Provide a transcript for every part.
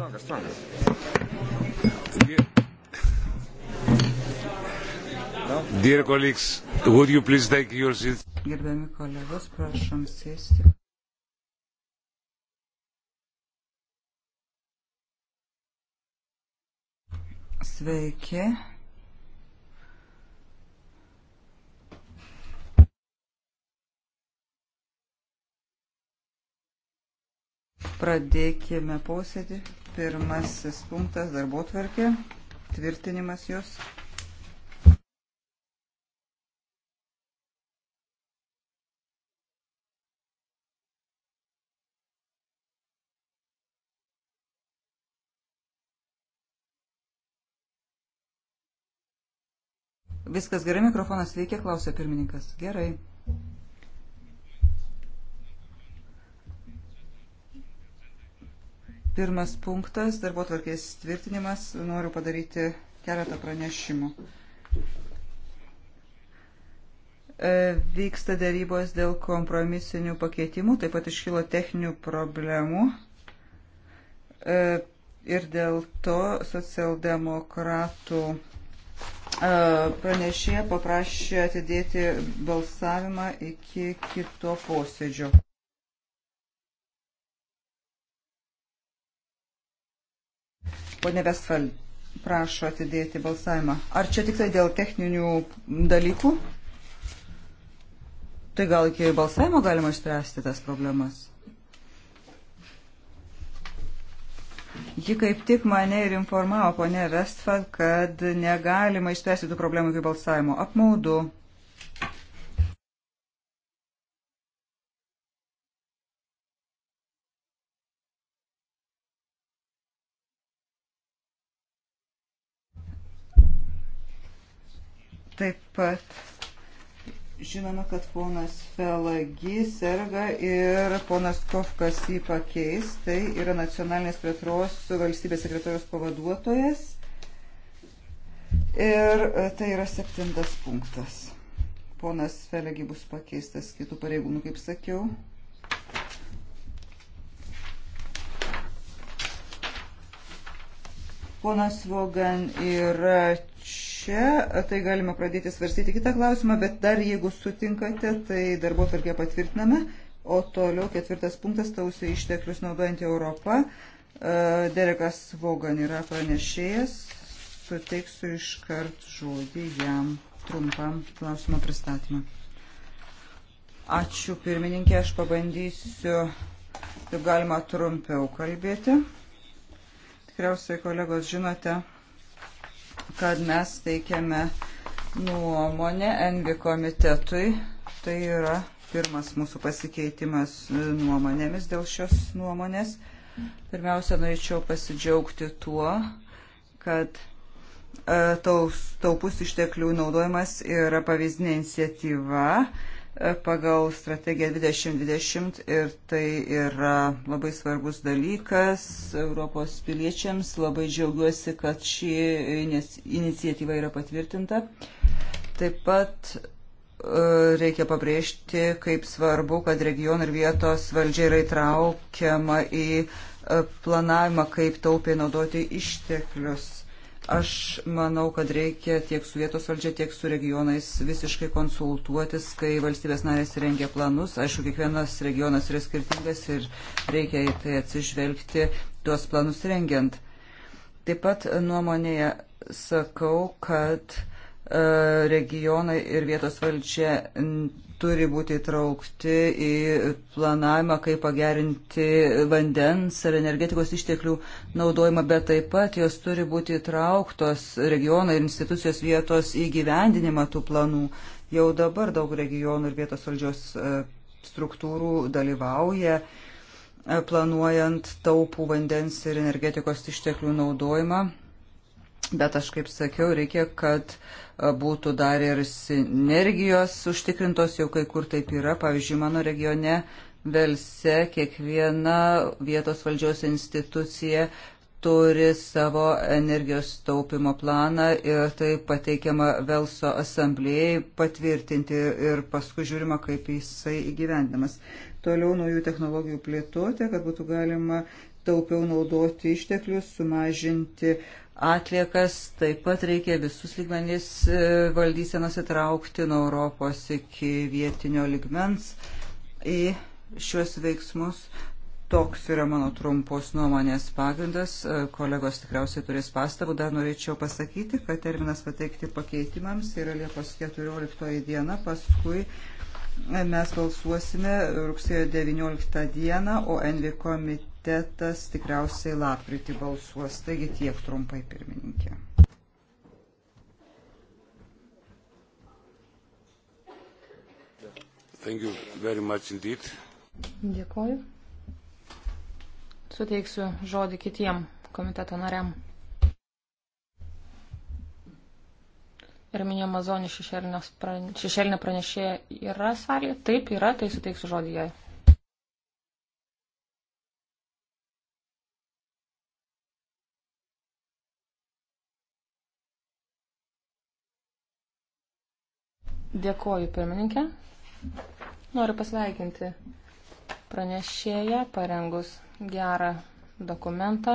Tangas, tangas. Dear colleagues, would you please take your seats? Gerbiami kolegos, prašom sėsti. Sveiki. Pradėkime posėdį. Pirmasis punktas darbo tvarkė, tvirtinimas jos. Viskas gerai, mikrofonas veikia, klausia pirmininkas. Gerai. Pirmas punktas - darbo tvarkės tvirtinimas. Noriu padaryti keletą pranešimų. E, vyksta dėrybos dėl kompromisinių pakeitimų, taip pat iškilo techninių problemų. E, ir dėl to socialdemokratų e, pranešėja paprašė atidėti balsavimą iki kito posėdžio. Pone Vesfal, prašo atidėti balsavimą. Ar čia tik tai dėl techninių dalykų? Tai gal iki balsavimo galima išspręsti tas problemas? Ji kaip tik mane ir informavo, ponė Vestfal, kad negalima išspręsti tų problemų iki balsavimo. Apmaudu. Taip pat žinoma, kad ponas Felagi serga ir ponas Kovkas jį pakeis. Tai yra nacionalinės plėtros valstybės sekretorijos pavaduotojas. Ir tai yra septintas punktas. Ponas Felagi bus pakeistas kitų pareigūnų, kaip sakiau. Ponas Vogan yra čia, tai galima pradėti svarstyti kitą klausimą, bet dar jeigu sutinkate, tai darbo tvarkė patvirtiname. O toliau ketvirtas punktas - tausiai išteklius naudojant Europą. E, Derekas Vogan yra pranešėjas. Suteiksiu iškart žodį jam trumpam klausimo pristatymą. Ačiū pirmininkė, aš pabandysiu, taip galima trumpiau kalbėti. Tikriausiai kolegos žinote, kad mes teikiame nuomonę NV komitetui. Tai yra pirmas mūsų pasikeitimas e, nuomonėmis dėl šios nuomonės. Pirmiausia, norėčiau pasidžiaugti tuo, kad e, taus, taupus išteklių naudojimas yra pavyzdinė iniciatyva pagal strategiją 2020 ir tai yra labai svarbus dalykas Europos piliečiams. Labai džiaugiuosi, kad ši iniciatyva yra patvirtinta. Taip pat e, reikia pabrėžti, kaip svarbu, kad regionų ir vietos valdžia yra įtraukiama į e, planavimą, kaip taupiai naudoti išteklius Aš manau, kad reikia tiek su vietos valdžia, tiek su regionais visiškai konsultuotis, kai valstybės narės rengia planus. Aišku, kiekvienas regionas yra skirtingas ir reikia į tai atsižvelgti tuos planus rengiant. Taip pat nuomonėje sakau, kad e, regionai ir vietos valdžia turi būti įtraukti į planavimą, kaip pagerinti vandens ir energetikos išteklių naudojimą, bet taip pat jos turi būti įtrauktos regionai ir institucijos vietos įgyvendinimą tų planų. Jau dabar daug regionų ir vietos valdžios e, struktūrų dalyvauja e, planuojant taupų vandens ir energetikos išteklių naudojimą. Bet aš kaip sakiau, reikia, kad e, būtų dar ir sinergijos užtikrintos, jau kai kur taip yra. Pavyzdžiui, mano regione Velse kiekviena vietos valdžios institucija turi savo energijos taupimo planą ir tai pateikiama Velso asamblėjai patvirtinti ir paskui žiūrima, kaip jisai įgyvendamas. Toliau naujų technologijų plėtoti, kad būtų galima taupiau naudoti išteklius, sumažinti uh, atliekas, taip pat reikia visus lygmenys e, valdysenos įtraukti nuo Europos iki vietinio lygmens į šiuos veiksmus. Toks yra mano trumpos nuomonės pagrindas. E, kolegos tikriausiai turės pastabų. Dar norėčiau pasakyti, kad terminas pateikti pakeitimams yra Liepos 14 diena, paskui e, mes balsuosime rugsėjo 19 dieną, o Envi komitė komitetas tikriausiai lapkritį balsuos. Taigi tiek trumpai, pirmininkė. Thank you very much indeed. Dėkoju. Suteiksiu žodį kitiem komiteto nariam. Erminė Mazonė šešėlinė pranešėja yra salėje? Taip, yra, tai suteiksiu žodį jai. Dėkoju, pirmininkė. Noriu pasveikinti pranešėją, parengus gerą dokumentą.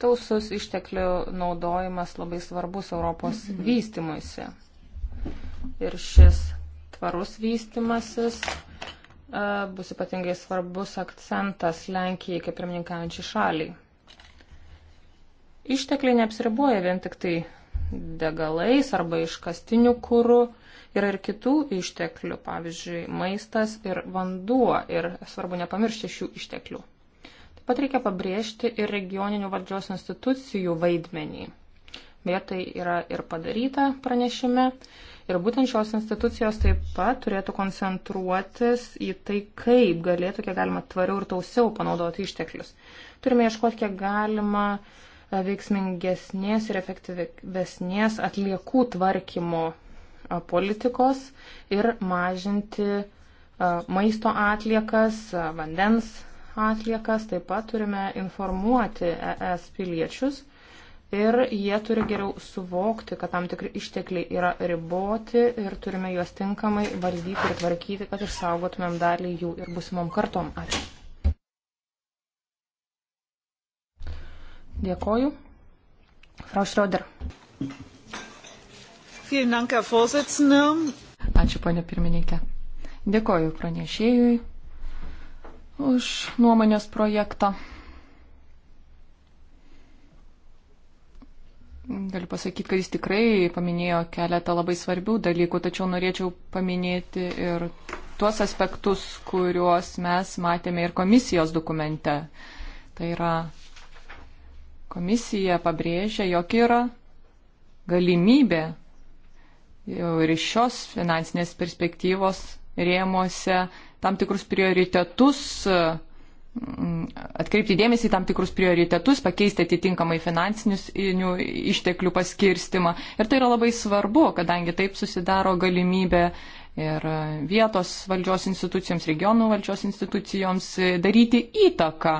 Tausus išteklių naudojimas labai svarbus Europos vystimuisi. Ir šis tvarus vystimasis e, bus ypatingai svarbus akcentas Lenkijai kaip pirmininkaujančiai šaliai. Ištekliai neapsiriboja vien tik tai degalais arba iškastiniu kūru. Yra ir kitų išteklių, pavyzdžiui, maistas ir vanduo. Ir svarbu nepamiršti šių išteklių. Taip pat reikia pabrėžti ir regioninių valdžios institucijų vaidmenį. Beje, tai yra ir padaryta pranešime. Ir būtent šios institucijos taip pat turėtų koncentruotis į tai, kaip galėtų kiek galima tvariau ir tausiau panaudoti išteklius. Turime ieškoti kiek galima uh, veiksmingesnės ir efektyvesnės atliekų tvarkymo politikos ir mažinti maisto atliekas, vandens atliekas. Taip pat turime informuoti ES piliečius ir jie turi geriau suvokti, kad tam tikri ištekliai yra riboti ir turime juos tinkamai valdyti ir tvarkyti, kad išsaugotumėm dalį jų ir busimom kartom. Ačiū. Dėkoju. Frau Schroeder. Ačiū, ponė pirmininkė. Dėkoju pranešėjui už nuomonės projektą. Galiu pasakyti, kad jis tikrai paminėjo keletą labai svarbių dalykų, tačiau norėčiau paminėti ir tuos aspektus, kuriuos mes matėme ir komisijos dokumente. Tai yra Komisija pabrėžia, jog yra galimybė jau ir iš šios finansinės perspektyvos rėmose tam tikrus prioritetus, mm, atkreipti dėmesį į tam tikrus prioritetus, pakeisti atitinkamai finansinius išteklių paskirstimą. Ir tai yra labai svarbu, kadangi taip susidaro galimybė ir vietos valdžios institucijoms, regionų valdžios institucijoms daryti įtaką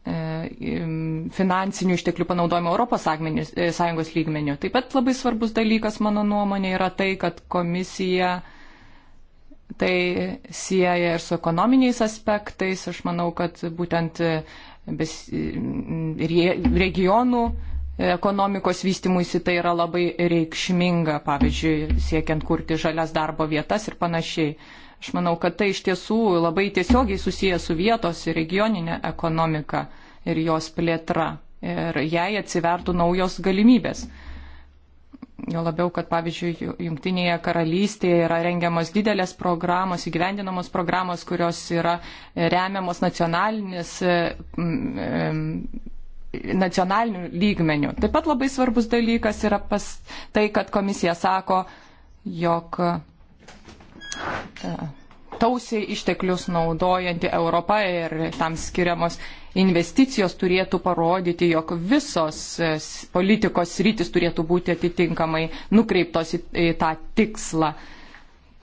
E, finansinių išteklių panaudojimo Europos e, Sąjungos lygmenių. Taip pat labai svarbus dalykas, mano nuomonė, yra tai, kad komisija tai sieja ir su ekonominiais aspektais. Aš manau, kad būtent e, bes, regionų ekonomikos vystimuisi tai yra labai reikšminga, pavyzdžiui, siekiant kurti žalias darbo vietas ir panašiai. Aš manau, kad tai iš tiesų labai tiesiogiai susiję su vietos ir regioninė ekonomika ir jos plėtra. Ir jai atsivertų naujos galimybės. Jo labiau, kad pavyzdžiui, Junktinėje karalystėje yra rengiamos didelės programos, įgyvendinamos programos, kurios yra e, remiamos nacionalinės e, e, nacionalinių lygmenių. Taip pat labai svarbus dalykas yra pas tai, kad komisija sako, jog tausiai išteklius naudojanti Europa ir tam skiriamos investicijos turėtų parodyti, jog visos e, politikos rytis turėtų būti atitinkamai nukreiptos į, į tą tikslą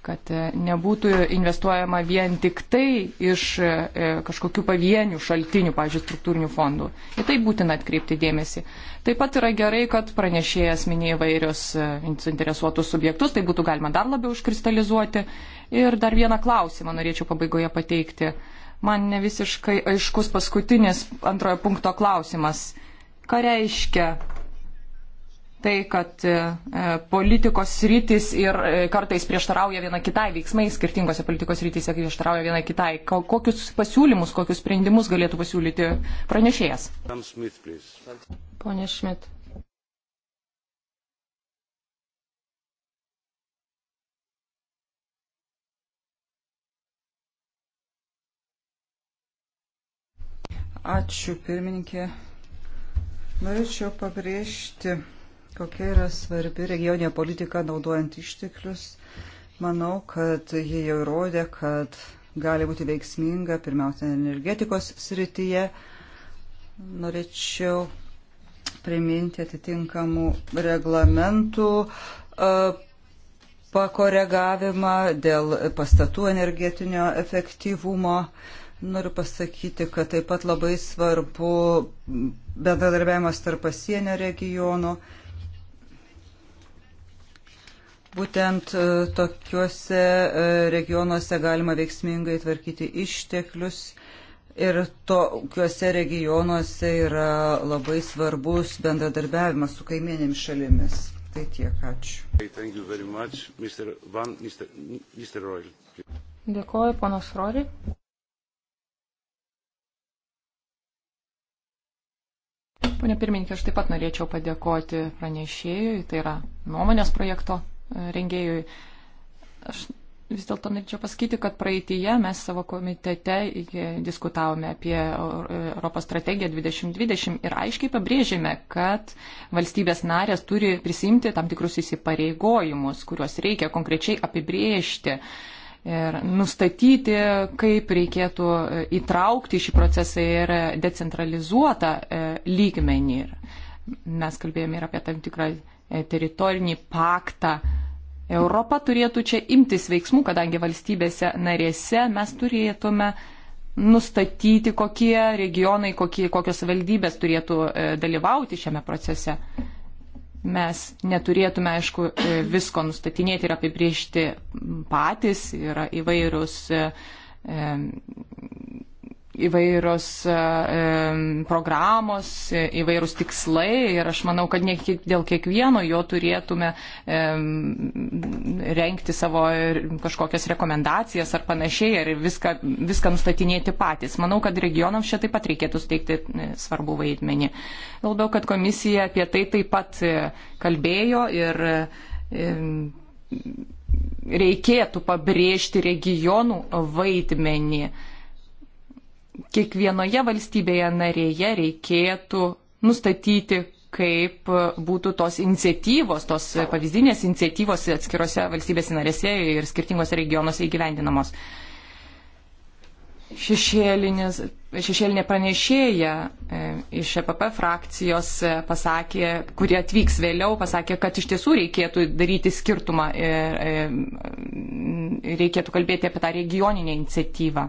kad e, nebūtų investuojama vien tik tai iš e, kažkokių pavienių šaltinių, pavyzdžiui, struktūrinių fondų. Į tai būtina atkreipti dėmesį. Taip pat yra gerai, kad pranešėjas minėjo įvairios e, suinteresuotus subjektus, tai būtų galima dar labiau užkristalizuoti. Ir dar vieną klausimą norėčiau pabaigoje pateikti. Man ne visiškai aiškus paskutinis antrojo punkto klausimas. Ką reiškia tai, kad e, politikos rytis ir e, kartais prieštarauja viena kitai, veiksmai skirtingose politikos rytise prieštarauja viena kitai. Kokius pasiūlymus, kokius sprendimus galėtų pasiūlyti pranešėjas? Pone Šmit. Ačiū, pirmininkė. Norėčiau pabrėžti kokia yra svarbi regioninė politika naudojant išteklius. Manau, kad jie jau įrodė, kad gali būti veiksminga, pirmiausia, energetikos srityje. Norėčiau priminti atitinkamų reglamentų pakoregavimą dėl pastatų energetinio efektyvumo. Noriu pasakyti, kad taip pat labai svarbu bendradarbiavimas tarp pasienio regionų. Būtent e, tokiuose e, regionuose galima veiksmingai tvarkyti išteklius ir tokiuose regionuose yra labai svarbus bendradarbiavimas su kaiminėmis šalimis. Tai tiek, ačiū. Dėkuoju, ponas Rori. Pone pirmininkė, aš taip pat norėčiau padėkoti pranešėjui, tai yra nuomonės projekto rengėjui. Aš vis dėlto norėčiau pasakyti, kad praeitįje mes savo komitete diskutavome apie Europos strategiją 2020 ir aiškiai pabrėžėme, kad valstybės narės turi prisimti tam tikrus įsipareigojimus, kuriuos reikia konkrečiai apibrėžti ir nustatyti, kaip reikėtų e, įtraukti šį procesą ir decentralizuotą e, lygmenį. Ir mes kalbėjome ir apie tam tikrą E, teritorinį paktą. Europa turėtų čia imtis veiksmų, kadangi valstybėse narėse mes turėtume nustatyti, kokie regionai, kokie, kokios valdybės turėtų e, dalyvauti šiame procese. Mes neturėtume, aišku, e, visko nustatinėti ir apibriežti patys. Yra įvairūs įvairios e, programos, e, įvairūs tikslai ir aš manau, kad ne dėl kiekvieno jo turėtume renkti savo kažkokias rekomendacijas ar panašiai ir viską, viską nustatinėti patys. Manau, kad regionams čia taip pat reikėtų steigti e, svarbu vaidmenį. Labiau, kad komisija apie tai taip pat kalbėjo ir reikėtų pabrėžti regionų vaidmenį kiekvienoje valstybėje narėje reikėtų nustatyti, kaip būtų tos iniciatyvos, tos pavyzdinės iniciatyvos atskirose valstybėse narėse ir skirtingose regionuose įgyvendinamos. Šešėlinis, šešėlinė pranešėja e, iš EPP frakcijos e, pasakė, kurie atvyks vėliau, pasakė, kad iš tiesų reikėtų daryti skirtumą ir e, reikėtų kalbėti apie tą regioninę iniciatyvą.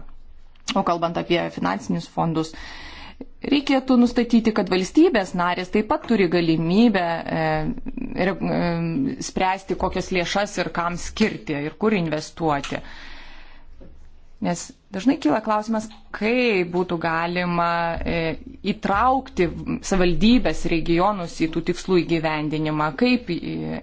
O kalbant apie finansinius fondus, reikėtų nustatyti, kad valstybės narės taip pat turi galimybę e, e, spręsti, kokias lėšas ir kam skirti ir kur investuoti. Nes dažnai kyla klausimas, kaip būtų galima e, įtraukti savaldybės regionus į tų tikslų įgyvendinimą, kaip, e,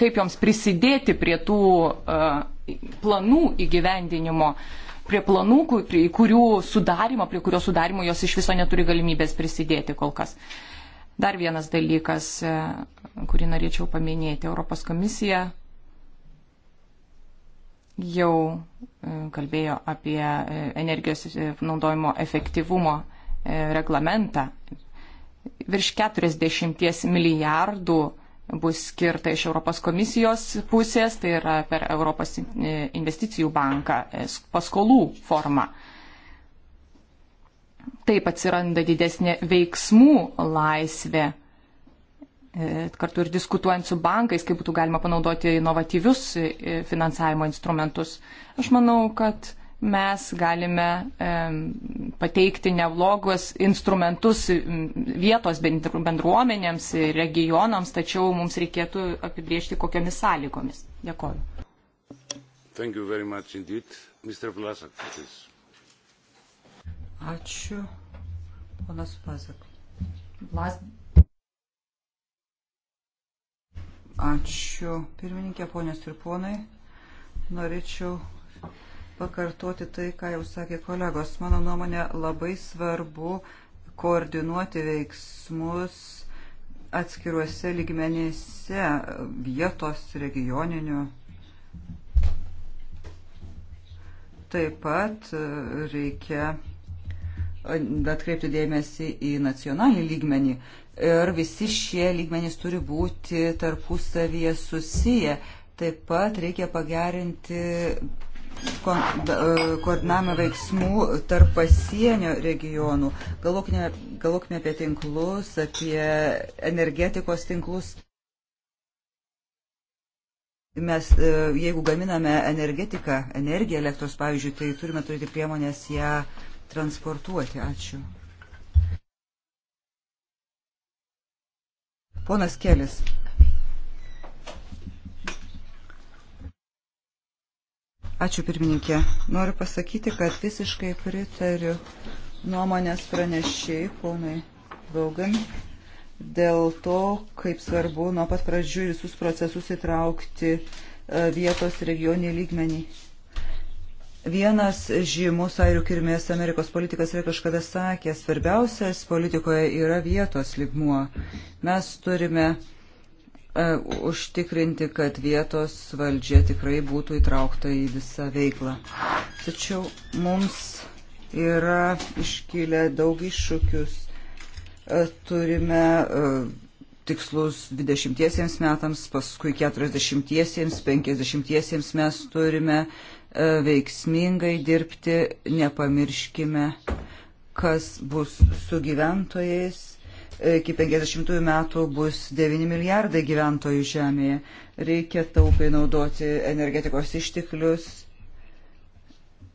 kaip joms prisidėti prie tų e, planų įgyvendinimo. E, prie planų, prie kurių sudarimo, prie kurio sudarimo jos iš viso neturi galimybės prisidėti kol kas. Dar vienas dalykas, e, kurį norėčiau paminėti, Europos komisija jau e, kalbėjo apie e, energijos naudojimo efektyvumo reglamentą. Virš 40 milijardų bus skirta iš Europos komisijos pusės, tai yra per Europos e, investicijų banką e, paskolų formą. Taip atsiranda didesnė veiksmų laisvė e, kartu ir diskutuojant su bankais, kaip būtų galima panaudoti inovatyvius finansavimo instrumentus. Aš manau, kad mes galime pateikti neblogus instrumentus vietos bendruomenėms, regionams, tačiau mums reikėtų apibriežti kokiamis sąlygomis. Dėkoju. Vlasak, Ačiū, ponas Vlasak. Vlas... Ačiū, pirmininkė, ponės ir ponai. Norėčiau pakartoti tai, ką jau sakė kolegos. Mano nuomonė labai svarbu koordinuoti veiksmus atskiruose lygmenyse vietos regioninių. Taip pat reikia atkreipti dėmesį į nacionalinį lygmenį. Ir visi šie lygmenys turi būti tarpusavyje susiję. Taip pat reikia pagerinti E, koordinavimą veiksmų tarp pasienio regionų. Galvokime, galvokime apie tinklus, apie energetikos tinklus. Mes, e, jeigu gaminame energetiką, energiją elektros, pavyzdžiui, tai turime turėti priemonės ją transportuoti. Ačiū. Ponas Kelis. Ačiū pirmininkė. Noriu pasakyti, kad visiškai pritariu nuomonės pranešiai ponui Vaugan dėl to, kaip svarbu nuo pat pradžių visus procesus įtraukti e, vietos regionį lygmenį. Vienas žymus airių kirmės Amerikos politikas yra kažkada sakė, svarbiausias politikoje yra vietos lygmuo. Mes turime uh, E, užtikrinti, kad vietos valdžia tikrai būtų įtraukta į visą veiklą. Tačiau mums yra iškilę daug iššūkius. E, turime e, tikslus 20 metams, paskui 40, -iesiems, 50 -iesiems mes turime veiksmingai dirbti, nepamirškime, kas bus su gyventojais iki 50 metų bus 9 milijardai gyventojų žemėje. Reikia taupiai naudoti energetikos išteklius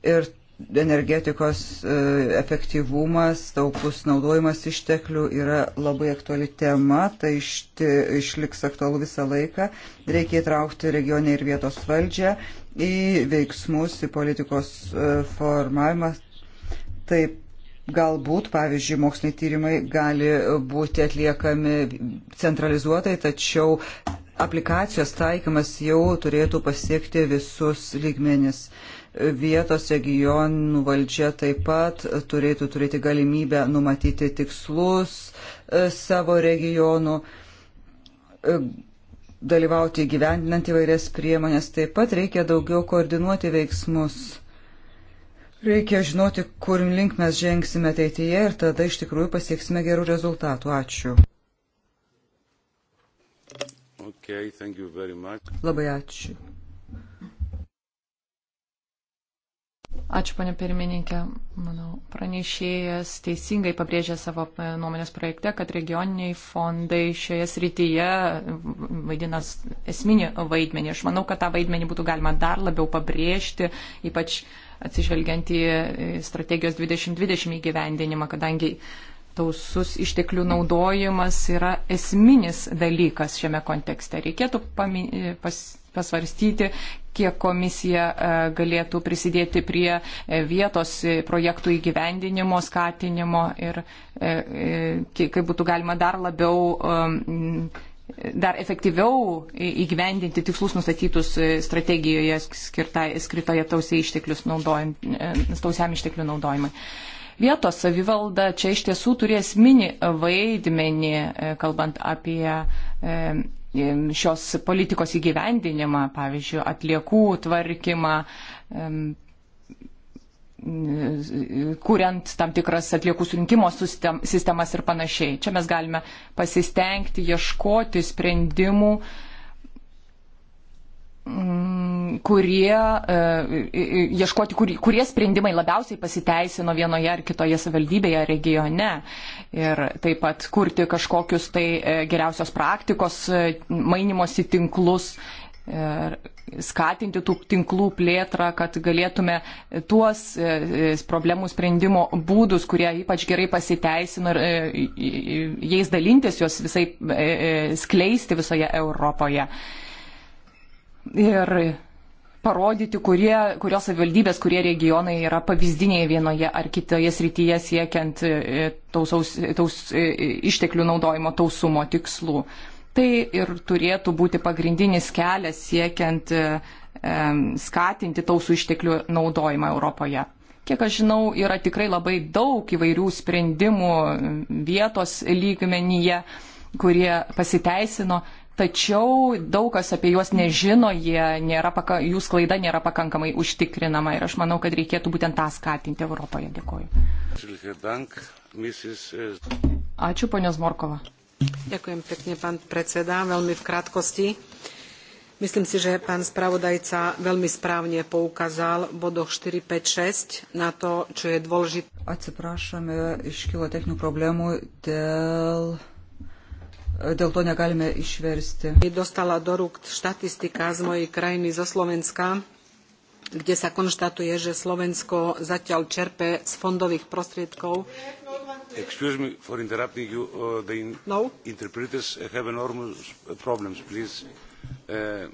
ir energetikos e, efektyvumas, taupus naudojimas išteklių yra labai aktuali tema, tai išti, išliks aktualu visą laiką. Reikia įtraukti regionę ir vietos valdžią į veiksmus, į politikos e, formavimą. Taip Galbūt, pavyzdžiui, moksliniai tyrimai gali būti atliekami centralizuotai, tačiau aplikacijos taikymas jau turėtų pasiekti visus lygmenis. Vietos regionų valdžia taip pat turėtų turėti galimybę numatyti tikslus e, savo regionų e, dalyvauti gyvendinant įvairias priemonės, taip pat reikia daugiau koordinuoti veiksmus Reikia žinoti, kur link mes žengsime ateityje ir tada iš tikrųjų pasieksime gerų rezultatų. Ačiū. Okay, Labai ačiū. Ačiū, ponė pirmininkė. Manau, pranešėjas teisingai pabrėžė savo e, nuomonės projekte, kad regioniniai fondai šioje srityje vaidina esminį vaidmenį. Aš manau, kad tą vaidmenį būtų galima dar labiau pabrėžti, ypač uh, atsižvelgiant į strategijos 2020 įgyvendinimą, kadangi tausus išteklių naudojimas yra esminis dalykas šiame kontekste. Reikėtų pas, pasvarstyti, kiek komisija e, galėtų prisidėti prie e, vietos e, projektų įgyvendinimo, skatinimo ir kaip būtų galima dar labiau dar efektyviau įgyvendinti tikslus nustatytus e, strategijoje skirtai, skirtoje tausiai išteklius naudojant, e, tausiam išteklių naudojimui. Vietos savivalda čia iš tiesų turės mini vaidmenį, e, kalbant apie šios politikos įgyvendinimą, pavyzdžiui, atliekų tvarkymą, E, kuriant tam tikras atliekų surinkimo sistemas ir panašiai. Čia mes galime pasistengti, ieškoti sprendimų, mm, kurie, e, ieškoti, kurie, kurie sprendimai labiausiai pasiteisino vienoje ar kitoje savivaldybėje, regione. Ir taip pat kurti kažkokius tai e, geriausios praktikos mainimosi tinklus skatinti tų tinklų plėtrą, kad galėtume tuos e, e, problemų sprendimo būdus, kurie ypač gerai pasiteisino ir e, jais dalintis, juos visai skleisti visoje Europoje. Ir parodyti, kurie, kurios savivaldybės, kurie regionai yra pavyzdiniai vienoje ar kitoje srityje siekiant tausaus, taus, išteklių naudojimo tausumo tikslų. Tai ir turėtų būti pagrindinis kelias siekiant e, e, skatinti tausų išteklių naudojimą Europoje. Kiek aš žinau, yra tikrai labai daug įvairių sprendimų vietos lygmenyje, kurie pasiteisino, tačiau daug kas apie juos nežino, paka, jų sklaida nėra pakankamai užtikrinama ir aš manau, kad reikėtų būtent tą skatinti Europoje. Dėkuoju. Äh, Ačiū, ponios Morkova. Ďakujem pekne, pán predseda. Veľmi v krátkosti. Myslím si, že pán spravodajca veľmi správne poukázal v bodoch 4, 5, 6 na to, čo je dôležité. Atsiprašome, iškilo techninių problemų dėl dėl to negalime išversti. Dostala do rúk štatistika z mojej krajiny, zo Slovenska kde sa konštatuje, že Slovensko zatiaľ čerpe z fondových prostriedkov. Excuse me for interrupting you. Uh, the in no? interpreters have enormous problems, please. Uh,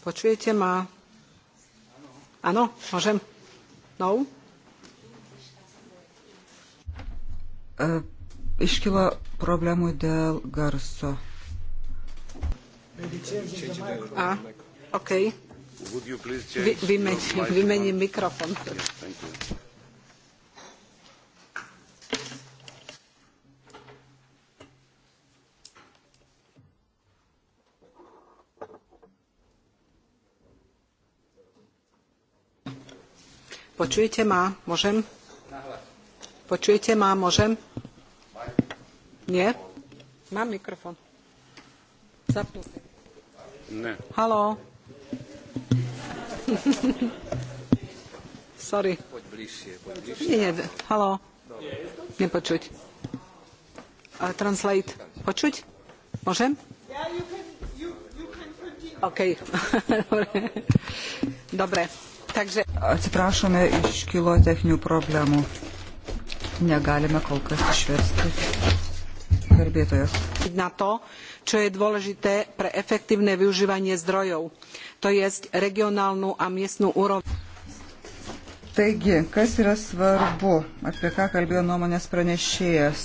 Počujete ma? Áno, môžem? No? Uh Iškilo problemų dėl garso. A, ok. Vymenį mikrofoną. Yes, Počujete ma? Môžem? Počujete ma? Môžem? Nie? Mám mikrofon. Zapnutý. Ne. Halo. Sorry. Poď bližšie, poď bližšie. Nie, nie, halo. Nepočuť. Uh, translate. Počuť? Môžem? Yeah, you can, you, you can OK. Dobre. Takže... Atsiprašome, iškilo techninių problemų. Negalime kol kas išversti kalbėtojas. Na to, čo je dôležité pre efektívne využívanie zdrojov, to je regionálnu a miestnú úroveň. Taigi, kas yra svarbu, apie ką kalbėjo nuomonės pranešėjas?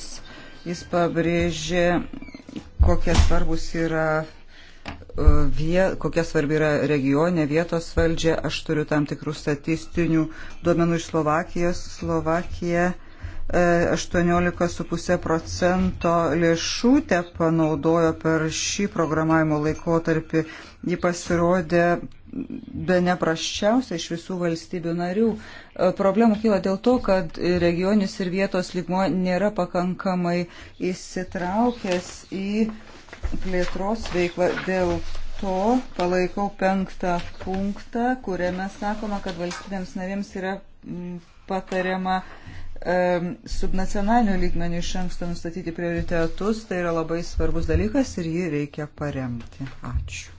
Jis pabrėžė, kokie svarbus yra e, vie, kokia svarbi yra regionė, vietos valdžia. Aš turiu tam tikrų statistinių duomenų iš Slovakijos. Slovakija 18,5 procento lėšų te panaudojo per šį programavimo laikotarpį. Ji pasirodė be neprasčiausia iš visų valstybių narių. E, problemų kyla dėl to, kad regionis ir vietos lygmo nėra pakankamai įsitraukęs į plėtros veiklą. Dėl to palaikau penktą punktą, kuriame sakoma, kad valstybėms narėms yra patariama subnacionalinių lygmenių iš anksto nustatyti prioritetus, tai yra labai svarbus dalykas ir jį reikia paremti. Ačiū.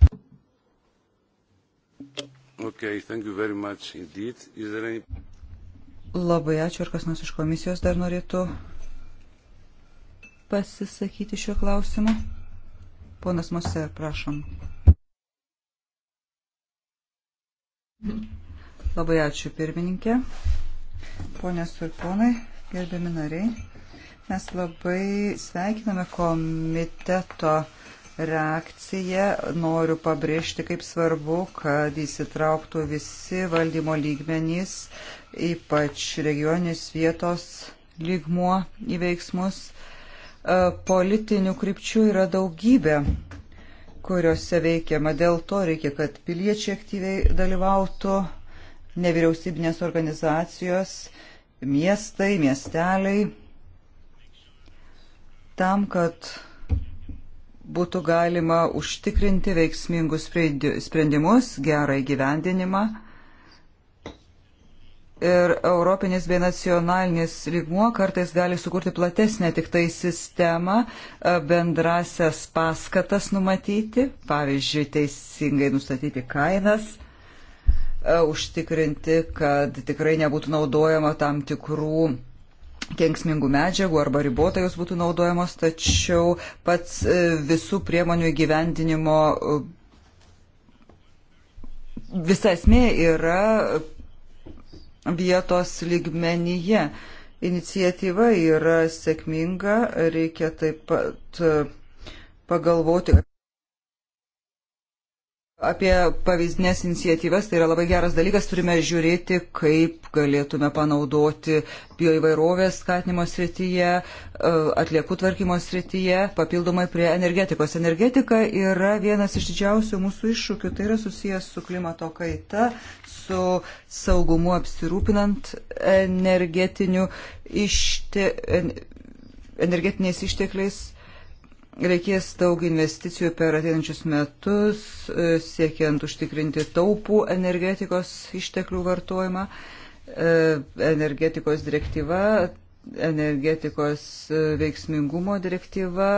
Okay, any... Labai ačiū, ar kas nors iš komisijos dar norėtų pasisakyti šiuo klausimu. Ponas Mose, prašom. Labai ačiū, pirmininkė. Ponės ir ponai, gerbiami nariai, mes labai sveikiname komiteto reakciją. Noriu pabrėžti, kaip svarbu, kad įsitrauktų visi valdymo lygmenys, ypač regioninis vietos lygmuo į veiksmus. E, politinių krypčių yra daugybė kuriuose veikiama. Dėl to reikia, kad piliečiai aktyviai dalyvautų nevyriausybinės organizacijos, miestai, miesteliai, tam, kad būtų galima užtikrinti veiksmingus sprendimus, gerą įgyvendinimą. Ir europinis bei nacionalinis lygmuo kartais gali sukurti platesnę tik tai sistemą, e, bendrasias paskatas numatyti, pavyzdžiui, teisingai nustatyti kainas E, užtikrinti, kad tikrai nebūtų naudojama tam tikrų kenksmingų medžiagų arba ribotai jos būtų naudojamos, tačiau pats e, visų priemonių įgyvendinimo e, visa esmė yra vietos lygmenyje. Iniciatyva yra sėkminga, reikia taip pat pagalvoti. Apie pavyzdinės iniciatyvas tai yra labai geras dalykas, turime žiūrėti, kaip galėtume panaudoti bioįvairovės skatinimo srityje, e, atliekų tvarkymo srityje, papildomai prie energetikos. Energetika yra vienas iš didžiausių mūsų iššūkių, tai yra susijęs su klimato kaita, su saugumu apsirūpinant energetinių ište, energetiniais ištekliais reikės daug investicijų per ateinančius metus, e, siekiant užtikrinti taupų energetikos išteklių vartojimą. E, energetikos direktyva, energetikos e, veiksmingumo direktyva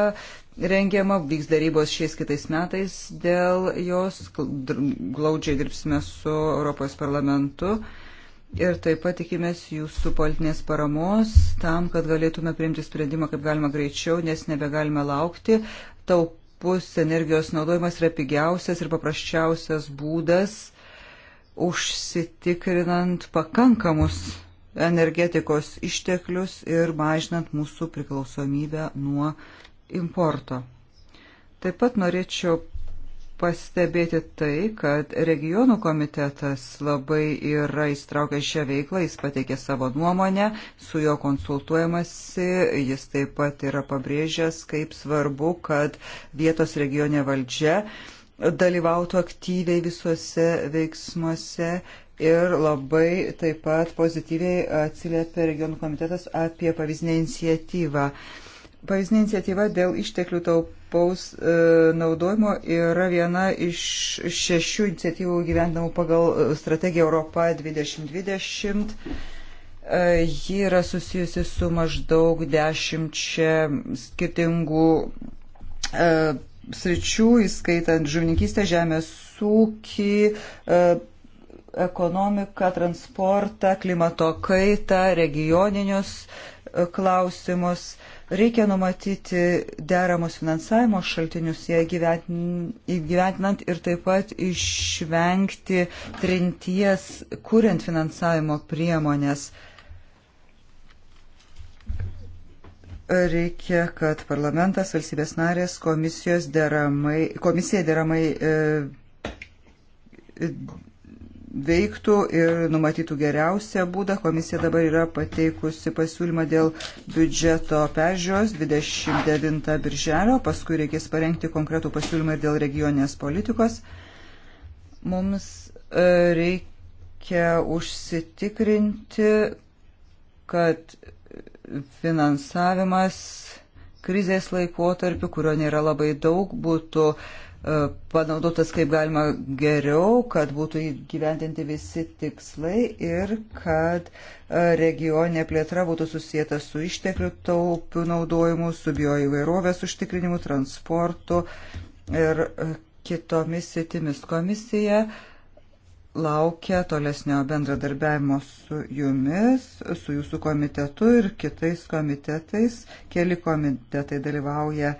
rengiama, vyks darybos šiais kitais metais dėl jos, glaudžiai dirbsime su Europos parlamentu. Uh, Ir taip pat tikimės jūsų politinės paramos tam, kad galėtume priimti sprendimą kaip galima greičiau, nes nebegalime laukti. Taupus energijos naudojimas yra pigiausias ir paprasčiausias būdas užsitikrinant pakankamus energetikos išteklius ir mažinant mūsų priklausomybę nuo importo. Taip pat norėčiau pastebėti tai, kad regionų komitetas labai yra įstraukęs šią veiklą, jis pateikė savo nuomonę, su jo konsultuojamasi, jis taip pat yra pabrėžęs, kaip svarbu, kad vietos regionė valdžia dalyvautų aktyviai visuose veiksmuose ir labai taip pat pozityviai atsiliepia regionų komitetas apie pavyzdinę iniciatyvą. Uh, Pavyzdinė iniciatyva dėl išteklių taupaus e, naudojimo yra viena iš šešių iniciatyvų gyvendamų pagal e, strategiją Europa 2020. E, ji yra susijusi su maždaug dešimčia skirtingų e, sričių, įskaitant žuvininkystę, žemės ūkį, e, ekonomiką, transportą, klimato kaitą, regioninius e, klausimus Reikia numatyti deramos finansavimo šaltinius ją įgyventinant ir taip pat išvengti trinties, kuriant finansavimo priemonės. Reikia, kad parlamentas, valstybės narės, deramai, komisija deramai e, veiktų ir numatytų geriausią būdą. Komisija dabar yra pateikusi pasiūlymą dėl biudžeto peržiūros 29 birželio, paskui reikės parengti konkretų pasiūlymą ir dėl regioninės politikos. Mums e, reikia užsitikrinti, kad finansavimas krizės laikotarpiu, kurio nėra labai daug, būtų uh, E, panaudotas kaip galima geriau, kad būtų įgyvendinti visi tikslai ir kad e, regioninė plėtra būtų susijęta su išteklių taupių naudojimu, su bioįvairovės užtikrinimu, transportu ir e, kitomis sitimis. Komisija laukia tolesnio bendradarbiavimo su jumis, su jūsų komitetu ir kitais komitetais. Keli komitetai dalyvauja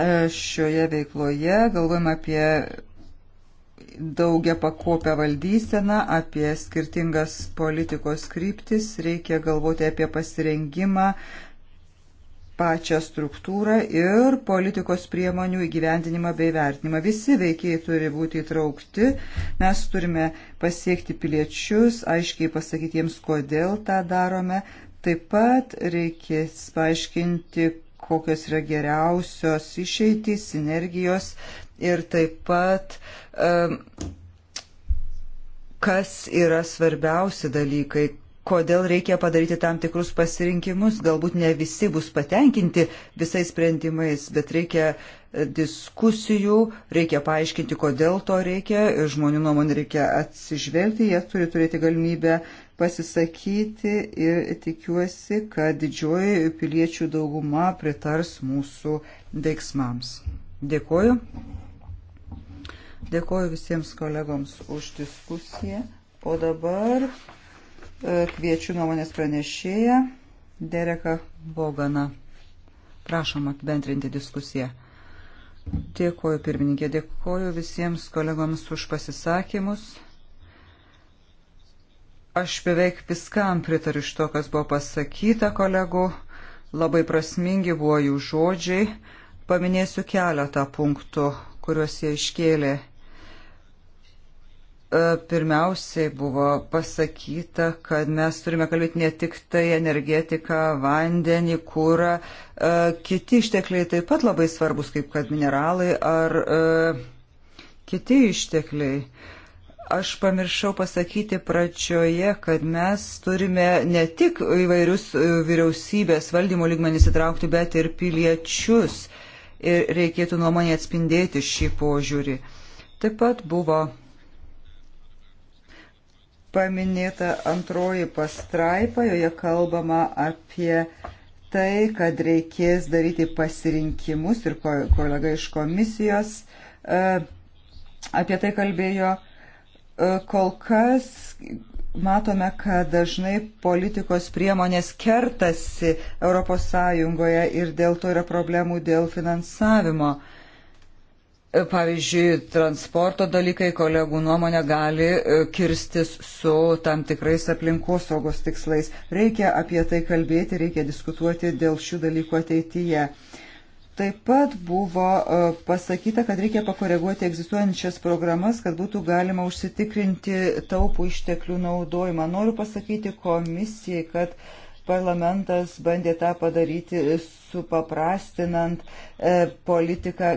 E, šioje veikloje, galvojame apie daugia pakopę valdyseną, apie skirtingas politikos kryptis, reikia galvoti apie pasirengimą, pačią struktūrą ir politikos priemonių įgyvendinimą bei vertinimą. Visi veikiai turi būti įtraukti, mes turime pasiekti piliečius, aiškiai pasakyti jiems, kodėl tą darome. Taip pat reikės paaiškinti, kokios yra geriausios išeitys, sinergijos ir taip pat kas yra svarbiausi dalykai, kodėl reikia padaryti tam tikrus pasirinkimus, galbūt ne visi bus patenkinti visais sprendimais, bet reikia e, diskusijų, reikia paaiškinti, kodėl to reikia, žmonių nuomonė reikia atsižvelgti, jie turi turėti galimybę pasisakyti ir tikiuosi, kad didžioji piliečių dauguma pritars mūsų veiksmams. Dėkoju. Dėkoju visiems kolegoms už diskusiją. O dabar e, kviečiu nuomonės pranešėją Dereką Boganą. Prašom apibendrinti diskusiją. Dėkoju pirmininkė, dėkoju visiems kolegoms už pasisakymus. Aš beveik viskam pritariu iš to, kas buvo pasakyta kolegų. Labai prasmingi buvo jų žodžiai. Paminėsiu keletą punktų, kuriuos jie iškėlė. E, pirmiausiai buvo pasakyta, kad mes turime kalbėti ne tik tai energetiką, vandenį, kūrą. E, kiti ištekliai taip pat labai svarbus, kaip kad mineralai ar e, kiti ištekliai. Aš pamiršau pasakyti pradžioje, kad mes turime ne tik įvairius e, vyriausybės valdymo lygmenys įtraukti, bet ir piliečius. Ir reikėtų nuomonė atspindėti šį požiūrį. Taip pat buvo paminėta antroji pastraipa, joje kalbama apie tai, kad reikės daryti pasirinkimus ir kolega iš komisijos e, apie tai kalbėjo E, kol kas matome, kad dažnai politikos priemonės kertasi ES ir dėl to yra problemų dėl finansavimo. E, pavyzdžiui, transporto dalykai kolegų nuomonė gali e, kirstis su tam tikrais aplinkosaugos tikslais. Reikia apie tai kalbėti, reikia diskutuoti dėl šių dalykų ateityje. Taip pat buvo e, pasakyta, kad reikia pakoreguoti egzistuojančias programas, kad būtų galima užsitikrinti taupų išteklių naudojimą. Noriu pasakyti komisijai, kad parlamentas bandė tą padaryti supaprastinant e, politiką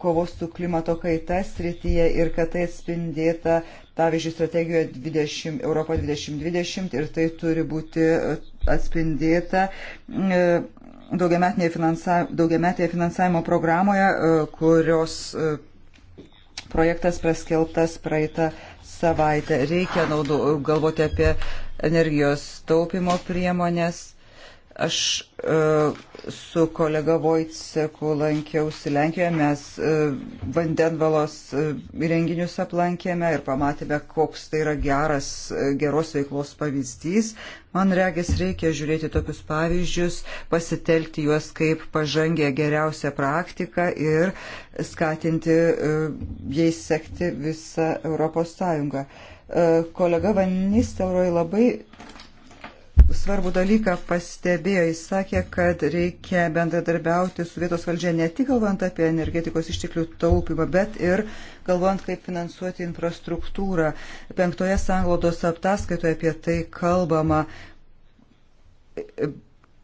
kovos su klimato kaita srityje ir kad tai atspindėta, pavyzdžiui, strategijoje 20, Europo 2020 ir tai turi būti e, atspindėta. E, daugiametėje finansavimo, finansavimo programoje, e, kurios e, projektas praskelbtas praeitą savaitę. Reikia naudu, galvoti apie energijos taupimo priemonės. Aš E, su kolega Vojtseku lankiausi Lenkijoje, mes e, vandenvalos e, renginius aplankėme ir pamatėme, koks tai yra geras, geros veiklos pavyzdys. Man regis reikia žiūrėti tokius pavyzdžius, pasitelkti juos kaip pažangę geriausią praktiką ir skatinti jais sekti visą Europos Sąjungą. Kolega Vanistelroj labai svarbų dalyką pastebėjo. Jis sakė, kad reikia bendradarbiauti su vietos valdžia ne tik galvant apie energetikos išteklių taupimą, bet ir galvant, kaip finansuoti infrastruktūrą. Penktoje sanglodos aptaskaitoje apie tai kalbama.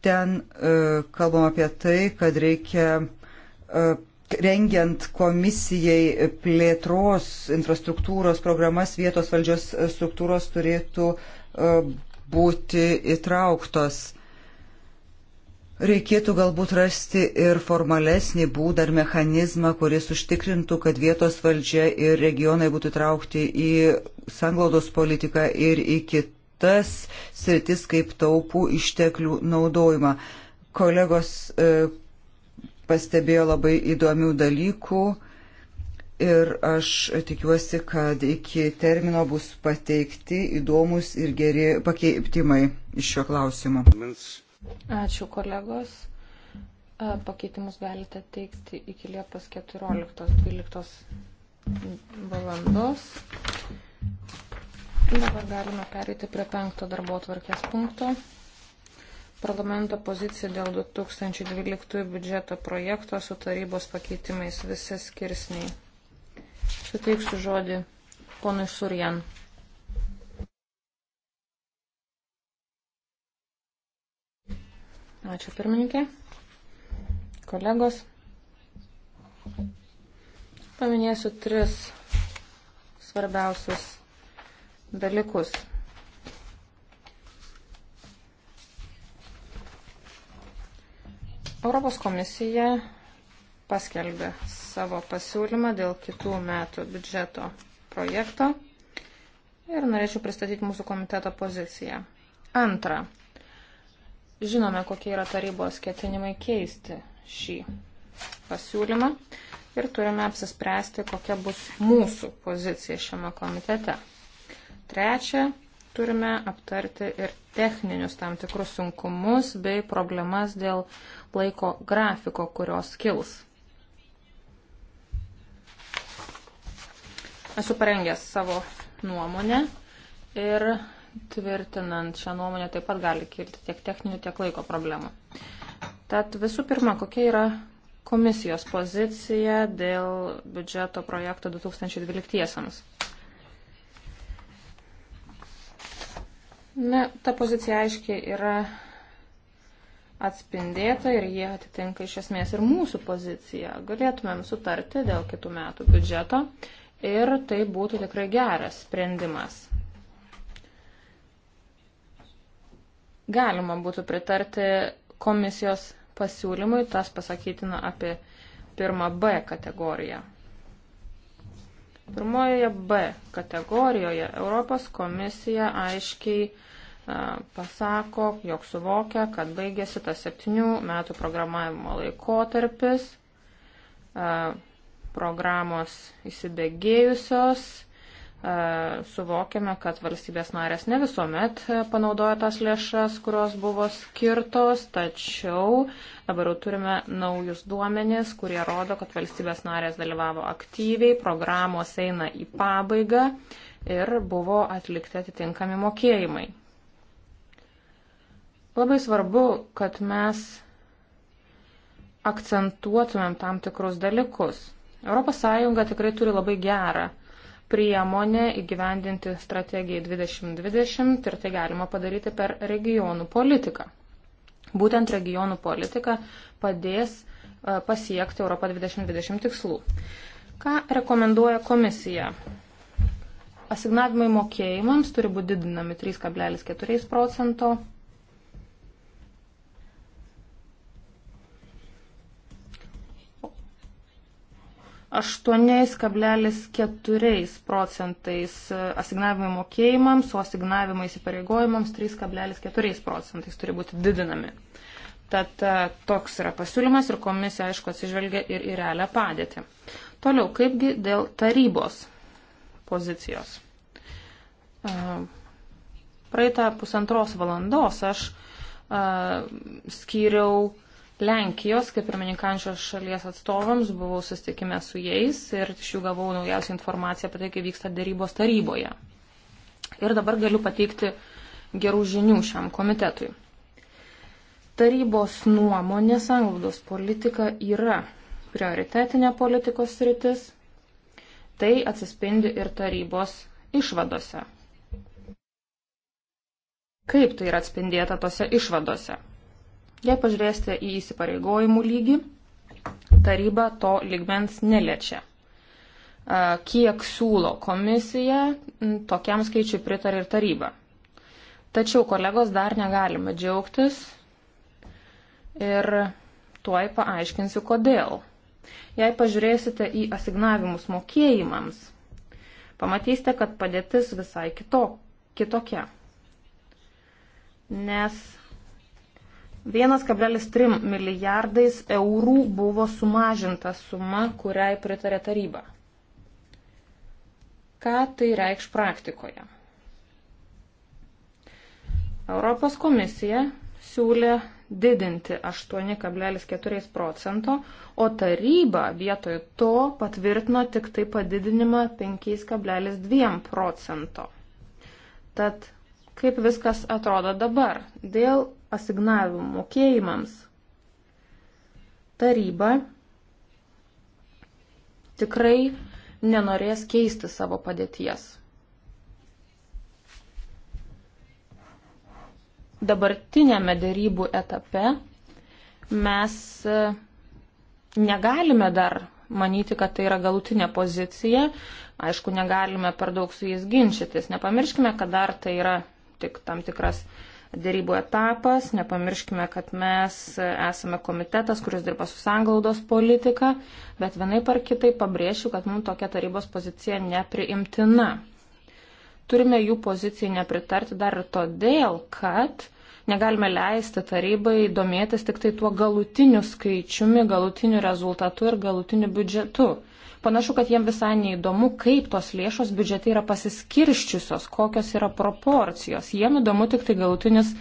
Ten e, kalbama apie tai, kad reikia e, rengiant komisijai plėtros infrastruktūros programas vietos valdžios struktūros turėtų e, būti įtrauktos. Reikėtų galbūt rasti ir formalesnį būdą ar mechanizmą, kuris užtikrintų, kad vietos valdžia ir regionai būtų traukti į sanglaudos politiką ir į kitas sritis kaip taupų išteklių naudojimą. Kolegos e, pastebėjo labai įdomių dalykų. E, Ir aš tikiuosi, kad iki termino bus pateikti įdomus ir geri pakeitimai iš šio klausimo. Ačiū kolegos. Pakeitimus galite teikti iki Liepos 14.12 valandos. Dabar galime pereiti prie penkto darbo tvarkės punkto. Parlamento pozicija dėl 2012 biudžeto projekto su tarybos pakeitimais visi skirsniai. Suteiksiu žodį ponui Surjan. Ačiū pirmininkė. Kolegos. Paminėsiu tris svarbiausius dalykus. Europos komisija paskelbė savo pasiūlymą dėl kitų metų biudžeto projekto ir norėčiau pristatyti mūsų komiteto poziciją. Antra, žinome, kokie yra tarybos ketinimai keisti šį pasiūlymą ir turime apsispręsti, kokia bus mūsų pozicija šiame komitete. Trečia, turime aptarti ir techninius tam tikrus sunkumus bei problemas dėl laiko grafiko, kurios kils. Esu parengęs savo nuomonę ir tvirtinant šią nuomonę taip pat gali kilti tiek techninių, tiek laiko problemų. Tad visų pirma, kokia yra komisijos pozicija dėl biudžeto projekto 2012-iesiams? Na, ta pozicija aiškiai yra atspindėta ir jie atitinka iš esmės ir mūsų poziciją. Galėtumėm sutarti dėl kitų metų biudžeto ir tai būtų tikrai geras sprendimas. Galima būtų pritarti komisijos pasiūlymui, tas pasakytina apie pirmą B kategoriją. Pirmojoje B kategorijoje Europos komisija aiškiai pasako, jog suvokia, kad baigėsi tas septynių metų programavimo laikotarpis, programos įsibėgėjusios. E, suvokiame, kad valstybės narės ne visuomet e, panaudoja tas lėšas, kurios buvo skirtos, tačiau dabar jau turime naujus duomenis, kurie rodo, kad valstybės narės dalyvavo aktyviai, programos eina į pabaigą ir buvo atlikti atitinkami mokėjimai. Labai svarbu, kad mes akcentuotumėm tam tikrus dalykus. ES tikrai turi labai gerą priemonę įgyvendinti strategiją 2020 ir tai galima padaryti per regionų politiką. Būtent regionų politika padės e, pasiekti Europą 2020 tikslų. Ką rekomenduoja komisija? Asignavimai mokėjimams turi būti didinami 3,4 procento 8,4 procentais asignavimai mokėjimams, o asignavimai įsipareigojimams 3,4 procentais turi būti didinami. Tad e, toks yra pasiūlymas ir komisija, aišku, atsižvelgia ir į realią padėtį. Toliau, kaipgi dėl tarybos pozicijos. E, praeitą pusantros valandos aš e, skyriau Lenkijos, kaip pirmininkančios šalies atstovams, buvau susitikime su jais ir iš jų gavau naujausią informaciją apie tai, kaip vyksta dėrybos taryboje. Ir dabar galiu pateikti gerų žinių šiam komitetui. Tarybos nuomonė sanglaudos politika yra prioritetinė politikos sritis. Tai atsispindi ir tarybos išvadose. Kaip tai yra atspindėta tose išvadose? Jei pažiūrėsite į įsipareigojimų lygį, taryba to ligmens neliečia. Kiek siūlo komisija, tokiam skaičiui pritarė ir taryba. Tačiau, kolegos, dar negalime džiaugtis ir tuoj paaiškinsiu, kodėl. Jei pažiūrėsite į asignavimus mokėjimams, pamatysite, kad padėtis visai kito, kitokia. Nes 1,3 milijardais eurų buvo sumažinta suma, kuriai pritarė taryba. Ką tai reikš praktikoje? Europos komisija siūlė didinti 8,4 procento, o taryba vietoj to patvirtino tik tai padidinimą 5,2 procento. Tad kaip viskas atrodo dabar? Dėl asignavimų mokėjimams. Taryba tikrai nenorės keisti savo padėties. Dabartinėme dėrybų etape mes e, negalime dar manyti, kad tai yra galutinė pozicija. Aišku, negalime per daug su jais ginčytis. Nepamirškime, kad dar tai yra tik tam tikras uh, dėrybų etapas. Nepamirškime, kad mes esame komitetas, kuris dirba su sanglaudos politika, bet vienai par kitai pabrėšiu, kad mums tokia tarybos pozicija nepriimtina. Turime jų pozicijai nepritarti dar ir todėl, kad negalime leisti tarybai domėtis tik tai tuo galutiniu skaičiumi, galutiniu rezultatu ir galutiniu biudžetu. Panašu, kad jiem visai neįdomu, kaip tos lėšos biudžetai yra pasiskirščiusios, kokios yra proporcijos. Jiem įdomu tik tai galutinis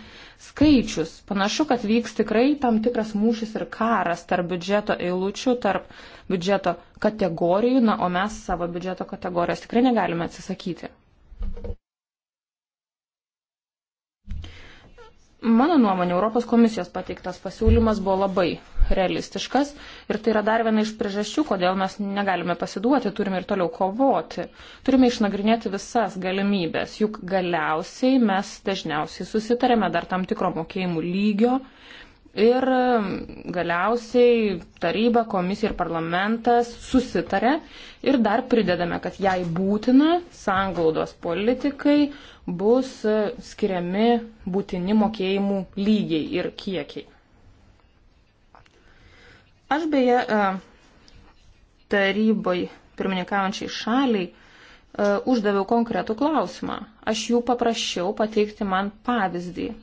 skaičius. Panašu, kad vyks tikrai tam tikras mūšis ir karas tarp biudžeto eilučių, tarp biudžeto kategorijų, na, o mes savo biudžeto kategorijos tikrai negalime atsisakyti. Mano nuomonė, Europos komisijos pateiktas pasiūlymas buvo labai realistiškas ir tai yra dar viena iš priežasčių, kodėl mes negalime pasiduoti, turime ir toliau kovoti. Turime išnagrinėti visas galimybės, juk galiausiai mes dažniausiai susitarėme dar tam tikro mokėjimų lygio ir galiausiai taryba, komisija ir parlamentas susitarė ir dar pridedame, kad jai būtina sanglaudos politikai bus skiriami būtini mokėjimų lygiai ir kiekiai. Aš beje e, tarybai pirmininkaujančiai šaliai e, uždaviau konkretų klausimą. Aš jų paprašiau pateikti man pavyzdį, e,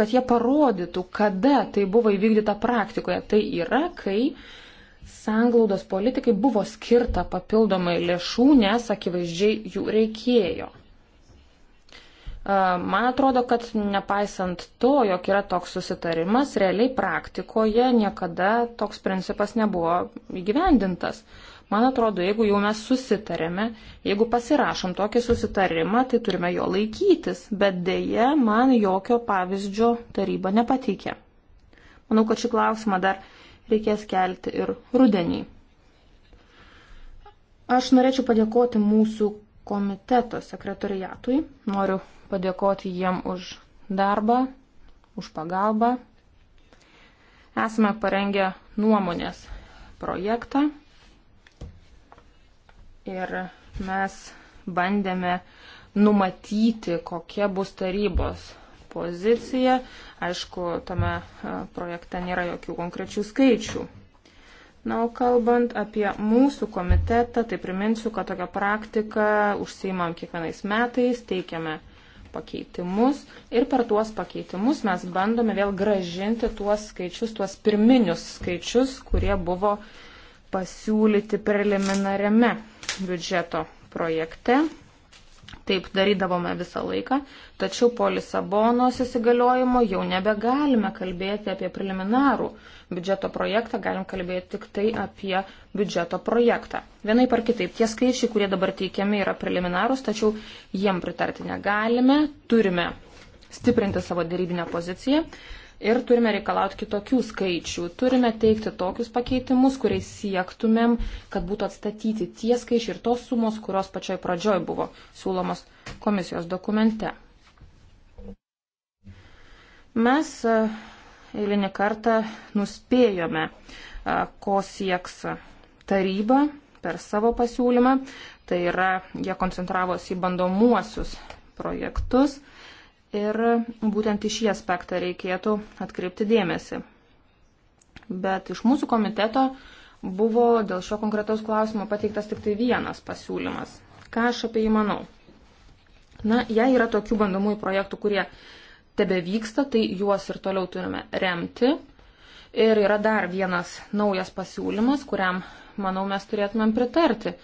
kad jie parodytų, kada tai buvo įvykdyta praktikoje. Tai yra, kai sanglaudos politikai buvo skirta papildomai lėšų, nes akivaizdžiai jų reikėjo. Man atrodo, kad nepaisant to, jog yra toks susitarimas, realiai praktikoje niekada toks principas nebuvo įgyvendintas. Man atrodo, jeigu jau mes susitarėme, jeigu pasirašom tokį susitarimą, tai turime jo laikytis, bet dėje man jokio pavyzdžio taryba nepateikė. Manau, kad šį klausimą dar reikės kelti ir rudenį. Aš norėčiau padėkoti mūsų komiteto sekretoriatui. Noriu padėkoti jiem už darbą, už pagalbą. Esame parengę nuomonės projektą ir mes bandėme numatyti, kokia bus tarybos pozicija. Aišku, tame e, projekte nėra jokių konkrečių skaičių. Na, o kalbant apie mūsų komitetą, tai priminsiu, kad tokią praktiką užsiimam kiekvienais metais, teikiame pakeitimus ir per tuos pakeitimus mes bandome vėl gražinti tuos skaičius, tuos pirminius skaičius, kurie buvo pasiūlyti preliminariame biudžeto projekte. Taip darydavome visą laiką, tačiau po Lisabonos įsigaliojimo jau nebegalime kalbėti apie preliminarų biudžeto projektą, galim kalbėti tik tai apie biudžeto projektą. Vienaip ar kitaip, tie skaičiai, kurie dabar teikiami, yra preliminarūs, tačiau jiem pritarti negalime, turime stiprinti savo dėrybinę poziciją ir turime reikalauti kitokių skaičių. Turime teikti tokius pakeitimus, kuriais siektumėm, kad būtų atstatyti tie skaičiai ir tos sumos, kurios pačioj pradžioj buvo siūlomos komisijos dokumente. Mes e, eilinį kartą nuspėjome, e, ko sieks taryba per savo pasiūlymą. Tai yra, jie koncentravosi į bandomuosius projektus Ir būtent į šį aspektą reikėtų atkreipti dėmesį. Bet iš mūsų komiteto buvo dėl šio konkretaus klausimo pateiktas tik tai vienas pasiūlymas. Ką aš apie jį manau? Na, jei yra tokių bandomųjų projektų, kurie tebe vyksta, tai juos ir toliau turime remti. Ir yra dar vienas naujas pasiūlymas, kuriam, manau, mes turėtumėm pritarti.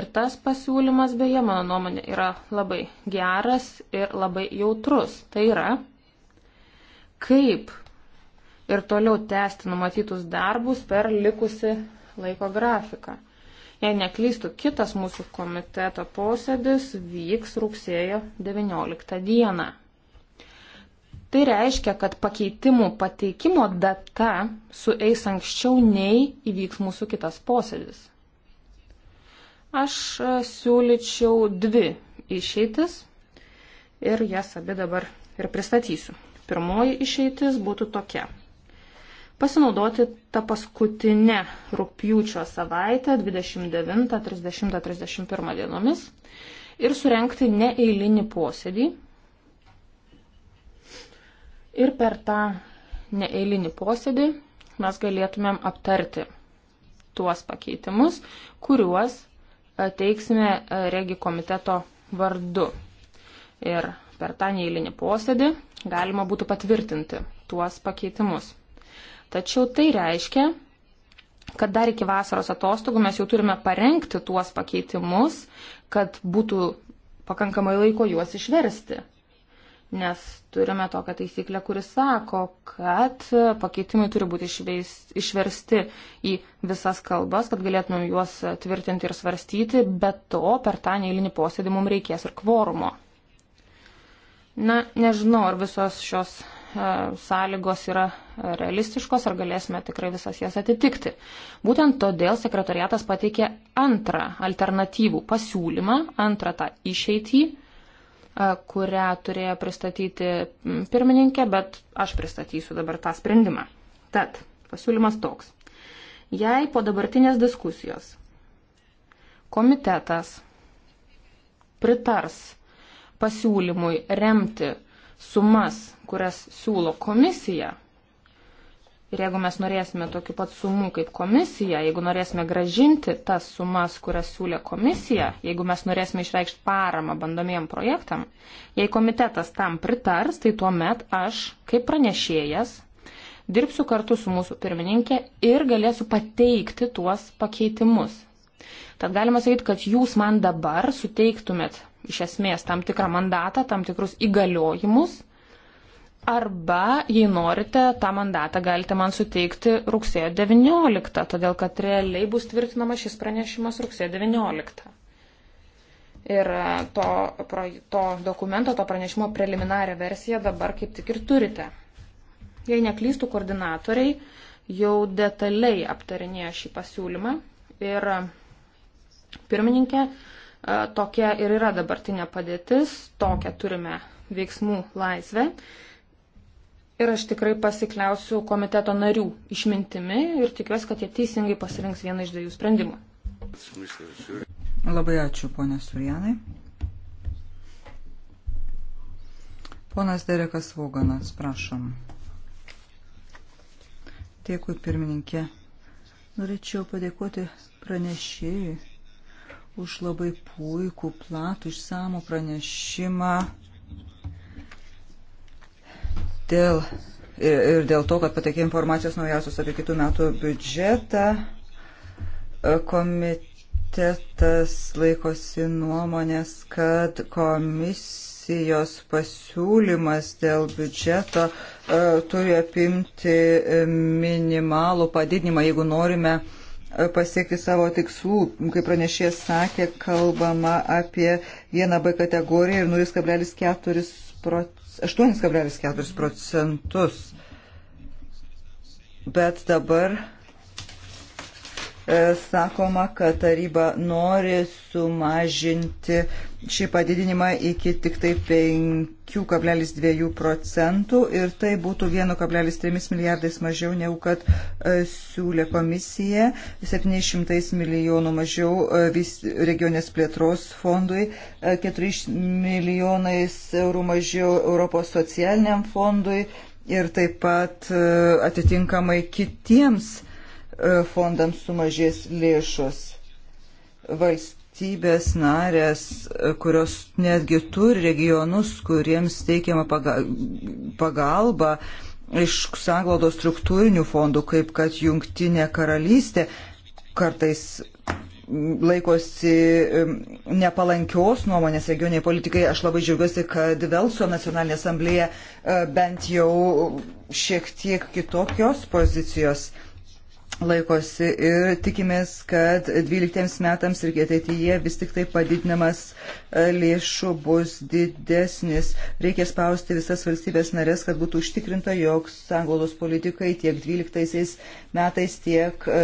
Ir tas pasiūlymas, beje, mano nuomonė, yra labai geras ir labai jautrus. Tai yra, kaip ir toliau tęsti numatytus darbus per likusi laiko grafiką. Jei neklystų, kitas mūsų komiteto posėdis vyks rugsėjo 19 dieną. Tai reiškia, kad pakeitimų pateikimo data sueis anksčiau nei įvyks mūsų kitas posėdis. Aš e, siūlyčiau dvi išeitis ir jas abi dabar ir pristatysiu. Pirmoji išeitis būtų tokia. Pasinaudoti tą paskutinę rūpjūčio savaitę 29, 30, 31 dienomis ir surenkti neeilinį posėdį. Ir per tą neeilinį posėdį mes galėtumėm aptarti tuos pakeitimus, kuriuos teiksime e, regi komiteto vardu. Ir per tą neįlinį posėdį galima būtų patvirtinti tuos pakeitimus. Tačiau tai reiškia, kad dar iki vasaros atostogų mes jau turime parengti tuos pakeitimus, kad būtų pakankamai laiko juos išversti nes turime tokią taisyklę, kuris sako, kad pakeitimai turi būti išveis, išversti į visas kalbas, kad galėtumėm juos tvirtinti ir svarstyti, bet to per tą neįlinį posėdį mums reikės ir kvorumo. Na, nežinau, ar visos šios e, sąlygos yra e, realistiškos, ar galėsime tikrai visas jas atitikti. Būtent todėl sekretariatas pateikė antrą alternatyvų pasiūlymą, antrą tą išeitį kurią turėjo pristatyti pirmininkė, bet aš pristatysiu dabar tą sprendimą. Tad pasiūlymas toks. Jei po dabartinės diskusijos komitetas pritars pasiūlymui remti sumas, kurias siūlo komisija, Ir jeigu mes norėsime tokių pat sumų kaip komisija, jeigu norėsime gražinti tas sumas, kurias siūlė komisija, jeigu mes norėsime išreikšti paramą bandomiem projektam, jei komitetas tam pritars, tai tuomet aš, kaip pranešėjas, dirbsiu kartu su mūsų pirmininkė ir galėsiu pateikti tuos pakeitimus. Tad galima sakyti, kad jūs man dabar suteiktumėt iš esmės tam tikrą mandatą, tam tikrus įgaliojimus Arba, jei norite, tą mandatą galite man suteikti rugsėjo 19, todėl kad realiai bus tvirtinamas šis pranešimas rugsėjo 19. Ir e, to, to dokumento, to pranešimo preliminarią versiją dabar kaip tik ir turite. Jei neklystų, koordinatoriai jau detaliai aptarinėjo šį pasiūlymą ir e, pirmininkė e, tokia ir yra dabartinė padėtis, tokia turime veiksmų laisvę. Ir aš tikrai pasikliausiu komiteto narių išmintimi ir tikiuosi, kad jie teisingai pasirinks vieną iš dviejų sprendimų. Labai ačiū, ponė Surjanai. Ponas Derekas Voganas, prašom. Dėkui, pirmininkė. Norėčiau padėkoti pranešėjui už labai puikų, platų, išsamų pranešimą dėl, ir dėl to, kad pateikė informacijos naujausios apie kitų metų biudžetą, e, komitetas laikosi nuomonės, kad komisijos pasiūlymas dėl biudžeto e, turi apimti minimalų padidinimą, jeigu norime e, pasiekti savo tikslų. Kaip pranešėjas sakė, kalbama apie 1B kategoriją ir 0,4 procentų 8,4 procentus. Bet dabar E, sakoma, kad taryba nori sumažinti šį padidinimą iki tik tai 5,2 procentų ir tai būtų 1,3 milijardais mažiau negu kad e, siūlė komisija, 700 milijonų mažiau e, vis regionės plėtros fondui, 4 milijonais eurų mažiau Europos socialiniam fondui ir taip pat atitinkamai kitiems E, fondams sumažės lėšos. Valstybės narės, e, kurios netgi turi regionus, kuriems teikiama pagalba iš sanglaudos struktūrinių fondų, kaip kad Jungtinė karalystė, kartais laikosi e, nepalankios nuomonės regioniai politikai. Aš labai džiaugiuosi, kad Velso nacionalinė asamblėje bent jau šiek tiek kitokios pozicijos laikosi ir tikimės, kad 12 metams ir ateityje vis tik tai padidinamas e, lėšų bus didesnis. Reikia spausti visas valstybės narės, kad būtų užtikrinta, jog sanglodos politikai tiek 12 metais, tiek e,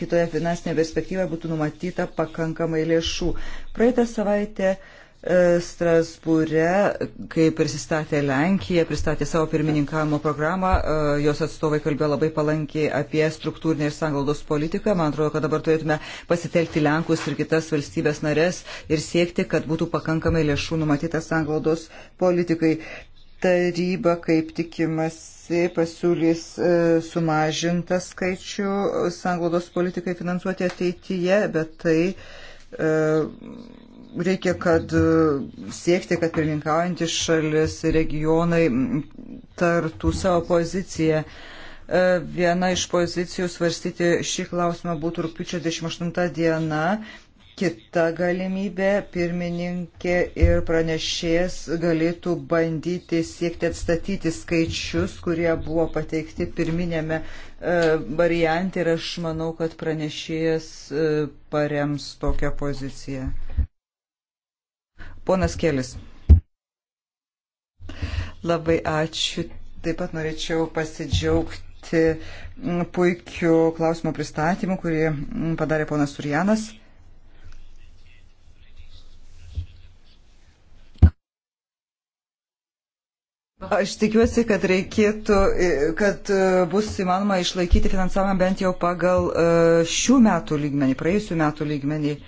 kitoje finansinėje perspektyvoje būtų numatyta pakankamai lėšų. Praeitą savaitę uh, E, Strasbūre, kai prisistatė Lenkija, pristatė savo pirmininkavimo programą, e, jos atstovai kalbėjo labai palankiai apie struktūrinę ir sanglaudos politiką. Man atrodo, kad dabar turėtume pasitelkti Lenkus ir kitas valstybės narės ir siekti, kad būtų pakankamai lėšų numatytas sanglaudos politikai. Taryba, kaip tikimasi, pasiūlys e, sumažintą skaičių sanglaudos politikai finansuoti ateityje, bet tai. Uh, reikia, kad e, siekti, kad pirmininkaujantis šalis regionai tartų savo poziciją. E, viena iš pozicijų svarstyti šį klausimą būtų rūpiučio 28 diena. Kita galimybė pirmininkė ir pranešėjas galėtų bandyti siekti atstatyti skaičius, kurie buvo pateikti pirminėme e, variante ir aš manau, kad pranešėjas e, parems tokią poziciją. Ponas Kelis. Labai ačiū. Taip pat norėčiau pasidžiaugti puikiu klausimo pristatymu, kurį padarė ponas Surjanas. Aš tikiuosi, kad reikėtų, kad bus įmanoma išlaikyti finansavimą bent jau pagal e, šių metų lygmenį, praėjusių metų lygmenį. Uh,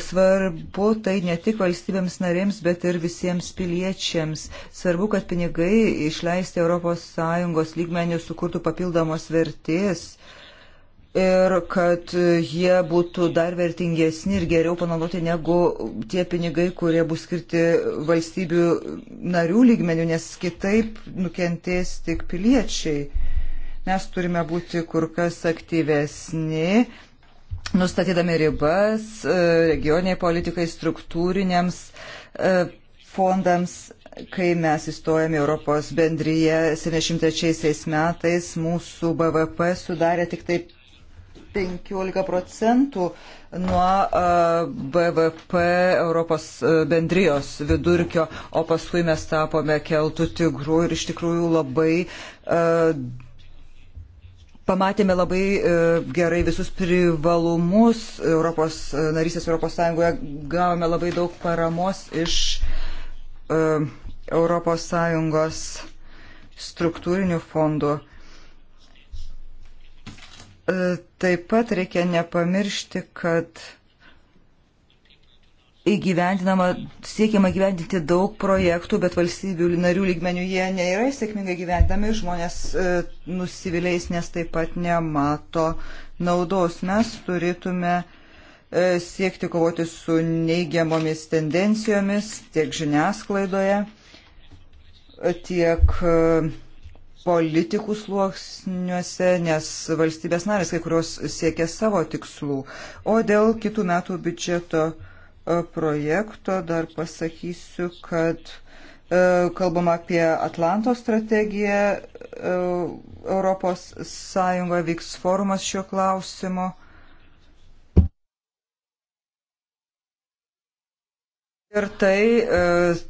Svarbu tai ne tik valstybėms narėms, bet ir visiems piliečiams. Svarbu, kad pinigai išleisti ES lygmenių sukurtų papildomos vertės ir kad jie būtų dar vertingesni ir geriau panaudoti negu tie pinigai, kurie bus skirti valstybių narių lygmenių, nes kitaip nukentės tik piliečiai. Mes turime būti kur kas aktyvesni, nustatydami ribas e, regioniai politikai struktūriniams e, fondams, kai mes įstojame Europos bendryje 73 metais, mūsų BVP sudarė tik tai 15 procentų nuo e, BVP Europos bendrijos vidurkio, o paskui mes tapome keltų tigrų ir iš tikrųjų labai Pamatėme labai e, gerai visus privalumus Europos, e, narysės Europos Sąjungoje, gavome labai daug paramos iš e, Europos Sąjungos struktūrinių fondų. Taip pat reikia nepamiršti, kad įgyvendinama, siekiama gyvendinti daug projektų, bet valstybių narių lygmenių jie nėra sėkmingai gyvendami, žmonės e, nusivyliais, nes taip pat nemato naudos. Mes turėtume e, siekti kovoti su neigiamomis tendencijomis tiek žiniasklaidoje, tiek e, politikų sluoksniuose, nes valstybės narės kai kurios siekia savo tikslų. O dėl kitų metų biudžeto e, E, projekto dar pasakysiu, kad e, kalbam apie Atlanto strategiją, e, Europos Sąjungoje vyks forumas šio klausimo. Ir tai e,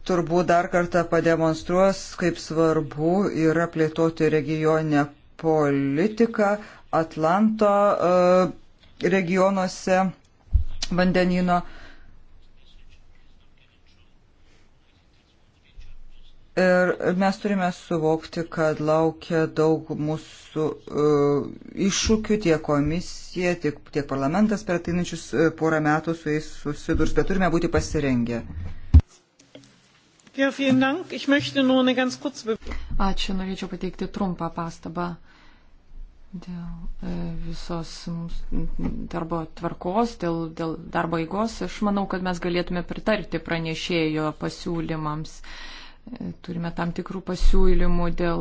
turbūt dar kartą pademonstruos, kaip svarbu yra plėtoti regioninę politiką Atlanto e, regionuose vandenino. E, Ir mes turime suvokti, kad laukia daug mūsų uh, iššūkių tiek komisija, tiek, tiek parlamentas per ateinančius uh, porą metų su jais susidurs, bet turime būti pasirengę. Ačiū, norėčiau pateikti trumpą pastabą dėl e, visos darbo tvarkos, dėl, dėl darbo eigos. Aš manau, kad mes galėtume pritarti pranešėjo pasiūlymams. Uh, Turime tam tikrų pasiūlymų dėl,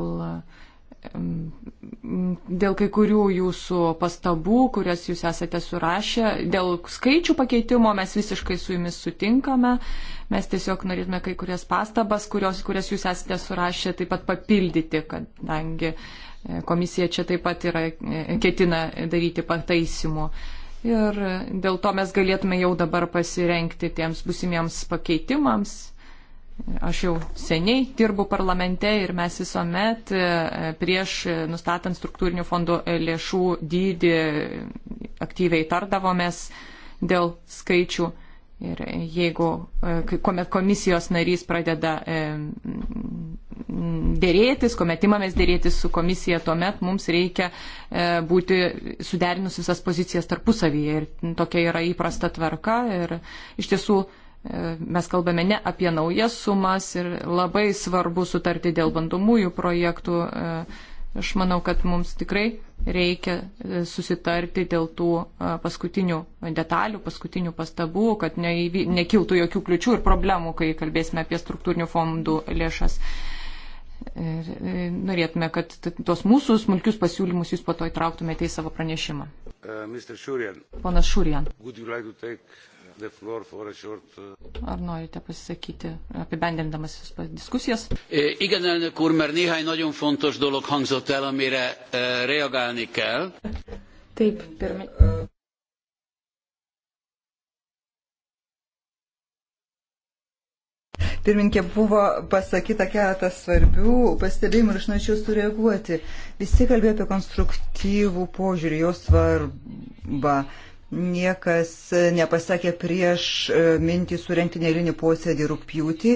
dėl kai kurių jūsų pastabų, kurias jūs esate surašę. Dėl skaičių pakeitimo mes visiškai su jumis sutinkame. Mes tiesiog norėtume kai kurias pastabas, kurios, kurias jūs esate surašę, taip pat papildyti, kadangi e, komisija čia taip pat yra, e, ketina daryti pataisimų. Ir dėl to mes galėtume jau dabar pasirenkti tiems busimiems pakeitimams Aš jau seniai dirbu parlamente ir mes visuomet e, prieš nustatant struktūrinių fondų e, lėšų dydį aktyviai tardavomės dėl skaičių. Ir jeigu, e, kuomet komisijos narys pradeda dėrėtis, kuomet imamės dėrėtis su komisija, tuomet mums reikia būti suderinus visas pozicijas tarpusavyje. Ir tokia yra įprasta tvarka. Ir iš tiesų Mes kalbame ne apie naujas sumas ir labai svarbu sutarti dėl bandomųjų projektų. Aš manau, kad mums tikrai reikia e, susitarti dėl tų e, paskutinių detalių, paskutinių pastabų, kad nekiltų jokių kliučių ir problemų, kai kalbėsime apie struktūrinių fondų lėšas. Ir e, norėtume, kad tos mūsų smulkius pasiūlymus jūs po to įtrauktumėte į savo pranešimą. Uh, Ponas Šurian. Like Uh, Ar norite pasisakyti apibendrindamas diskusijas? Igen, elnök úr, mert néhány nagyon fontos dolog hangzott el, amire reagálni kell. Taip, pirmi... Pirminkė buvo pasakyta keletas svarbių pastebėjimų ir aš norėčiau sureaguoti. Visi kalbėjo apie konstruktyvų požiūrį, jo svarbą. Niekas nepasakė prieš e, mintį surenkti neįlinį posėdį rūpjūtį.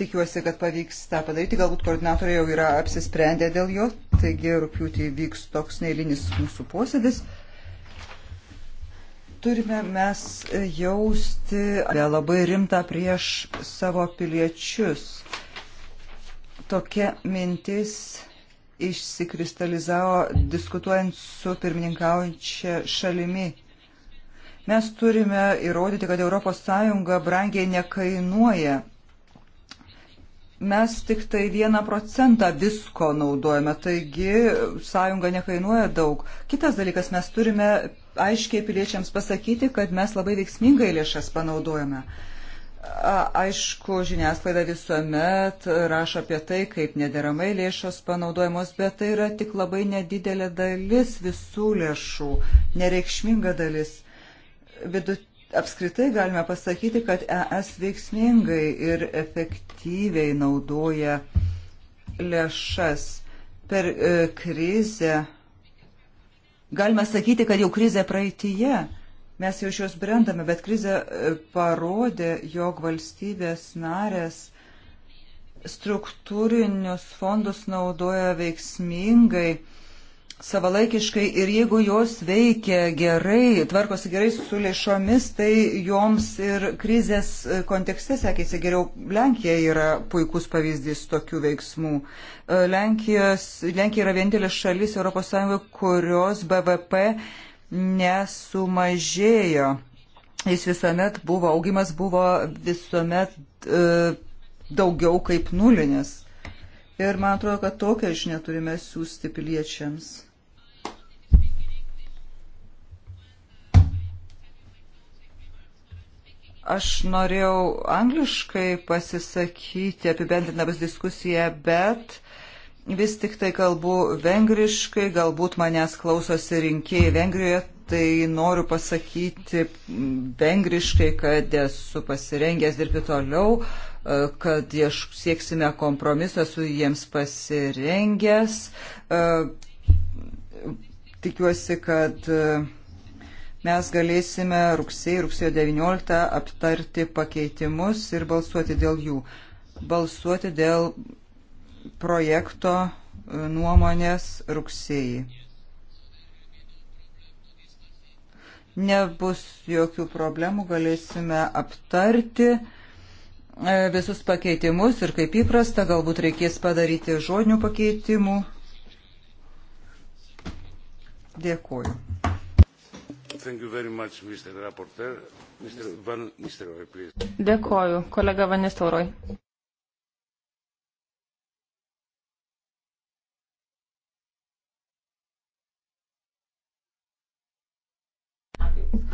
Tikiuosi, kad pavyks tą padaryti. Galbūt koordinatoriai jau yra apsisprendę dėl jo. Taigi rūpjūtį vyks toks neįlinis mūsų posėdis. Turime mes jausti labai rimtą prieš savo piliečius. Tokia mintis išsikristalizavo diskutuojant su pirmininkaujančia šalimi Mes turime įrodyti, kad ES brangiai nekainuoja. Mes tik tai vieną procentą visko naudojame, taigi sąjunga nekainuoja daug. Kitas dalykas, mes turime aiškiai piliečiams pasakyti, kad mes labai veiksmingai lėšas panaudojame. Aišku, žiniasklaida visuomet rašo apie tai, kaip nederamai lėšos panaudojamos, bet tai yra tik labai nedidelė dalis visų lėšų, nereikšminga dalis vidut, apskritai galime pasakyti, kad ES veiksmingai ir efektyviai naudoja lėšas per e, krizę. Galima sakyti, kad jau krizė praeitįje. Mes jau iš jos brendame, bet krizė e, parodė, jog valstybės narės struktūrinius fondus naudoja veiksmingai savalaikiškai ir jeigu jos veikia gerai, tvarkosi gerai su lėšomis, tai joms ir krizės e, kontekste sekėsi geriau. Lenkija yra puikus pavyzdys tokių veiksmų. E, Lenkijos, Lenkija yra vienintelė šalis ES, kurios BVP nesumažėjo. Jis visuomet buvo, augimas buvo visuomet e, daugiau kaip nulinis. Ir man atrodo, kad tokią žinią turime siūsti piliečiams. Aš norėjau angliškai pasisakyti apibendrinamas diskusiją, bet vis tik tai kalbu vengriškai, galbūt manęs klausosi rinkėjai Vengrijoje, tai noriu pasakyti vengriškai, kad esu pasirengęs dirbti toliau, kad sieksime kompromiso, esu jiems pasirengęs. Tikiuosi, kad mes galėsime rugsėjai, rugsėjo 19 aptarti pakeitimus ir balsuoti dėl jų. Balsuoti dėl projekto e, nuomonės rugsėjai. Nebus jokių problemų, galėsime aptarti e, visus pakeitimus ir kaip įprasta, galbūt reikės padaryti žodinių pakeitimų. Dėkuoju. Thank you very much, Mr. Rapporteur. Mr. Van Nistelrooy, please. Dėkoju, kolega Van Nistelrooy.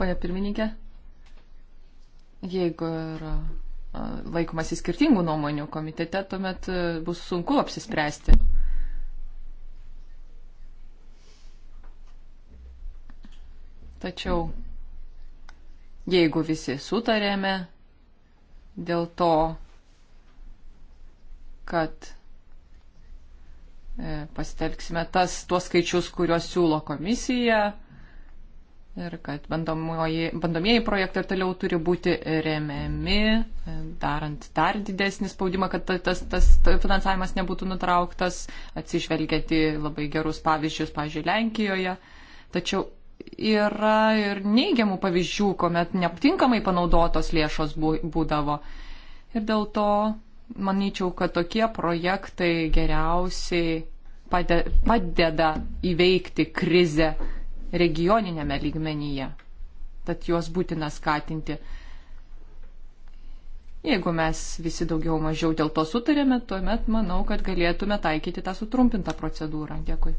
Pane pirmininkė, jeigu yra laikomasi skirtingų nuomonių komitete, tuomet bus sunku apsispręsti. Tačiau jeigu visi sutarėme dėl to, kad e, pasitelksime tas, tuos skaičius, kuriuos siūlo komisija ir kad bandomieji projektai ir toliau turi būti remiami, e, darant dar didesnį spaudimą, kad tas, tas finansavimas nebūtų nutrauktas, atsižvelgiant į labai gerus pavyzdžius, pavyzdžiui, Lenkijoje. Tačiau yra ir neigiamų pavyzdžių, kuomet neaptinkamai panaudotos lėšos būdavo. Ir dėl to manyčiau, kad tokie projektai geriausiai padeda įveikti krizę regioninėme lygmenyje. Tad juos būtina skatinti. Jeigu mes visi daugiau mažiau dėl to sutarėme, tuomet manau, kad galėtume taikyti tą sutrumpintą procedūrą. Dėkui.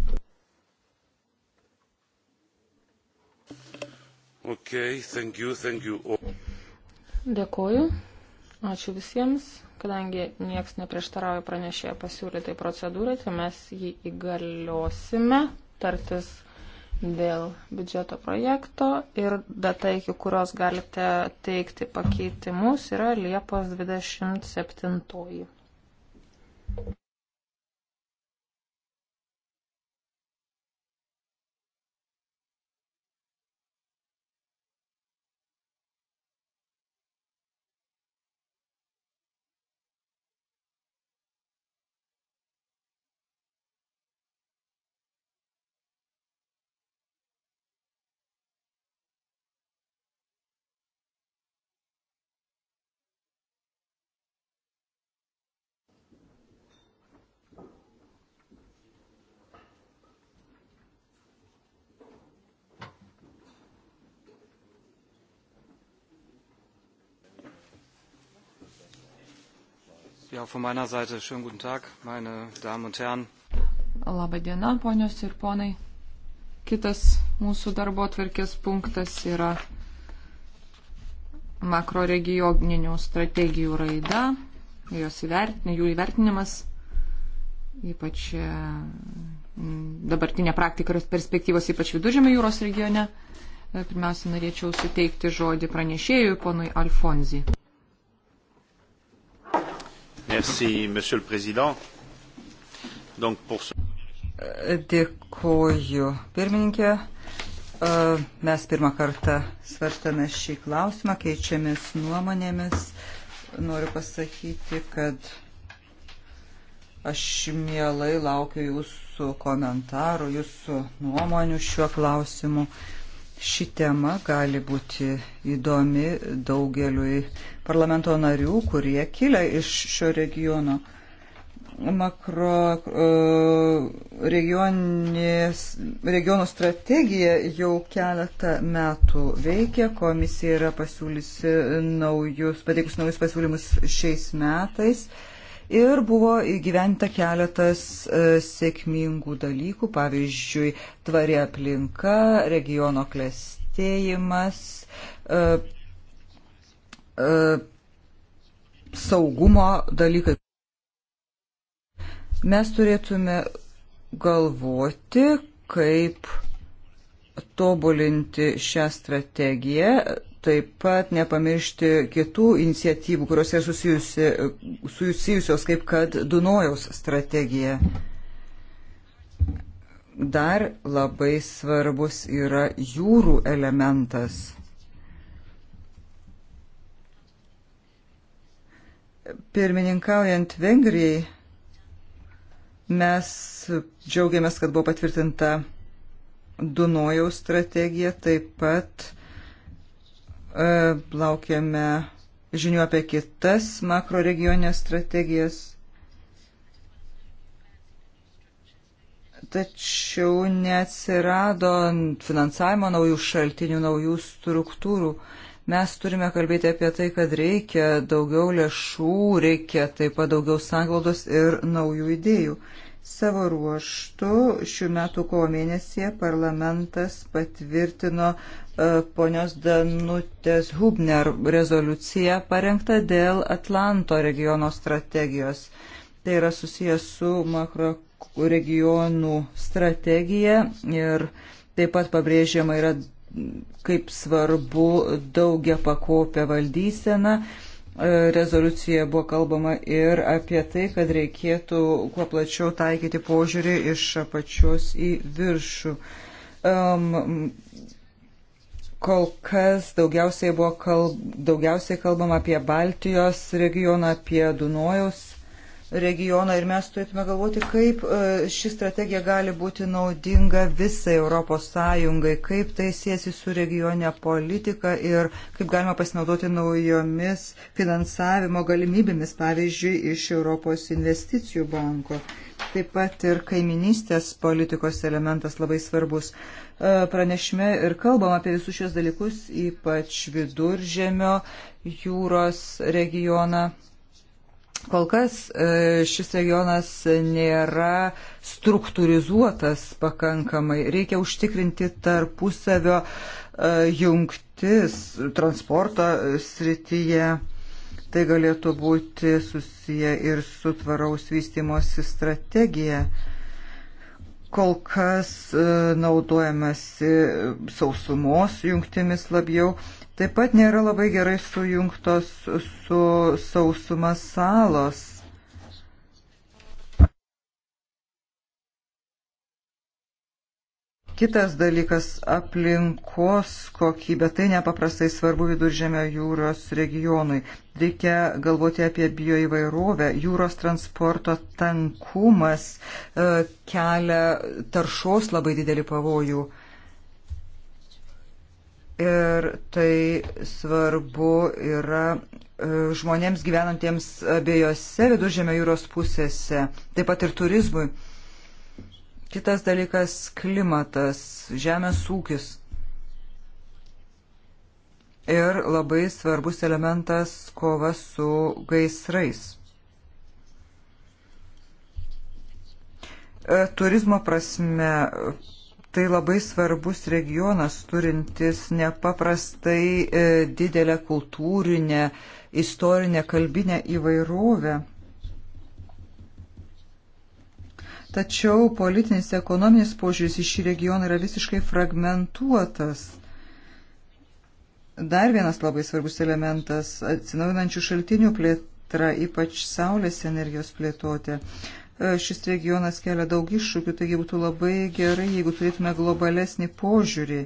Okay, thank you, thank you. Dėkoju. Ačiū visiems. Kadangi nieks neprieštarauja pranešėjo pasiūlytai procedūrai, tai mes jį įgaliosime tartis dėl biudžeto projekto ir data, iki kurios galite teikti pakeitimus, yra Liepos 27. Ja, von meiner Seite schönen guten Tag, meine Damen und Herren. Labą dieną, ponios ir ponai. Kitas mūsų darbo atverkės punktas yra makroregioninių strategijų raida, jos įvertin, jų įvertinimas, ypač e, dabartinė praktika ir perspektyvos, ypač viduržėmio jūros regione. E, pirmiausia, norėčiau suteikti žodį pranešėjui, ponui Alfonzi. Merci, monsieur le président. Donc, pour... Dėkuoju, pirmininkė. E, mes pirmą kartą svarstame šį klausimą, keičiamės nuomonėmis. Noriu pasakyti, kad aš mielai laukiu jūsų komentarų, jūsų nuomonių šiuo klausimu. Ši tema gali būti įdomi daugeliui parlamento narių, kurie kilia iš šio regiono. Makro e, regionų strategija jau keletą metų veikia, komisija yra pasiūlysi naujus, pateikus naujus pasiūlymus šiais metais. Uh, ir buvo įgyventa keletas e, sėkmingų dalykų, pavyzdžiui, tvari aplinka, regiono klestėjimas, e, e, saugumo dalykai. Mes turėtume galvoti, kaip tobulinti šią strategiją, taip pat nepamiršti kitų iniciatyvų, kurios yra susijusi, susijusios kaip kad Dunojaus strategija. Dar labai svarbus yra jūrų elementas. Pirmininkaujant Vengrijai mes džiaugiamės, kad buvo patvirtinta Dunojaus strategija, taip pat E, laukiame žinių apie kitas makroregionės strategijas. Tačiau neatsirado finansavimo naujų šaltinių, naujų struktūrų. Mes turime kalbėti apie tai, kad reikia daugiau lėšų, reikia taip pat daugiau sanglaudos ir naujų idėjų. Savo ruoštų šių metų kovo mėnesį parlamentas patvirtino e, ponios Danutės Hubner rezoliuciją parengtą dėl Atlanto regiono strategijos. Tai yra susijęs su makro regionų strategija ir taip pat pabrėžiama yra kaip svarbu daugia pakopė valdysena E, rezoliucija buvo kalbama ir apie tai, kad reikėtų kuo plačiau taikyti požiūrį iš apačios į viršų. Um, kol kas daugiausiai buvo kalb, daugiausiai kalbama apie Baltijos regioną, apie Dunojaus regioną ir mes turėtume galvoti, kaip e, ši strategija gali būti naudinga visai Europos Sąjungai, kaip tai siesi su regione politika ir kaip galima pasinaudoti naujomis finansavimo galimybėmis, pavyzdžiui, iš Europos investicijų banko. Taip pat ir kaiminystės politikos elementas labai svarbus. E, pranešime ir kalbam apie visus šios dalykus, ypač viduržėmio jūros regioną Kol kas e, šis regionas nėra struktūrizuotas pakankamai. Reikia užtikrinti tarpusavio e, jungtis transporto srityje. Tai galėtų būti susiję ir su tvaraus vystimosi strategija. Kol kas e, naudojamasi sausumos jungtimis labiau, Taip pat nėra labai gerai sujungtos su sausuma salos. Kitas dalykas - aplinkos kokybė. Tai nepaprastai svarbu viduržėmio jūros regionui. Reikia galvoti apie bioįvairovę. Jūros transporto tankumas e, kelia taršos labai didelį pavojų. Ir tai svarbu yra e, žmonėms gyvenantiems abiejose viduržėmio jūros pusėse, taip pat ir turizmui. Kitas dalykas - klimatas, žemės ūkis. Ir labai svarbus elementas - kova su gaisrais. E, turizmo prasme Tai labai svarbus regionas, turintis nepaprastai e, didelę kultūrinę, istorinę, kalbinę įvairovę. Tačiau politinis ekonominis požiūris į šį regioną yra visiškai fragmentuotas. Dar vienas labai svarbus elementas - atsinaujinančių šaltinių plėtra, ypač saulės energijos plėtotė. E, šis regionas kelia daug iššūkių, taigi būtų labai gerai, jeigu turėtume globalesnį požiūrį.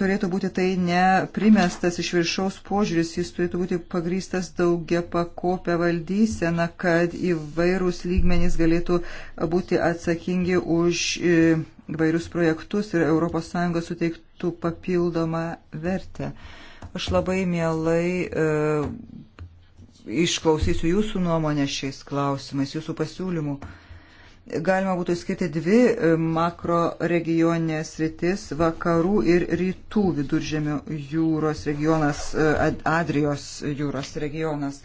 Turėtų būti tai ne primestas iš viršaus požiūris, jis turėtų būti pagrystas daugia pakopę valdyseną, kad įvairūs lygmenys galėtų būti atsakingi už e, įvairius projektus ir ES suteiktų papildomą vertę. Aš labai mielai e, išklausysiu jūsų nuomonę šiais klausimais, jūsų pasiūlymų. Galima būtų skirti dvi e, makro regioninės rytis - vakarų ir rytų viduržėmio jūros regionas, e, Adrijos jūros regionas.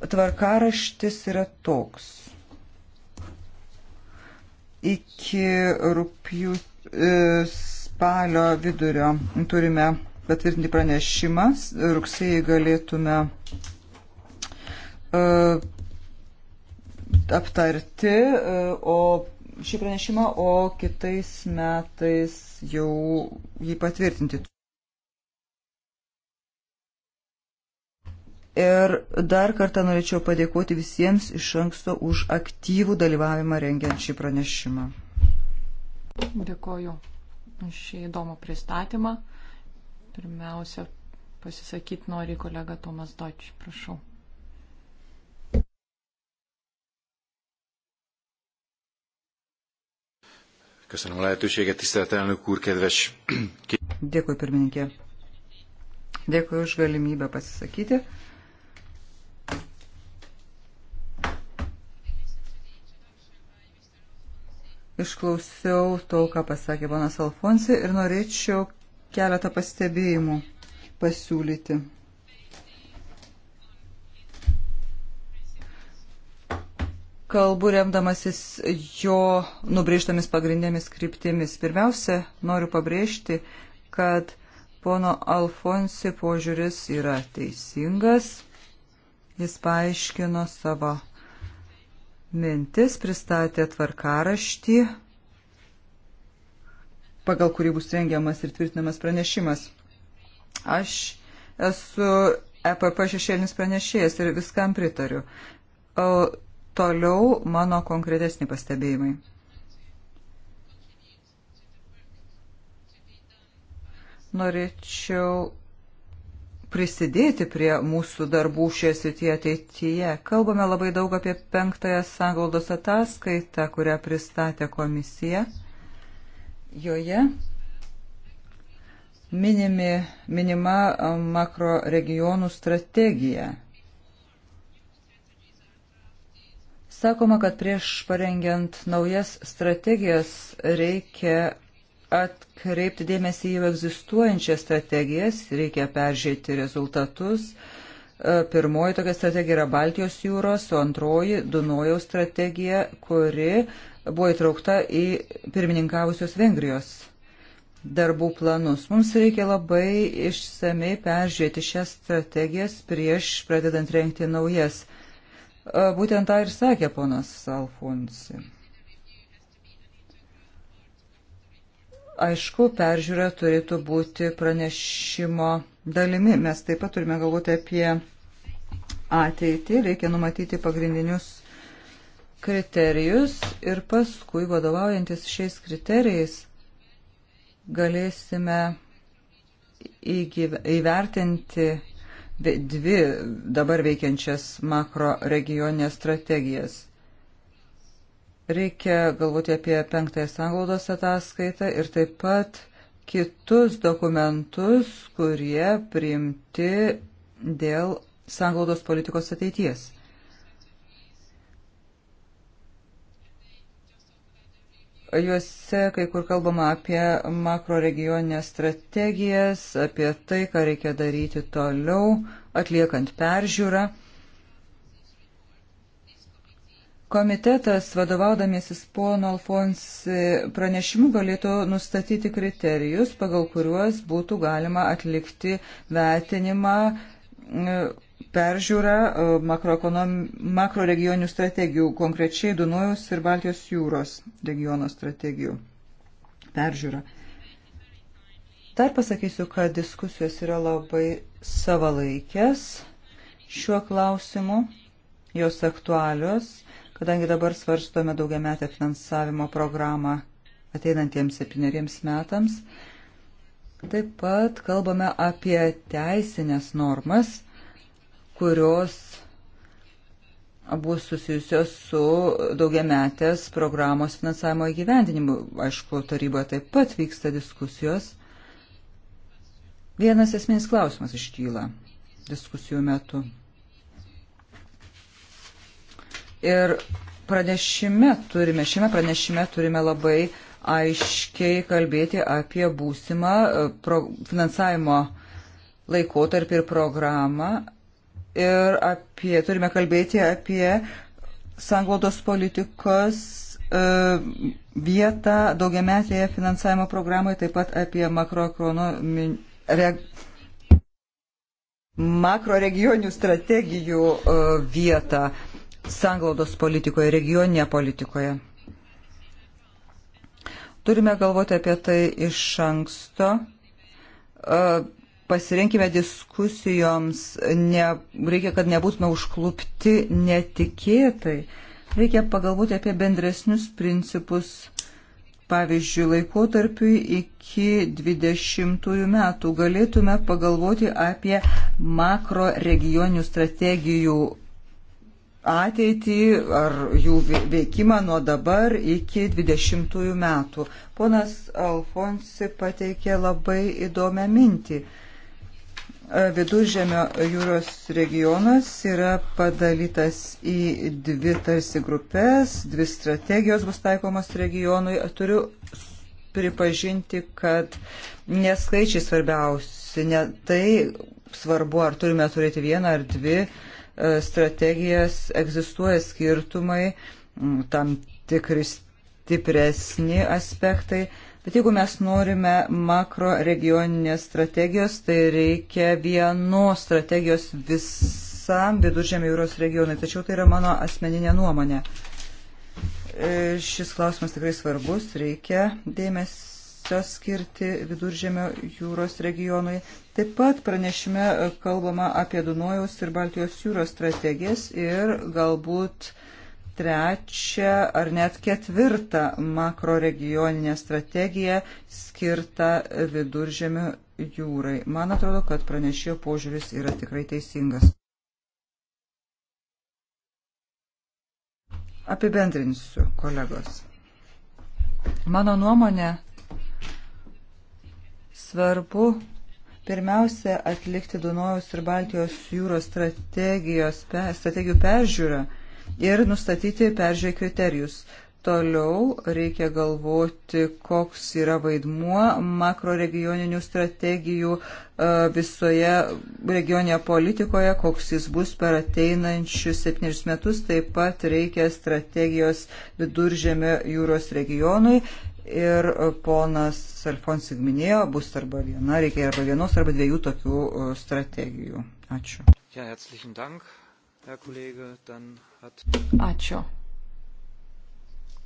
Tvarkaraštis yra toks. Iki rūpjūtį e, spalio vidurio turime patvirtinti pranešimą, rugsėjai galėtume E, aptarti, e, o šį pranešimą, o kitais metais jau jį patvirtinti. Ir dar kartą norėčiau padėkoti visiems iš anksto už aktyvų dalyvavimą rengiant šį pranešimą. Dėkoju už šį įdomų pristatymą. Pirmiausia, pasisakyti nori kolega Tomas Doč, prašau. Köszönöm a lehetőséget, tisztelt elnök úr, kedves. Dėkui, pirmininkė. Dėkui už galimybę pasisakyti. Išklausiau to, ką pasakė ponas Alfonsi ir norėčiau keletą pastebėjimų pasiūlyti. kalbu remdamasis jo nubrėžtomis pagrindėmis kryptimis. Pirmiausia, noriu pabrėžti, kad pono Alfonsi požiūris yra teisingas. Jis paaiškino savo mintis, pristatė tvarkaraštį, pagal kurį bus rengiamas ir tvirtinamas pranešimas. Aš esu EPP šešėlinis pranešėjas ir viskam pritariu. O Toliau mano konkretesni pastebėjimai. Norėčiau prisidėti prie mūsų darbų šioje srityje ateityje. Kalbame labai daug apie penktąją sanglaudos ataskaitą, kurią pristatė komisija. Joje minimi, minima makro regionų strategija. Sakoma, kad prieš parengiant naujas strategijas reikia atkreipti dėmesį į egzistuojančias strategijas, reikia peržiūrėti rezultatus. E, pirmoji tokia strategija yra Baltijos jūros, o antroji Dunojaus strategija, kuri buvo įtraukta į pirmininkavusios Vengrijos darbų planus. Mums reikia labai išsamei peržiūrėti šias strategijas prieš pradedant renkti naujas strategijas E, būtent tą ir sakė ponas Alfonsi. Aišku, peržiūra turėtų būti pranešimo dalimi. Mes taip pat turime galvoti apie ateitį, reikia numatyti pagrindinius kriterijus ir paskui, vadovaujantis šiais kriterijais, galėsime įgyve, įvertinti dvi dabar veikiančias makro regionės strategijas. Reikia galvoti apie penktąją sanglaudos ataskaitą ir taip pat kitus dokumentus, kurie priimti dėl sanglaudos politikos ateities. Juose kai kur kalbama apie makro regioninės strategijas, apie tai, ką reikia daryti toliau, atliekant peržiūrą. Komitetas, vadovaudamiesis pono Alfonsi pranešimu, galėtų nustatyti kriterijus, pagal kuriuos būtų galima atlikti vertinimą peržiūrą e, makroregioninių makro strategijų, konkrečiai Dunojus ir Baltijos jūros regiono strategijų peržiūrą. Dar pasakysiu, kad diskusijos yra labai savalaikės šiuo klausimu, jos aktualios, kadangi dabar svarstome daugiametę finansavimo programą ateinantiems septyneriems metams. Taip pat kalbame apie teisinės normas kurios bus susijusios su daugiametės programos finansavimo įgyvendinimu. Aišku, taryboje taip pat vyksta diskusijos. Vienas esminis klausimas iškyla diskusijų metu. Ir pranešime turime, šiame pranešime turime labai aiškiai kalbėti apie būsimą e, pro, finansavimo laikotarpį ir programą ir apie, turime kalbėti apie sanglaudos politikos e, vietą daugiametėje finansavimo programoje, taip pat apie makroregioninių strategijų e, vietą sanglaudos politikoje, regioninėje politikoje. Turime galvoti apie tai iš anksto e, pasirinkime diskusijoms, ne, reikia, kad nebūtume užklupti netikėtai. Reikia pagalvoti apie bendresnius principus, pavyzdžiui, laikotarpiui iki 20 metų. Galėtume pagalvoti apie makro regioninių strategijų ateitį ar jų veikimą nuo dabar iki 20 metų. Ponas Alfonsi pateikė labai įdomią mintį. Viduržėmio jūros regionas yra padalytas į dvi tarsi grupės, dvi strategijos bus taikomos regionui. Turiu pripažinti, kad neskaičiai svarbiausi, ne tai svarbu, ar turime turėti vieną ar dvi e, strategijas, egzistuoja skirtumai, tam tikri stipresni aspektai. Bet jeigu mes norime makro regioninės strategijos, tai reikia vienos strategijos visam viduržėmio jūros regionui. Tačiau tai yra mano asmeninė nuomonė. E, šis klausimas tikrai svarbus, reikia dėmesio skirti viduržėmio jūros regionui. Taip pat pranešime kalbama apie Dunojaus ir Baltijos jūros strategijas ir galbūt uh, trečią ar net ketvirtą makro regioninę strategiją skirtą viduržėmių jūrai. Man atrodo, kad pranešėjo požiūris yra tikrai teisingas. Apibendrinsiu, kolegos. Mano nuomonė, svarbu pirmiausia atlikti Dunojaus ir Baltijos jūros strategijos, strategijų peržiūrą ir nustatyti peržiūrė kriterijus. Toliau reikia galvoti, koks yra vaidmuo makroregioninių strategijų e, visoje regioninėje politikoje, koks jis bus per ateinančius septynerius metus. Taip pat reikia strategijos viduržėmio jūros regionui. Ir ponas Alfonsig minėjo, bus arba viena, reikia arba vienos, arba dviejų tokių e, strategijų. Ačiū. Ja, Ačiū.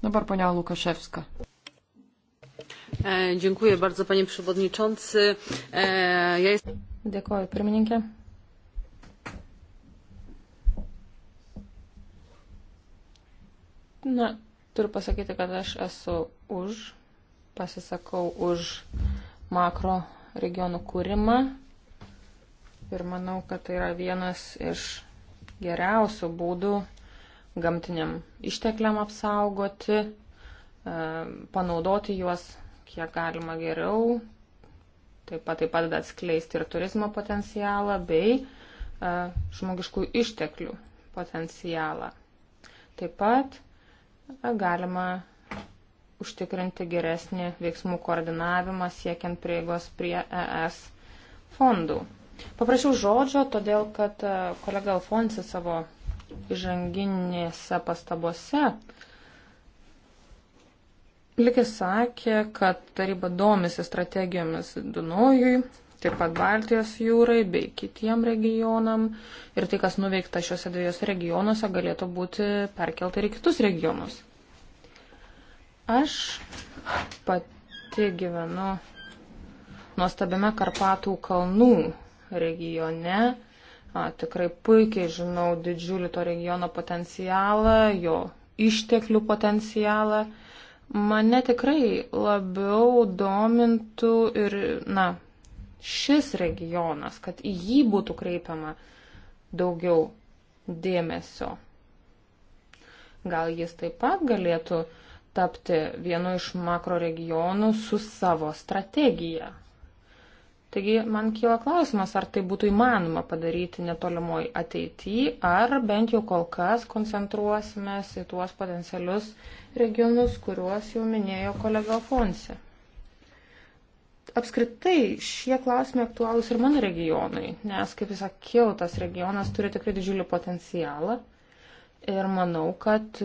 Dabar ponia Lukaševska. E, dziękuję bardzo, panie przewodniczący. E, ja jest... Dėkoju, pirmininkė. Na, turiu pasakyti, kad aš esu už, pasisakau už makro regionų kūrimą ir manau, kad tai yra vienas iš geriausių būdų gamtiniam ištekliam apsaugoti, e, panaudoti juos kiek galima geriau, taip pat taip pat atskleisti ir turizmo potencialą bei e, žmogiškų išteklių potencialą. Taip pat e, galima užtikrinti geresnį veiksmų koordinavimą siekiant prieigos prie ES fondų. Paprašiau žodžio, todėl kad e, kolega Alfonsi savo įžanginėse pastabose likis sakė, kad taryba domisi strategijomis Dunojui, taip pat Baltijos jūrai bei kitiem regionam ir tai, kas nuveikta šiuose dviejose regionuose, galėtų būti perkelta ir į kitus regionus. Aš pati gyvenu nuostabiame Karpatų kalnų regione. A, tikrai puikiai žinau didžiulį to regiono potencialą, jo išteklių potencialą. Mane tikrai labiau domintų ir, na, šis regionas, kad į jį būtų kreipiama daugiau dėmesio. Gal jis taip pat galėtų tapti vienu iš makro regionų su savo strategija, Taigi man kyla klausimas, ar tai būtų įmanoma padaryti netolimoj ateityje, ar bent jau kol kas koncentruosime į tuos potencialius regionus, kuriuos jau minėjo kolega Fonsi. Apskritai šie klausimai aktualūs ir mano regionui, nes, kaip jis sakiau, tas regionas turi tikrai didžiulį potencialą ir manau, kad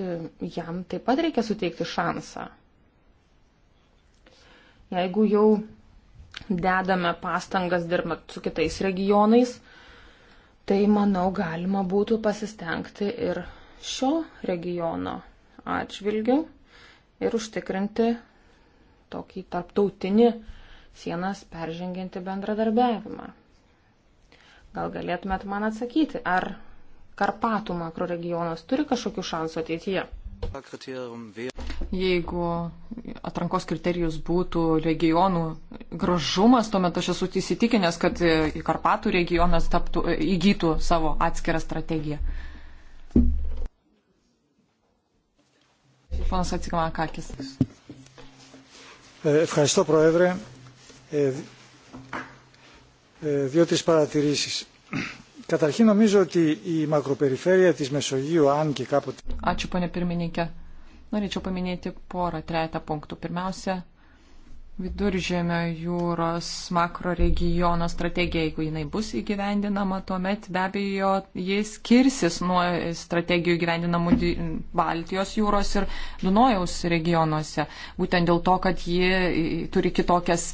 jam taip pat reikia suteikti šansą. Jeigu jau dedame pastangas dirbant su kitais regionais, tai manau galima būtų pasistengti ir šio regiono atžvilgiu ir užtikrinti tokį tarptautinį sienas peržengianti bendradarbiavimą. Gal galėtumėt man atsakyti, ar Karpatų makroregionas turi kažkokių šansų ateityje? Jeigu atrankos kriterijus būtų regionų gražumas, tuomet aš esu įsitikinęs, kad Karpatų regionas taptų, įgytų savo atskirą strategiją. Ponas Atsigamakakis. E, Ευχαριστώ, Πρόεδρε. Δύο-τρεις παρατηρήσεις. Καταρχήν νομίζω ότι η μακροπεριφέρεια της Μεσογείου, αν και κάποτε... Ačiū, ponė pirmininkė. Norėčiau paminėti porą trejata punktų. Pirmiausia, Viduržėmio jūros makro regiono strategija, jeigu jinai bus įgyvendinama, tuomet be abejo jis skirsis nuo strategijų įgyvendinamų Baltijos jūros ir Dunojaus regionuose. Būtent dėl to, kad ji turi kitokias,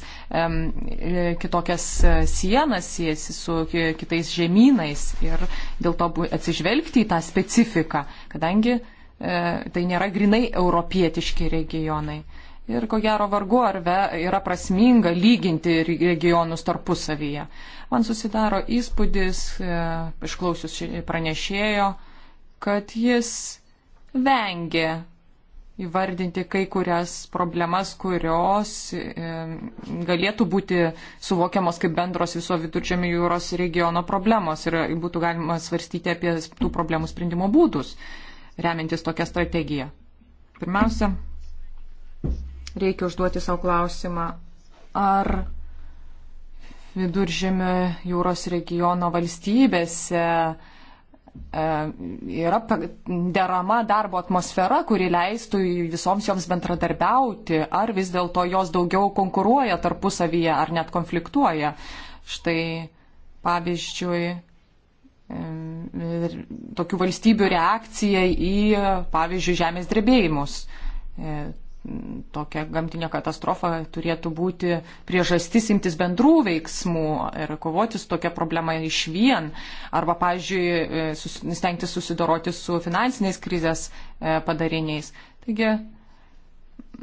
kitokias e, sienas, siesi su kitais žemynais ir dėl to atsižvelgti į tą specifiką, kadangi e, tai nėra grinai europietiški regionai. Ir ko gero vargu ar ve, yra prasminga lyginti regionus tarpusavyje. Man susidaro įspūdis, e, išklausius pranešėjo, kad jis vengė įvardinti kai kurias problemas, kurios e, galėtų būti suvokiamos kaip bendros viso viduržėmio jūros regiono problemos ir būtų galima svarstyti apie tų problemų sprendimo būdus, remintis tokią strategiją. Pirmiausia, reikia užduoti savo klausimą, ar viduržėmio jūros regiono valstybėse e, yra derama darbo atmosfera, kuri leistų visoms joms bendradarbiauti, ar vis dėlto jos daugiau konkuruoja tarpusavyje, ar net konfliktuoja. Štai pavyzdžiui, e, tokių valstybių reakcija į, pavyzdžiui, žemės drebėjimus. E, tokia gamtinė katastrofa turėtų būti priežastis imtis bendrų veiksmų ir kovoti su tokia problema iš vien. Arba, pavyzdžiui, e, sus, stengti susidoroti su finansiniais krizės e, padariniais. Taigi,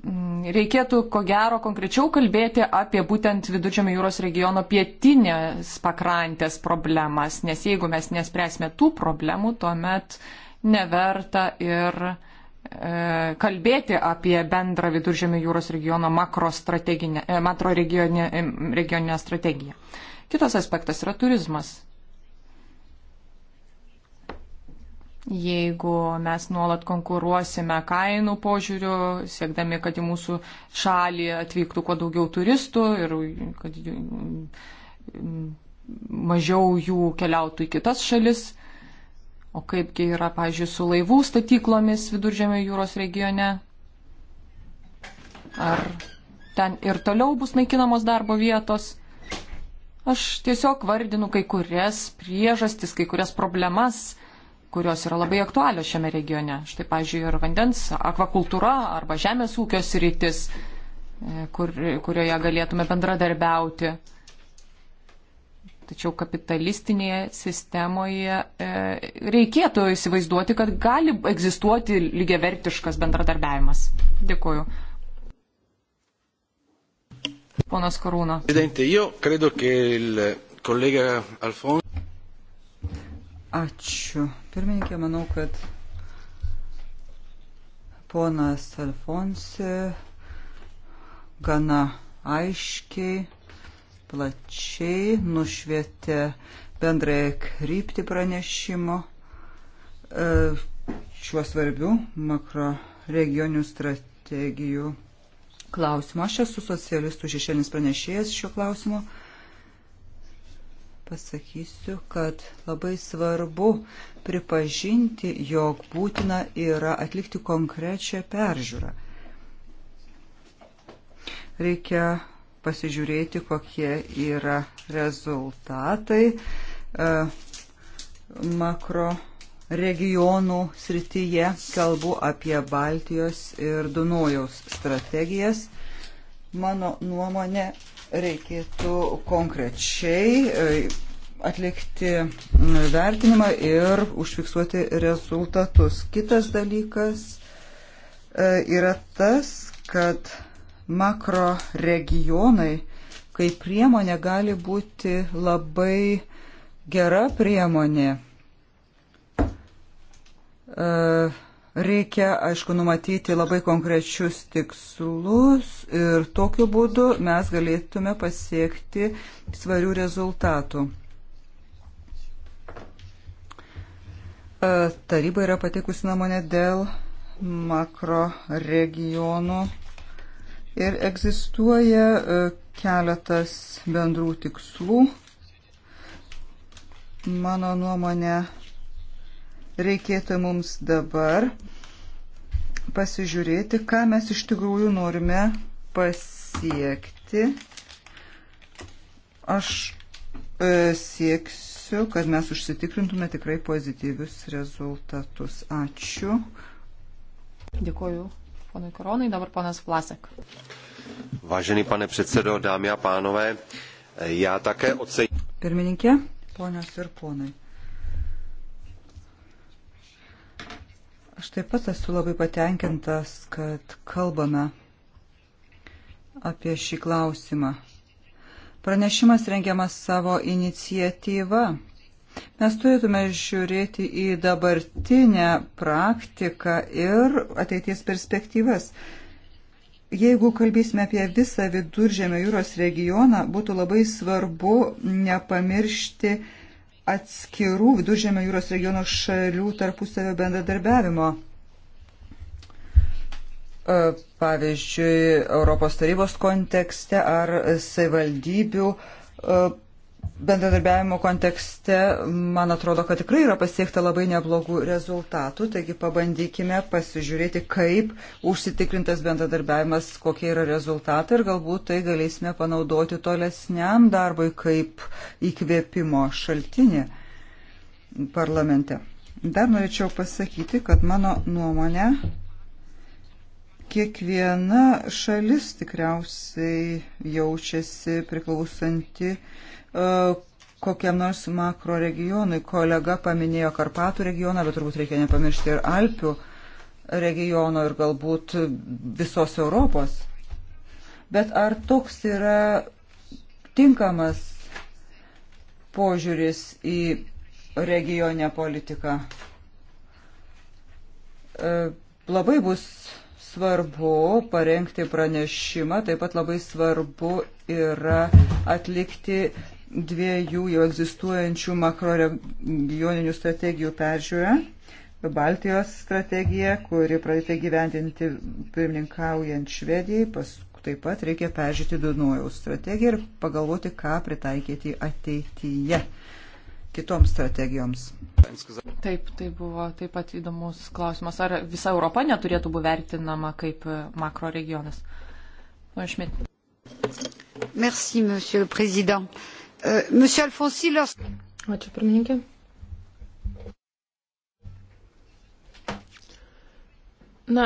mm, reikėtų ko gero konkrečiau kalbėti apie būtent Viduržėmio jūros regiono pietinės pakrantės problemas, nes jeigu mes nespręsime tų problemų, tuomet neverta ir E, kalbėti apie bendrą viduržėmio jūros regiono makro, e, makro regioninę, e, regioninę strategiją. Kitas aspektas yra turizmas. Jeigu mes nuolat konkuruosime kainų požiūriu, siekdami, kad į mūsų šalį atvyktų kuo daugiau turistų ir kad mažiau jų keliautų į kitas šalis, O kaipgi yra, pažiūrėjau, su laivų statyklomis viduržėmio jūros regione? Ar ten ir toliau bus naikinamos darbo vietos? Aš tiesiog vardinu kai kurias priežastis, kai kurias problemas, kurios yra labai aktualios šiame regione. Štai, pažiūrėjau, ir vandens, akvakultūra arba žemės ūkio sritis, e, kur, kurioje galėtume bendradarbiauti. Tačiau kapitalistinėje sistemoje e, reikėtų įsivaizduoti, kad gali egzistuoti lygiavertiškas bendradarbiavimas. Dėkuoju. Ponas Karūna. Ačiū. Pirmininkė, manau, kad ponas Alfonsi gana aiškiai plačiai nušvietė bendrąją kryptį pranešimo e, šiuo svarbiu makro regionių strategijų klausimu. Aš esu socialistų šešėlinis pranešėjas šiuo klausimu. Pasakysiu, kad labai svarbu pripažinti, jog būtina yra atlikti konkrečią peržiūrą. Reikia pasižiūrėti, kokie yra rezultatai e, makro regionų srityje. Kalbu apie Baltijos ir Dunojaus strategijas. Mano nuomonė, reikėtų konkrečiai e, atlikti vertinimą ir užfiksuoti rezultatus. Kitas dalykas e, yra tas, kad makro regionai kaip priemonė gali būti labai gera priemonė. E, reikia, aišku, numatyti labai konkrečius tikslus ir tokiu būdu mes galėtume pasiekti svarių rezultatų. E, taryba yra pateikusi nuomonę dėl makro regionų Ir egzistuoja e, keletas bendrų tikslų. Mano nuomonė, reikėtų mums dabar pasižiūrėti, ką mes iš tikrųjų norime pasiekti. Aš e, sieksiu, kad mes užsitikrintume tikrai pozityvius rezultatus. Ačiū. Dėkuoju ponui Koronai, dabar ponas Vlasek. Vážený pane předsedo, dámy a pánové, já také ocením. Pirmininkė, ponios ir ponai. Aš taip pat esu labai patenkintas, kad kalbame apie šį klausimą. Pranešimas rengiamas savo iniciatyvą, Mes turėtume žiūrėti į dabartinę praktiką ir ateities perspektyvas. Jeigu kalbėsime apie visą viduržėmio jūros regioną, būtų labai svarbu nepamiršti atskirų viduržėmio jūros regiono šalių tarpusavio bendradarbiavimo. E, pavyzdžiui, Europos tarybos kontekste ar savivaldybių e, bendradarbiavimo kontekste, man atrodo, kad tikrai yra pasiekta labai neblogų rezultatų, taigi pabandykime pasižiūrėti, kaip užsitikrintas bendradarbiavimas, kokie yra rezultatai ir galbūt tai galėsime panaudoti tolesniam darbui kaip įkvėpimo šaltinį parlamente. Dar norėčiau pasakyti, kad mano nuomonė kiekviena šalis tikriausiai jaučiasi priklausanti E, kokiam nors makro regionui. Kolega paminėjo Karpatų regioną, bet turbūt reikia nepamiršti ir Alpių regiono ir galbūt visos Europos. Bet ar toks yra tinkamas požiūris į regionę politiką? E, labai bus svarbu parengti pranešimą, taip pat labai svarbu yra atlikti dviejų jau egzistuojančių makroregioninių strategijų peržiūra. Baltijos strategija, kuri pradėta gyvendinti pirmininkaujant Švedijai, pas, taip pat reikia peržiūrėti Dunojaus strategiją ir pagalvoti, ką pritaikyti ateityje kitoms strategijoms. Taip, tai buvo taip pat įdomus klausimas. Ar visa Europa neturėtų būti vertinama kaip makroregionas? Pane Šmit. Merci, monsieur le président. Uh, Euh, monsieur Alfonsi, lors... Ačiū, pirmininkė. Na,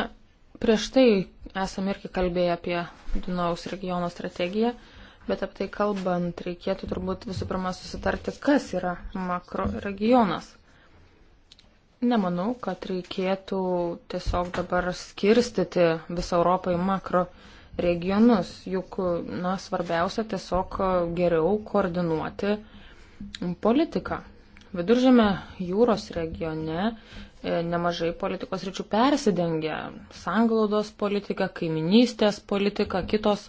prieš tai esame irgi kalbėję apie Dunaus regiono strategiją, bet apie tai kalbant reikėtų turbūt visų pirma susitarti, kas yra makro regionas. Nemanau, kad reikėtų tiesiog dabar skirstyti visą Europą į makro regioną regionus, juk na, svarbiausia tiesiog geriau koordinuoti politiką. Viduržėme jūros regione e, nemažai politikos ryčių persidengia - sanglaudos politika, kaiminystės politika, kitos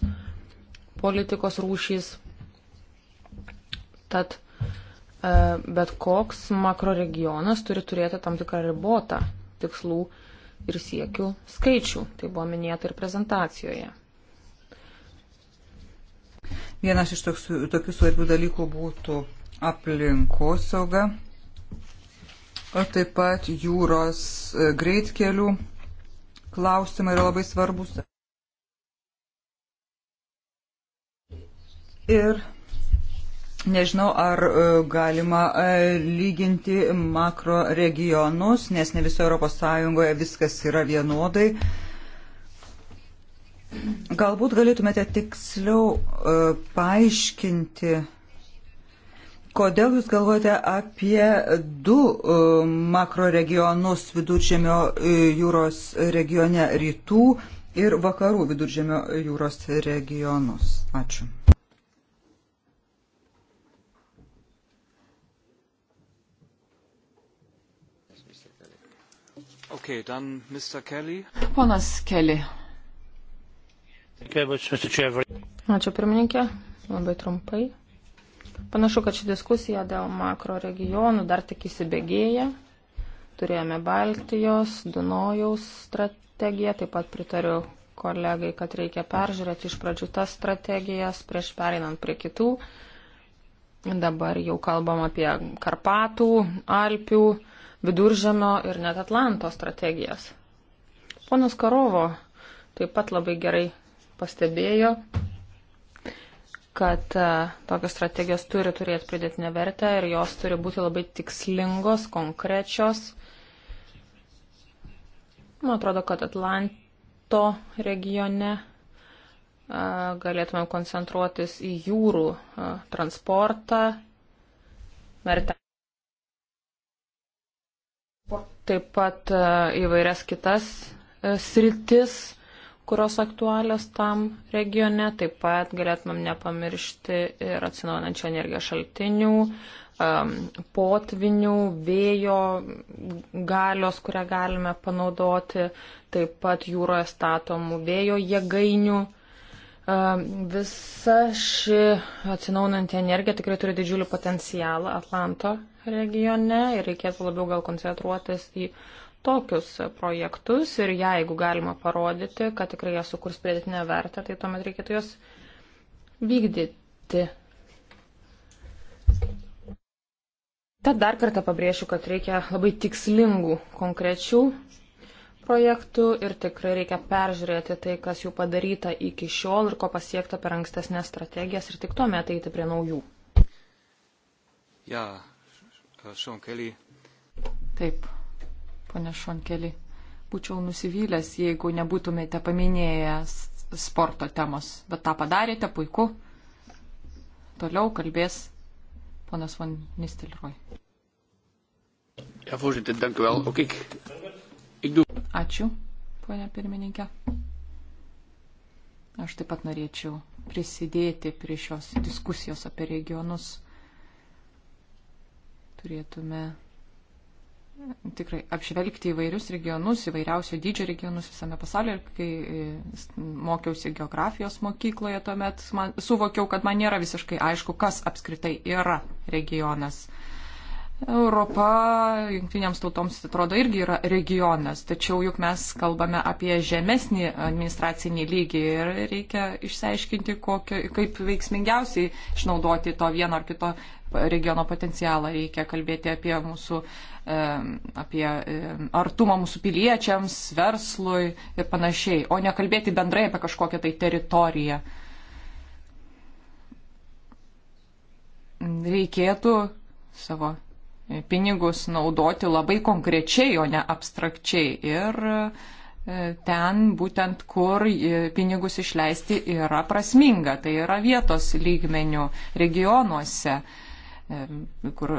politikos rūšys. Tad e, bet koks makroregionas turi turėti tam tikrą ribotą tikslų ir siekių skaičių. Tai buvo minėta ir prezentacijoje. Vienas iš tokių, tokių svarbių dalykų būtų aplinkosauga, o taip pat jūros e, greitkelių klausimai yra labai svarbus. Ir Nežinau, ar e, galima e, lyginti makro regionus, nes ne viso ES viskas yra vienodai. Galbūt galėtumėte tiksliau uh, paaiškinti, kodėl Jūs galvojate apie du uh, makroregionus viduržėmio e, jūros regione rytų ir vakarų viduržėmio jūros regionus? Ačiū. Okay, dann Mr. Kelly. Ponas Kelly. Ačiū pirmininkė, labai trumpai. Panašu, kad ši diskusija dėl makro regionų dar tik įsibėgėja. Turėjome Baltijos, Dunojaus strategiją, taip pat pritariu kolegai, kad reikia peržiūrėti iš pradžių tas strategijas prieš pereinant prie kitų. Dabar jau kalbam apie Karpatų, Alpių, Viduržemio ir net Atlanto strategijas. Ponas Karovo taip pat labai gerai pastebėjo, kad e, tokios strategijos turi turėti pridėtinę vertę ir jos turi būti labai tikslingos, konkrečios. Man atrodo, kad Atlanto regione e, galėtumėm koncentruotis į jūrų e, transportą. Taip pat įvairias kitas sritis kurios aktualios tam regione. Taip pat galėtumėm nepamiršti ir atsinaujinančio energijos šaltinių, potvinių, vėjo galios, kurią galime panaudoti, taip pat jūroje statomų vėjo jėgainių. Visa ši atsinaunanti energija tikrai turi didžiulį potencialą Atlanto regione ir reikėtų labiau gal koncentruotis į uh, tokius projektus ir jeigu galima parodyti, kad tikrai jie sukurs pridėtinę vertę, tai tuomet reikėtų juos vykdyti. Tad dar kartą pabrėšiu, kad reikia labai tikslingų, konkrečių projektų ir tikrai reikia peržiūrėti tai, kas jau padaryta iki šiol ir ko pasiekta per ankstesnės strategijas ir tik tuomet eiti prie naujų. Ja, Sean Kelly. Taip, Pone Šonkeli, būčiau nusivylęs, jeigu nebūtumėte paminėjęs sporto temos, bet tą padarėte, puiku. Toliau kalbės ponas Van Nistelroj. Ačiū, ponia pirmininkė. Aš taip pat norėčiau prisidėti prie šios diskusijos apie regionus. Turėtume tikrai apžvelgti įvairius regionus, įvairiausio dydžio regionus visame pasaulyje. Ir kai e, mokiausi geografijos mokykloje, tuomet man, suvokiau, kad man nėra visiškai aišku, kas apskritai yra regionas. Uh, Europa jungtinėms tautoms atrodo irgi yra regionas, tačiau juk mes kalbame apie žemesnį administracinį lygį ir reikia išsiaiškinti, kokio, kaip veiksmingiausiai išnaudoti to vieno ar kito regiono potencialą. Reikia kalbėti apie mūsų apie artumą mūsų piliečiams, verslui ir panašiai, o ne kalbėti bendrai apie kažkokią tai teritoriją. Reikėtų savo pinigus naudoti labai konkrečiai, o ne abstrakčiai. Ir e, ten būtent, kur e, pinigus išleisti yra prasminga, tai yra vietos lygmenių regionuose e, kur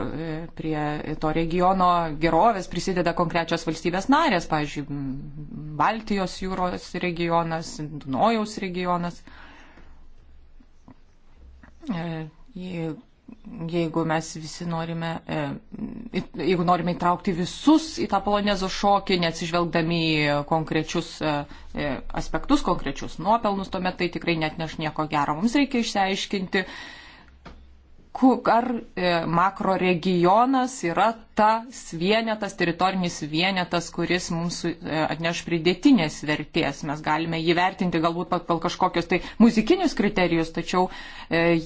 prie to regiono gerovės prisideda konkrečios valstybės narės, pavyzdžiui, Baltijos jūros regionas, Dunojaus regionas jeigu mes visi norime, e, jeigu norime įtraukti visus į tą polonezo šokį, neatsižvelgdami į konkrečius e, e, aspektus, konkrečius nuopelnus, tuomet tai tikrai net neš nieko gero. Mums reikia išsiaiškinti, ar e, makro regionas yra tas vienetas, teritorinis vienetas, kuris mums e, atneš pridėtinės vertės. Mes galime jį vertinti galbūt pagal kažkokius tai muzikinius kriterijus, tačiau e,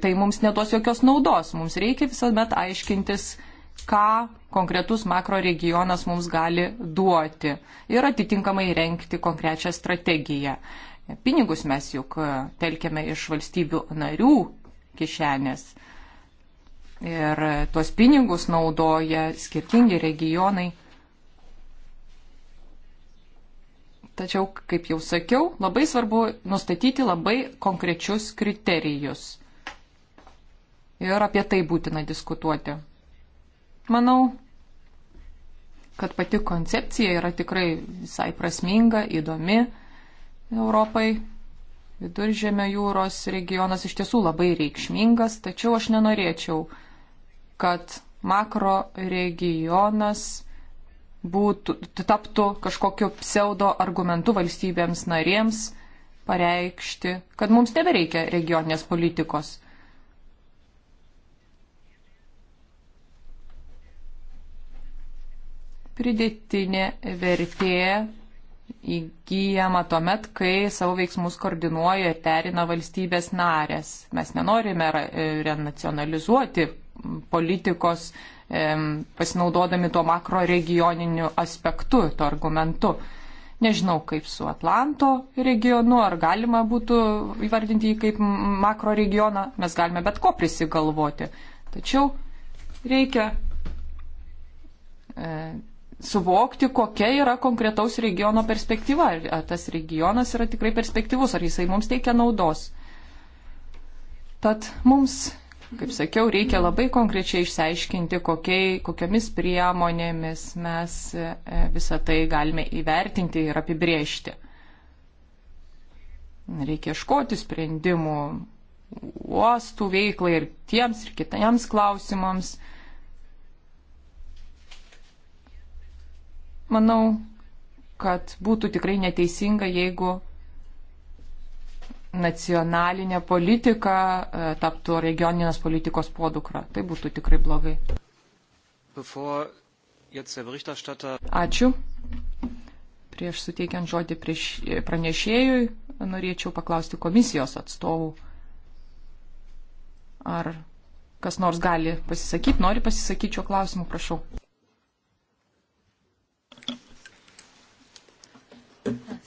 tai mums neduos jokios naudos. Mums reikia visuomet aiškintis, ką konkretus makro regionas mums gali duoti ir atitinkamai renkti konkrečią strategiją. Pinigus mes juk telkiame iš valstybių narių kišenės ir tuos pinigus naudoja skirtingi regionai. Tačiau, kaip jau sakiau, labai svarbu nustatyti labai konkrečius kriterijus. Ir apie tai būtina diskutuoti. Manau, kad pati koncepcija yra tikrai visai prasminga, įdomi Europai. Viduržėmio jūros regionas iš tiesų labai reikšmingas, tačiau aš nenorėčiau kad makro regionas būtų, taptų kažkokiu pseudo argumentu valstybėms narėms pareikšti, kad mums nebereikia regioninės politikos. Pridėtinė vertė įgyjama tuo met, kai savo veiksmus koordinuoja ir perina valstybės narės. Mes nenorime e, renacionalizuoti re politikos pasinaudodami tuo makro regioniniu aspektu, tuo argumentu. Nežinau, kaip su Atlanto regionu, ar galima būtų įvardinti jį kaip makro regioną, mes galime bet ko prisigalvoti. Tačiau reikia e, suvokti, kokia yra konkretaus regiono perspektyva. Ar tas regionas yra tikrai perspektyvus, ar jisai mums teikia naudos. Tad mums Kaip sakiau, reikia labai konkrečiai išsiaiškinti, kokiai, kokiamis priemonėmis mes e, visą tai galime įvertinti ir apibriežti. Reikia iškoti sprendimų uostų veiklai ir tiems ir kitiems klausimams. Manau, kad būtų tikrai neteisinga, jeigu nacionalinė politika e, taptų regioninės politikos podukra. Tai būtų tikrai blogai. Ačiū. Prieš suteikiant žodį prieš e, pranešėjui, norėčiau paklausti komisijos atstovų. Ar kas nors gali pasisakyti, nori pasisakyti šio klausimu, prašau.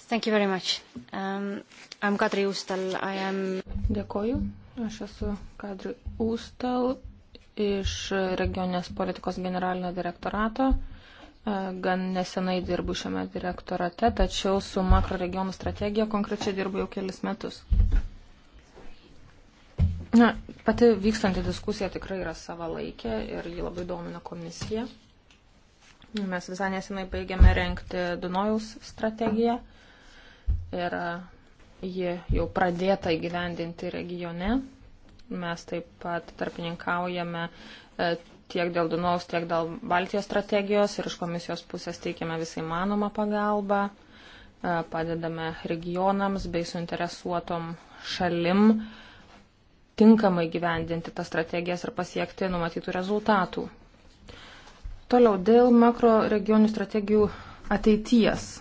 Thank you very much. Um, I'm Kadri Ustal, I am... Dėkoju, aš esu Kadri Ustal iš regionės politikos generalinio direktorato. E, gan nesenai dirbu šiame direktorate, tačiau su makro regionų strategija konkrečiai dirbu jau kelis metus. Na, pati vykstanti diskusija tikrai yra savalaikė ir ji labai domina komisiją. Mes visai nesenai baigėme renkti Dunojaus strategiją ir ji jau pradėta įgyvendinti regione. Mes taip pat tarpininkaujame e, tiek dėl Dunaus, tiek dėl Baltijos strategijos ir iš komisijos pusės teikiame visai manomą pagalbą, e, padedame regionams bei suinteresuotom šalim tinkamai gyvendinti tas strategijas ir pasiekti numatytų rezultatų. Toliau dėl makro regionių strategijų ateities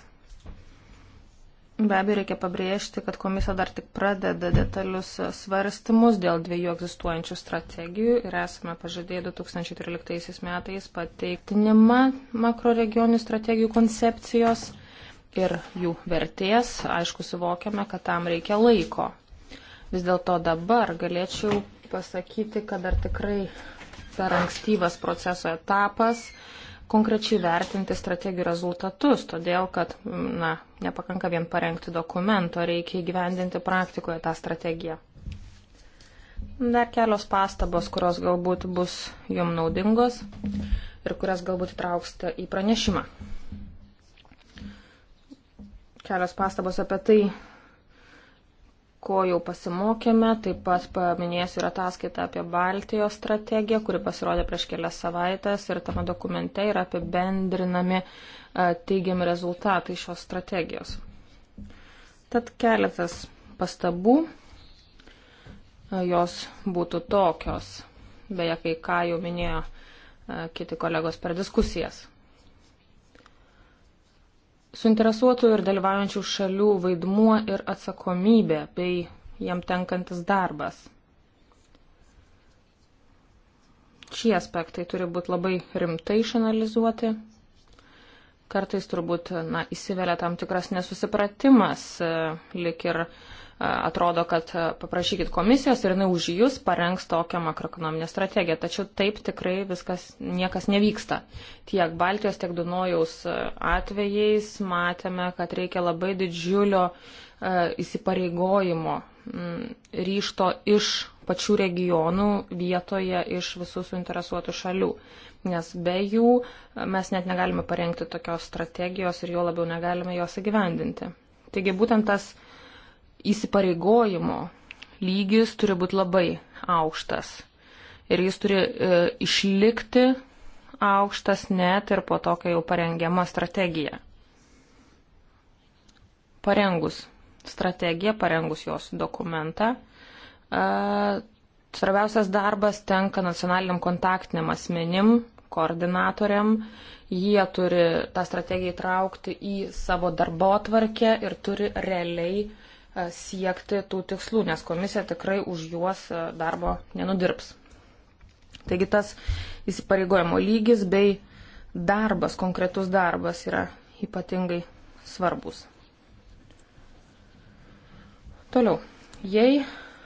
Be abejo, reikia pabrėžti, kad komisija dar tik pradeda detalius svarstymus dėl dviejų egzistuojančių strategijų ir esame pažadėję 2013 metais pateiktinimą makroregionių strategijų koncepcijos ir jų vertės. Aišku, suvokiame, kad tam reikia laiko. Vis dėlto dabar galėčiau pasakyti, kad dar tikrai per ankstyvas proceso etapas konkrečiai vertinti strategijų rezultatus, todėl kad, na, nepakanka vien parengti dokumento, reikia įgyvendinti praktikoje tą strategiją. Dar kelios pastabos, kurios galbūt bus jum naudingos ir kurias galbūt įtrauksite į pranešimą. Kelios pastabos apie tai, ko jau pasimokėme, taip pat paminėsiu ir ataskaitą apie Baltijos strategiją, kuri pasirodė prieš kelias savaitės ir tame dokumente yra apibendrinami e, teigiami rezultatai šios strategijos. Tad keletas pastabų, e, jos būtų tokios, beje, kai ką jau minėjo e, kiti kolegos per diskusijas. Suinteresuotų ir dalyvaujančių šalių vaidmuo ir atsakomybė bei jam tenkantis darbas. Šie aspektai turi būti labai rimtai išanalizuoti. Kartais turbūt na, įsivelia tam tikras nesusipratimas, e, lik ir uh, atrodo, kad e, paprašykit komisijos ir jinai už jūs parengs tokią makroekonominę strategiją. Tačiau taip tikrai viskas niekas nevyksta. Tiek Baltijos, tiek Dunojaus e, atvejais matėme, kad reikia labai didžiulio e, įsipareigojimo ryšto iš pačių regionų vietoje iš visų suinteresuotų šalių. Nes be jų mes net negalime parengti tokios strategijos ir jo labiau negalime jos įgyvendinti. Taigi būtent tas uh, įsipareigojimo lygis turi būti labai aukštas. Ir jis turi e, išlikti aukštas net ir po to, kai jau parengiama strategija. Parengus strategiją, parengus jos dokumentą, e, svarbiausias darbas tenka nacionaliniam kontaktiniam asmenim, koordinatoriam. Jie turi tą strategiją įtraukti į savo darbo atvarkę ir turi realiai uh, siekti tų tikslų, nes komisija tikrai už juos e, darbo nenudirbs. Taigi tas įsipareigojimo lygis bei darbas, konkretus darbas yra ypatingai svarbus. Toliau, jei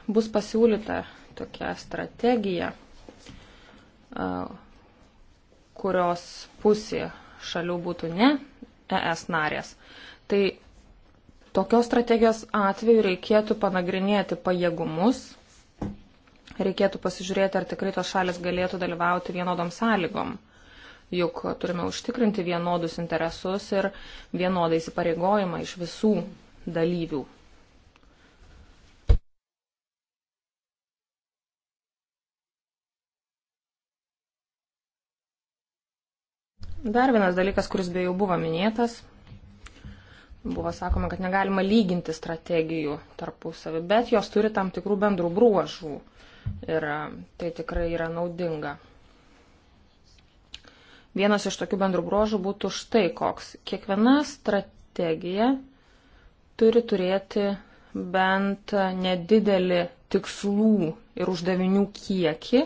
bus pasiūlyta tokia strategija, e, kurios pusė šalių būtų ne ES narės, tai Tokios strategijos atveju reikėtų panagrinėti pajėgumus, reikėtų pasižiūrėti, ar tikrai tos šalis galėtų dalyvauti vienodom sąlygom. Juk turime užtikrinti vienodus interesus ir vienodą įsipareigojimą iš visų dalyvių. Dar vienas dalykas, kuris beje jau buvo minėtas Buvo sakoma, kad negalima lyginti strategijų tarpusavį, bet jos turi tam tikrų bendrų bruožų ir e, tai tikrai yra naudinga. Vienas iš tokių bendrų bruožų būtų štai koks. Kiekviena strategija turi turėti bent nedidelį tikslų ir uždavinių kiekį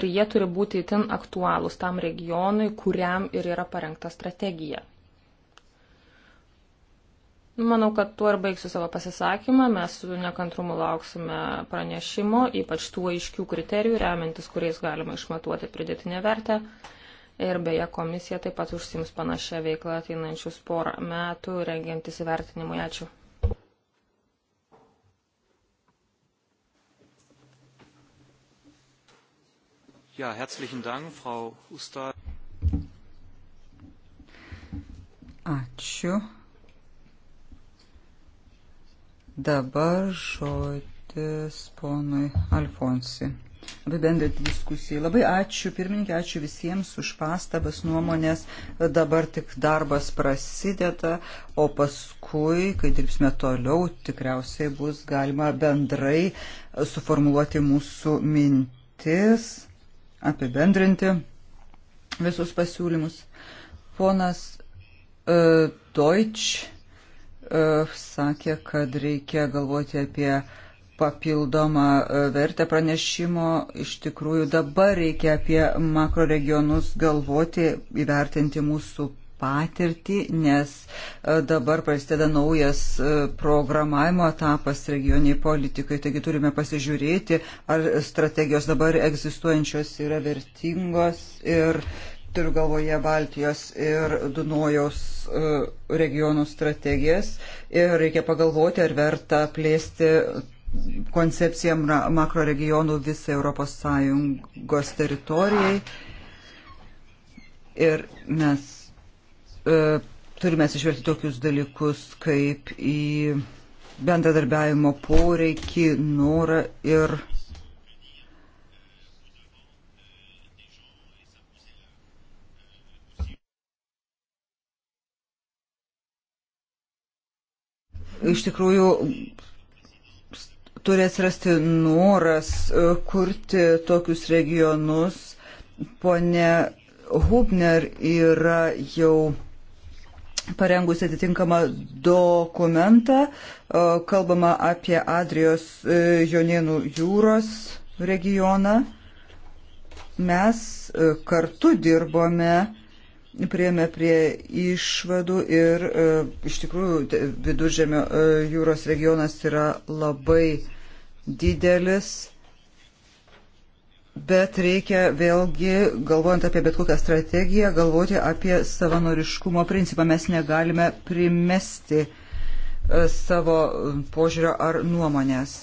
ir jie turi būti itin aktualūs tam regionui, kuriam ir yra parengta strategija. Manau, kad tuo ir baigsiu savo pasisakymą. Mes su nekantrumu lauksime pranešimo, ypač tų aiškių kriterijų, remiantis kuriais galima išmatuoti pridėtinę vertę. Ir beje, komisija taip pat užsims panašią veiklą ateinančius porą metų, rengiantis įvertinimui. Ačiū. Ja, herzlichen Dank, Frau Ustal. Ačiū. Dabar žodis ponui Alfonsi. Apibendrinti diskusijai. Labai ačiū, pirmininkė, ačiū visiems už pastabas, nuomonės. Dabar tik darbas prasideda, o paskui, kai dirbsime toliau, tikriausiai bus galima bendrai suformuoluoti mūsų mintis, apibendrinti visus pasiūlymus. Ponas uh, Deutsch E, sakė, kad reikia galvoti apie papildomą e, vertę pranešimo. Iš tikrųjų dabar reikia apie makroregionus galvoti, įvertinti mūsų patirtį, nes e, dabar prasideda naujas programavimo etapas regioniai politikai, taigi turime pasižiūrėti, ar strategijos dabar egzistuojančios yra vertingos ir turiu galvoje Baltijos ir Dunojaus e, regionų strategijas ir reikia pagalvoti, ar verta plėsti koncepciją makro regionų visai Europos Sąjungos teritorijai. Ir mes e, turime atsižvelgti tokius dalykus kaip į bendradarbiavimo poreikį, norą ir iš tikrųjų turi atsirasti noras e, kurti tokius regionus. Pone Hubner yra jau parengusi atitinkamą dokumentą, e, kalbama apie Adrijos e, Jonienų jūros regioną. Mes kartu dirbome priėmė prie išvadų ir e, iš tikrųjų viduržėmio e, jūros regionas yra labai didelis, bet reikia vėlgi, galvojant apie bet kokią strategiją, galvoti apie savanoriškumo principą. Mes negalime primesti e, savo požiūrio ar nuomonės.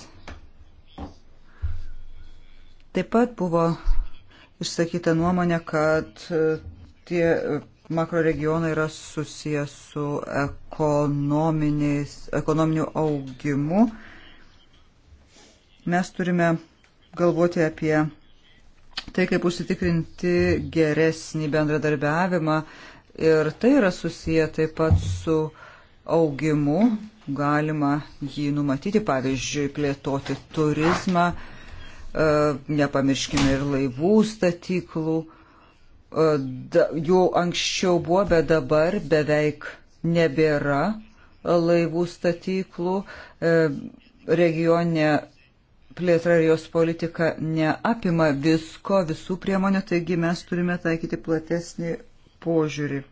Taip pat buvo išsakyta nuomonė, kad tie makroregionai yra susijęs su ekonominiu augimu. Mes turime galvoti apie tai, kaip užsitikrinti geresnį bendradarbiavimą ir tai yra susiję taip pat su augimu. Galima jį numatyti, pavyzdžiui, plėtoti turizmą, e, nepamirškime ir laivų statyklų E, jų anksčiau buvo, bet dabar beveik nebėra laivų statyklų. E, regioninė plėtra ir jos politika neapima visko, visų priemonių, taigi mes turime taikyti platesnį požiūrį.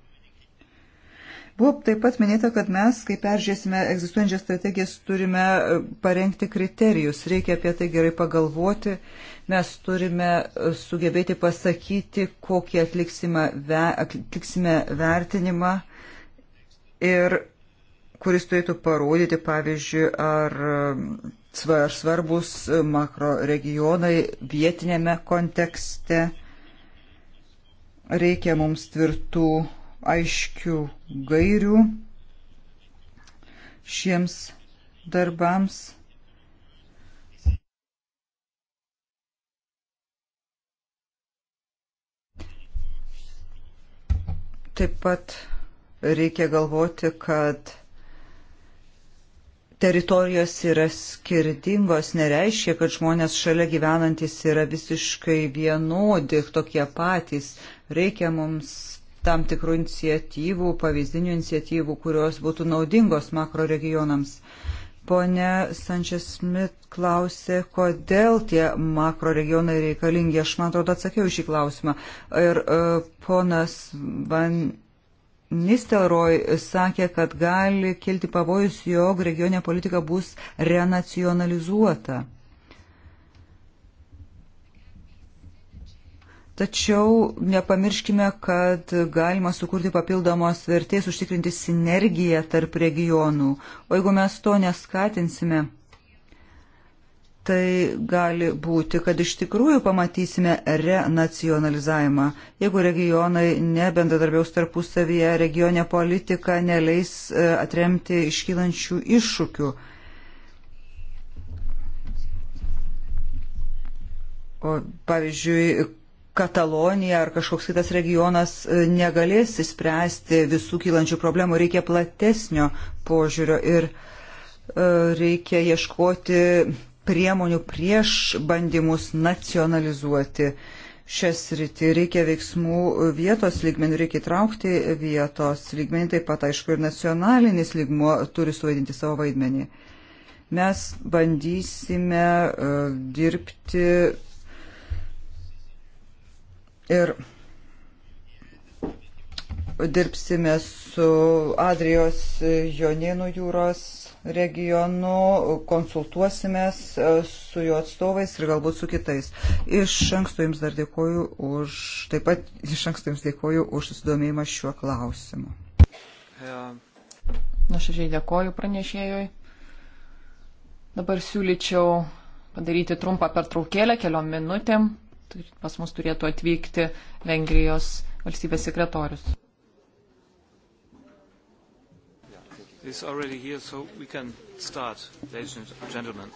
Buvo taip pat minėta, kad mes, kai peržiūrėsime egzistuojančias strategijas, turime e, parengti kriterijus. Reikia apie tai gerai pagalvoti. Mes turime e, sugebėti pasakyti, kokį atliksime, ve, atliksime vertinimą ir kuris turėtų parodyti, pavyzdžiui, ar e, ar svarbus makro regionai vietinėme kontekste. Reikia mums tvirtų aiškių gairių šiems darbams. Taip pat reikia galvoti, kad teritorijos yra skirtingos, nereiškia, kad žmonės šalia gyvenantis yra visiškai vienodi, tokie patys. Reikia mums tam tikrų iniciatyvų, pavyzdinių iniciatyvų, kurios būtų naudingos makro regionams. Pone Sančias Smith klausė, kodėl tie makro regionai reikalingi. Aš man atrodo atsakiau šį klausimą. Ir uh, ponas Van Nistelroj sakė, kad gali kilti pavojus, jog regioninė politika bus renacionalizuota. Tačiau nepamirškime, kad galima sukurti papildomos vertės, užtikrinti sinergiją tarp regionų. O jeigu mes to neskatinsime, tai gali būti, kad iš tikrųjų pamatysime renacionalizavimą. Jeigu regionai nebendradarbiaus tarpusavyje, regionė politika neleis e, atremti iškylančių iššūkių. O pavyzdžiui, Katalonija ar kažkoks kitas regionas e, negalės įspręsti visų kylančių problemų. Reikia platesnio požiūrio ir e, reikia ieškoti priemonių prieš bandymus nacionalizuoti šias rytį. Reikia veiksmų vietos lygmenių, reikia įtraukti vietos lygmenį, taip pat aišku ir nacionalinis lygmuo turi suvaidinti savo vaidmenį. Mes bandysime uh, dirbti Ir dirbsime su Adrijos Jonėnų jūros regionu, konsultuosimės e, su jo atstovais ir galbūt su kitais. Iš anksto jums dar dėkoju už, taip pat iš anksto jums dėkoju už susidomėjimą šiuo klausimu. Ja. Nuoširdžiai dėkoju pranešėjui. Dabar siūlyčiau padaryti trumpą pertraukėlę keliom minutėm pas mus turėtų atvykti Vengrijos valstybės sekretorius. is already here, so we can start, ladies and gentlemen.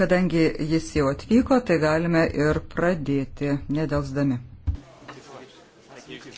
Kadangi jis jau atvyko, tai galime ir pradėti, nedelsdami. Thank you.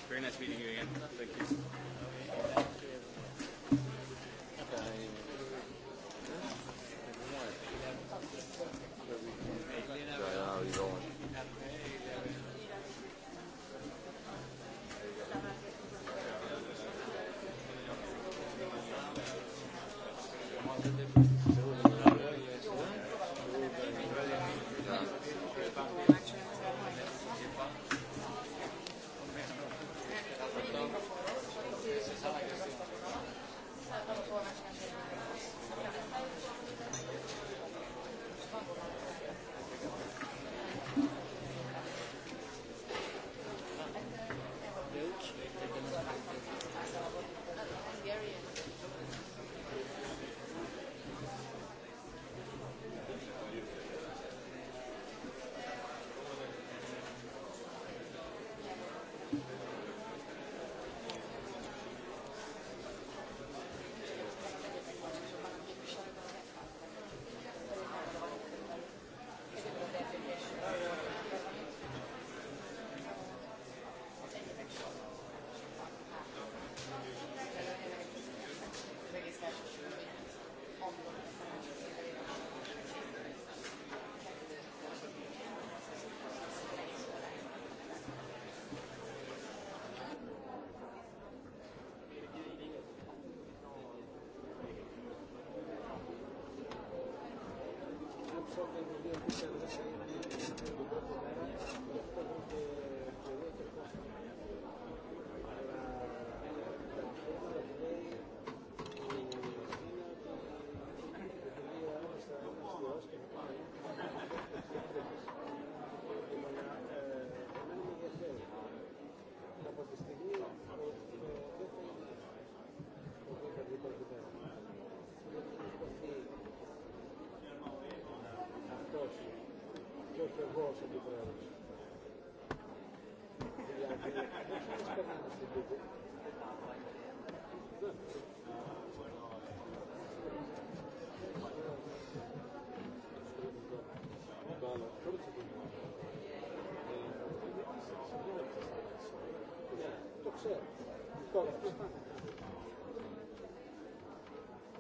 Αυτός.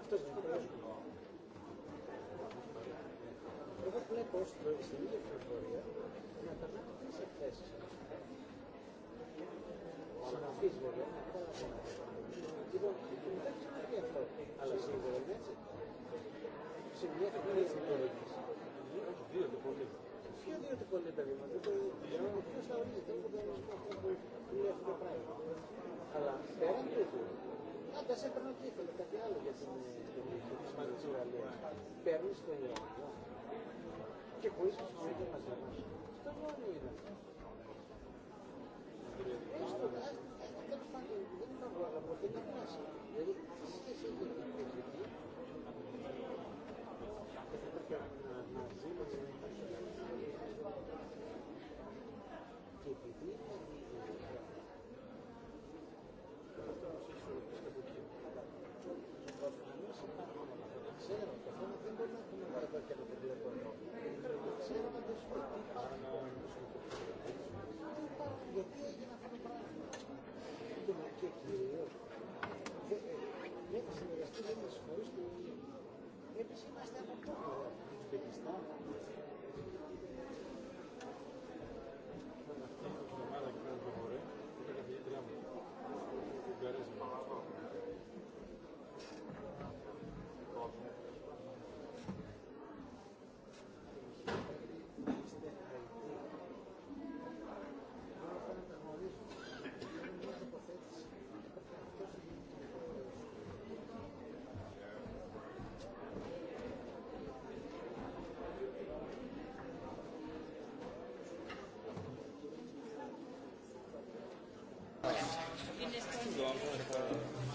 Αυτός είναι ο καλός μου. Εγώ βλέπω στην ίδια πληροφορία να περνάμε τρεις εκθέσεις. Συναφής βέβαια, να μην Λοιπόν, δεν ξέρω τι αυτό, αλλά σίγουρα είναι έτσι. Σε μια εκθέση πληροφορίας. Δύο το πολύ. Ποιο δύο το πολύ, παιδί μου, δεν το... Ποιος θα ορίζει, δεν το κανονισμό αυτό που λέει αυτό το πράγμα. Αλλά πέραν του τούτου, άντας έπαιρνα κύπελο, κάτι άλλο για την Μαρτζούρα λέει. Παίρνει στο Ιωάννη και χωρίς να σου λέει μαζί μας. Αυτό μόνο είναι. Έστω, τέλος πάντων, δεν είναι αγώνα, δεν είναι αγώνα. Δηλαδή, τι σχέση έχει.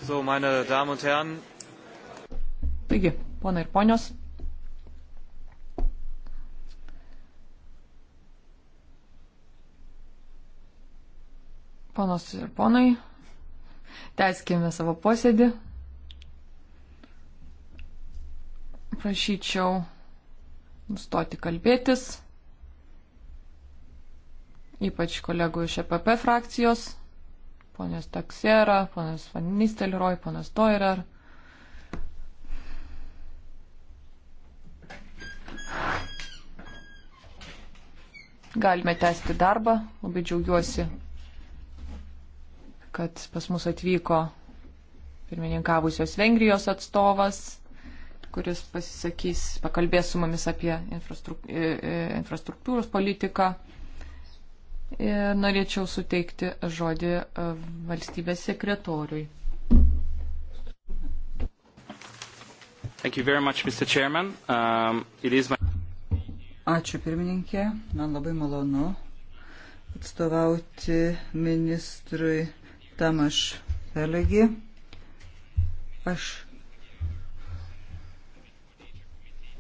So, meine Damen und Herren. Taigi, ponai ir ponios. Ponos ir ponai, tęskime savo posėdį. Prašyčiau nustoti kalbėtis, ypač kolegų iš EPP frakcijos ponios Taksera, ponios Van Nistelroj, ponios Toirer. Galime tęsti darbą. Labai džiaugiuosi, kad pas mus atvyko pirmininkavusios Vengrijos atstovas, kuris pasisakys, pakalbės su mumis apie e, e, infrastruktūros politiką. Ir norėčiau suteikti žodį e, valstybės sekretoriui. Much, um, my... Ačiū pirmininkė, man labai malonu atstovauti ministrui Tamaš Pelegi. Aš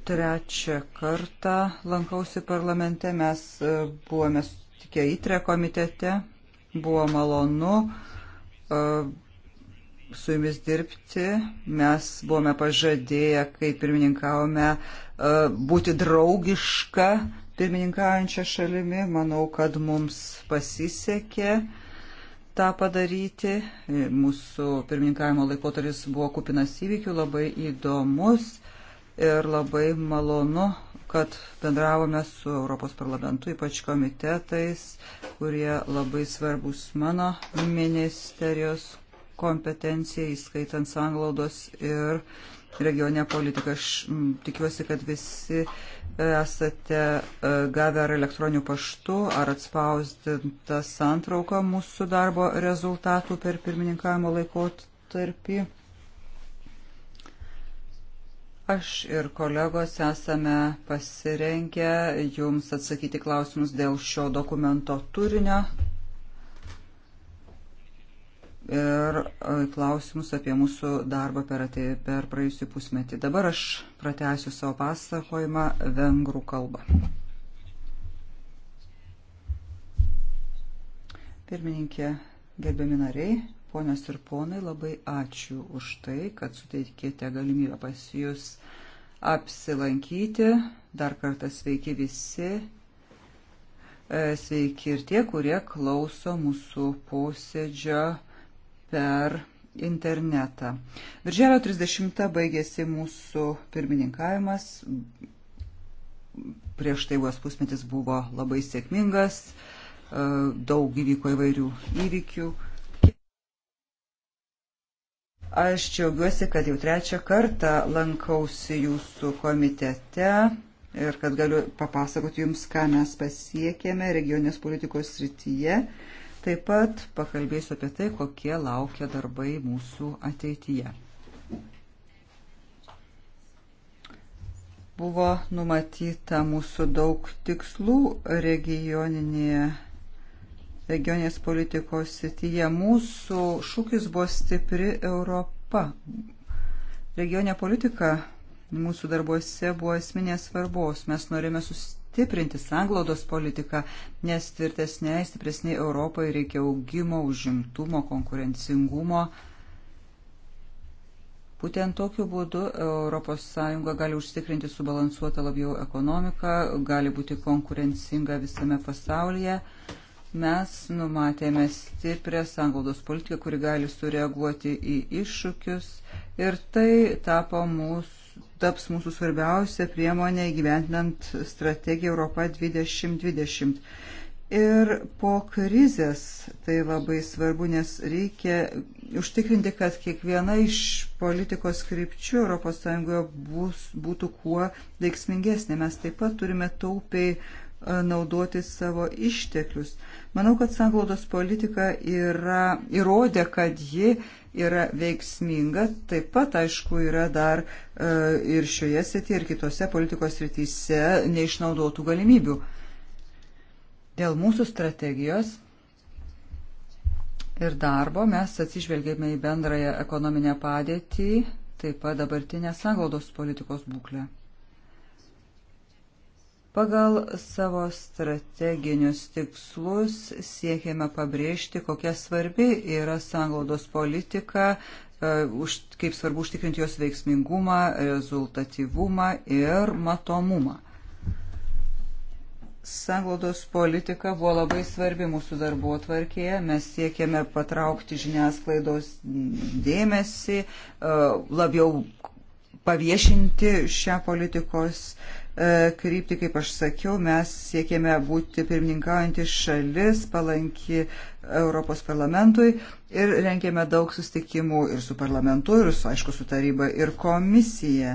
trečią kartą lankausi parlamente, mes e, buvome Minske įtre komitete. Buvo malonu e, su jumis dirbti. Mes buvome pažadėję, kai pirmininkavome, e, būti draugiška pirmininkaujančia šalimi. Manau, kad mums pasisekė tą padaryti. E, mūsų pirmininkavimo laikotarpis buvo kupinas įvykių, labai įdomus ir labai malonu, kad bendravome su Europos parlamentu, ypač komitetais, kurie labai svarbus mano ministerijos kompetencija, įskaitant sanglaudos ir regioninę politiką. Aš m, tikiuosi, kad visi e, esate e, gavę ar elektroniniu paštu, ar atspausdintą santrauką mūsų darbo rezultatų per pirmininkavimo laikotarpį. Aš ir kolegos esame pasirenkę jums atsakyti klausimus dėl šio dokumento turinio ir e, klausimus apie mūsų darbą per, atė, per praėjusį pusmetį. Dabar aš pratęsiu savo pasakojimą vengrų kalbą. Pirmininkė, gerbiami nariai, Ponios ir ponai, labai ačiū už tai, kad suteikėte galimybę pas jūs apsilankyti. Dar kartą sveiki visi. E, sveiki ir tie, kurie klauso mūsų posėdžio per internetą. Virželio 30 baigėsi mūsų pirmininkavimas. Prieš tai jos pusmetis buvo labai sėkmingas, e, daug įvyko įvairių įvykių. Aš džiaugiuosi, kad jau trečią kartą lankausi jūsų komitete ir kad galiu papasakoti jums, ką mes pasiekėme regionės politikos srityje. Taip pat pakalbėsiu apie tai, kokie laukia darbai mūsų ateityje. Buvo numatyta mūsų daug tikslų regioninėje regionės politikos sityje. Mūsų šūkis buvo stipri Europa. Regionė politika mūsų darbuose buvo esminės svarbos. Mes norime sustiprinti sanglaudos politiką, nes tvirtesniai, stipresniai Europai reikia augimo, užimtumo, konkurencingumo. Būtent tokiu būdu ES gali užtikrinti subalansuotą labiau ekonomiką, gali būti konkurencinga visame pasaulyje. Mes numatėme stiprią sanglaudos politiką, kuri gali sureaguoti į iššūkius ir tai tapo mūsų, taps mūsų svarbiausia priemonė įgyventinant strategiją Europa 2020. Ir po krizės tai labai svarbu, nes reikia užtikrinti, kad kiekviena iš politikos krypčių ES bus, būtų kuo veiksmingesnė. Mes taip pat turime taupiai E, naudoti savo išteklius. Manau, kad sanglaudos politika yra įrodė, kad ji yra veiksminga. Taip pat, aišku, yra dar e, ir šioje srityje, ir kitose politikos srityse neišnaudotų galimybių. Dėl mūsų strategijos ir darbo mes atsižvelgėme į bendrąją ekonominę padėtį, taip pat dabartinę sanglaudos politikos būklę. Pagal savo strateginius tikslus siekiame pabrėžti, kokia svarbi yra sanglaudos politika, e, kaip svarbu užtikrinti jos veiksmingumą, rezultatyvumą ir matomumą. Sanglaudos politika buvo labai svarbi mūsų darbo atvarkėje. Mes siekėme patraukti žiniasklaidos dėmesį, e, labiau paviešinti šią politikos E, kryptį, kaip aš sakiau, mes siekėme būti pirmininkaujantį šalis, palanki Europos parlamentui ir renkėme daug sustikimų ir su parlamentu, ir su, aišku, su taryba, ir komisija.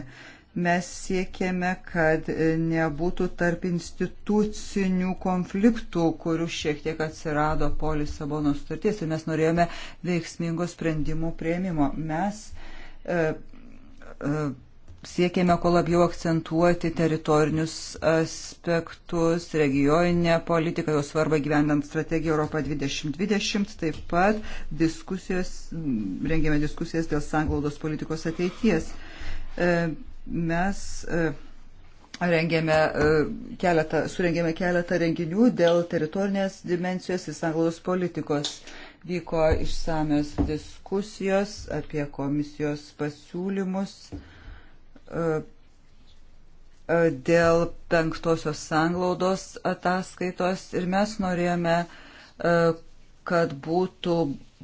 Mes siekėme, kad nebūtų tarp institucinių konfliktų, kurių šiek tiek atsirado po Lisabono sutarties ir mes norėjome veiksmingo sprendimų prieimimo. Mes e, e, siekėme kuo labiau akcentuoti teritorinius aspektus, regioninę politiką, jos svarbą gyvendant strategiją Europą 2020, taip pat diskusijos, rengėme diskusijas dėl sanglaudos politikos ateities. E, mes e, rengėme e, keletą, surengėme keletą renginių dėl teritorinės dimensijos ir sanglaudos politikos. Vyko išsamios diskusijos apie komisijos pasiūlymus E, dėl penktosios sanglaudos ataskaitos ir mes norėjome, e, kad būtų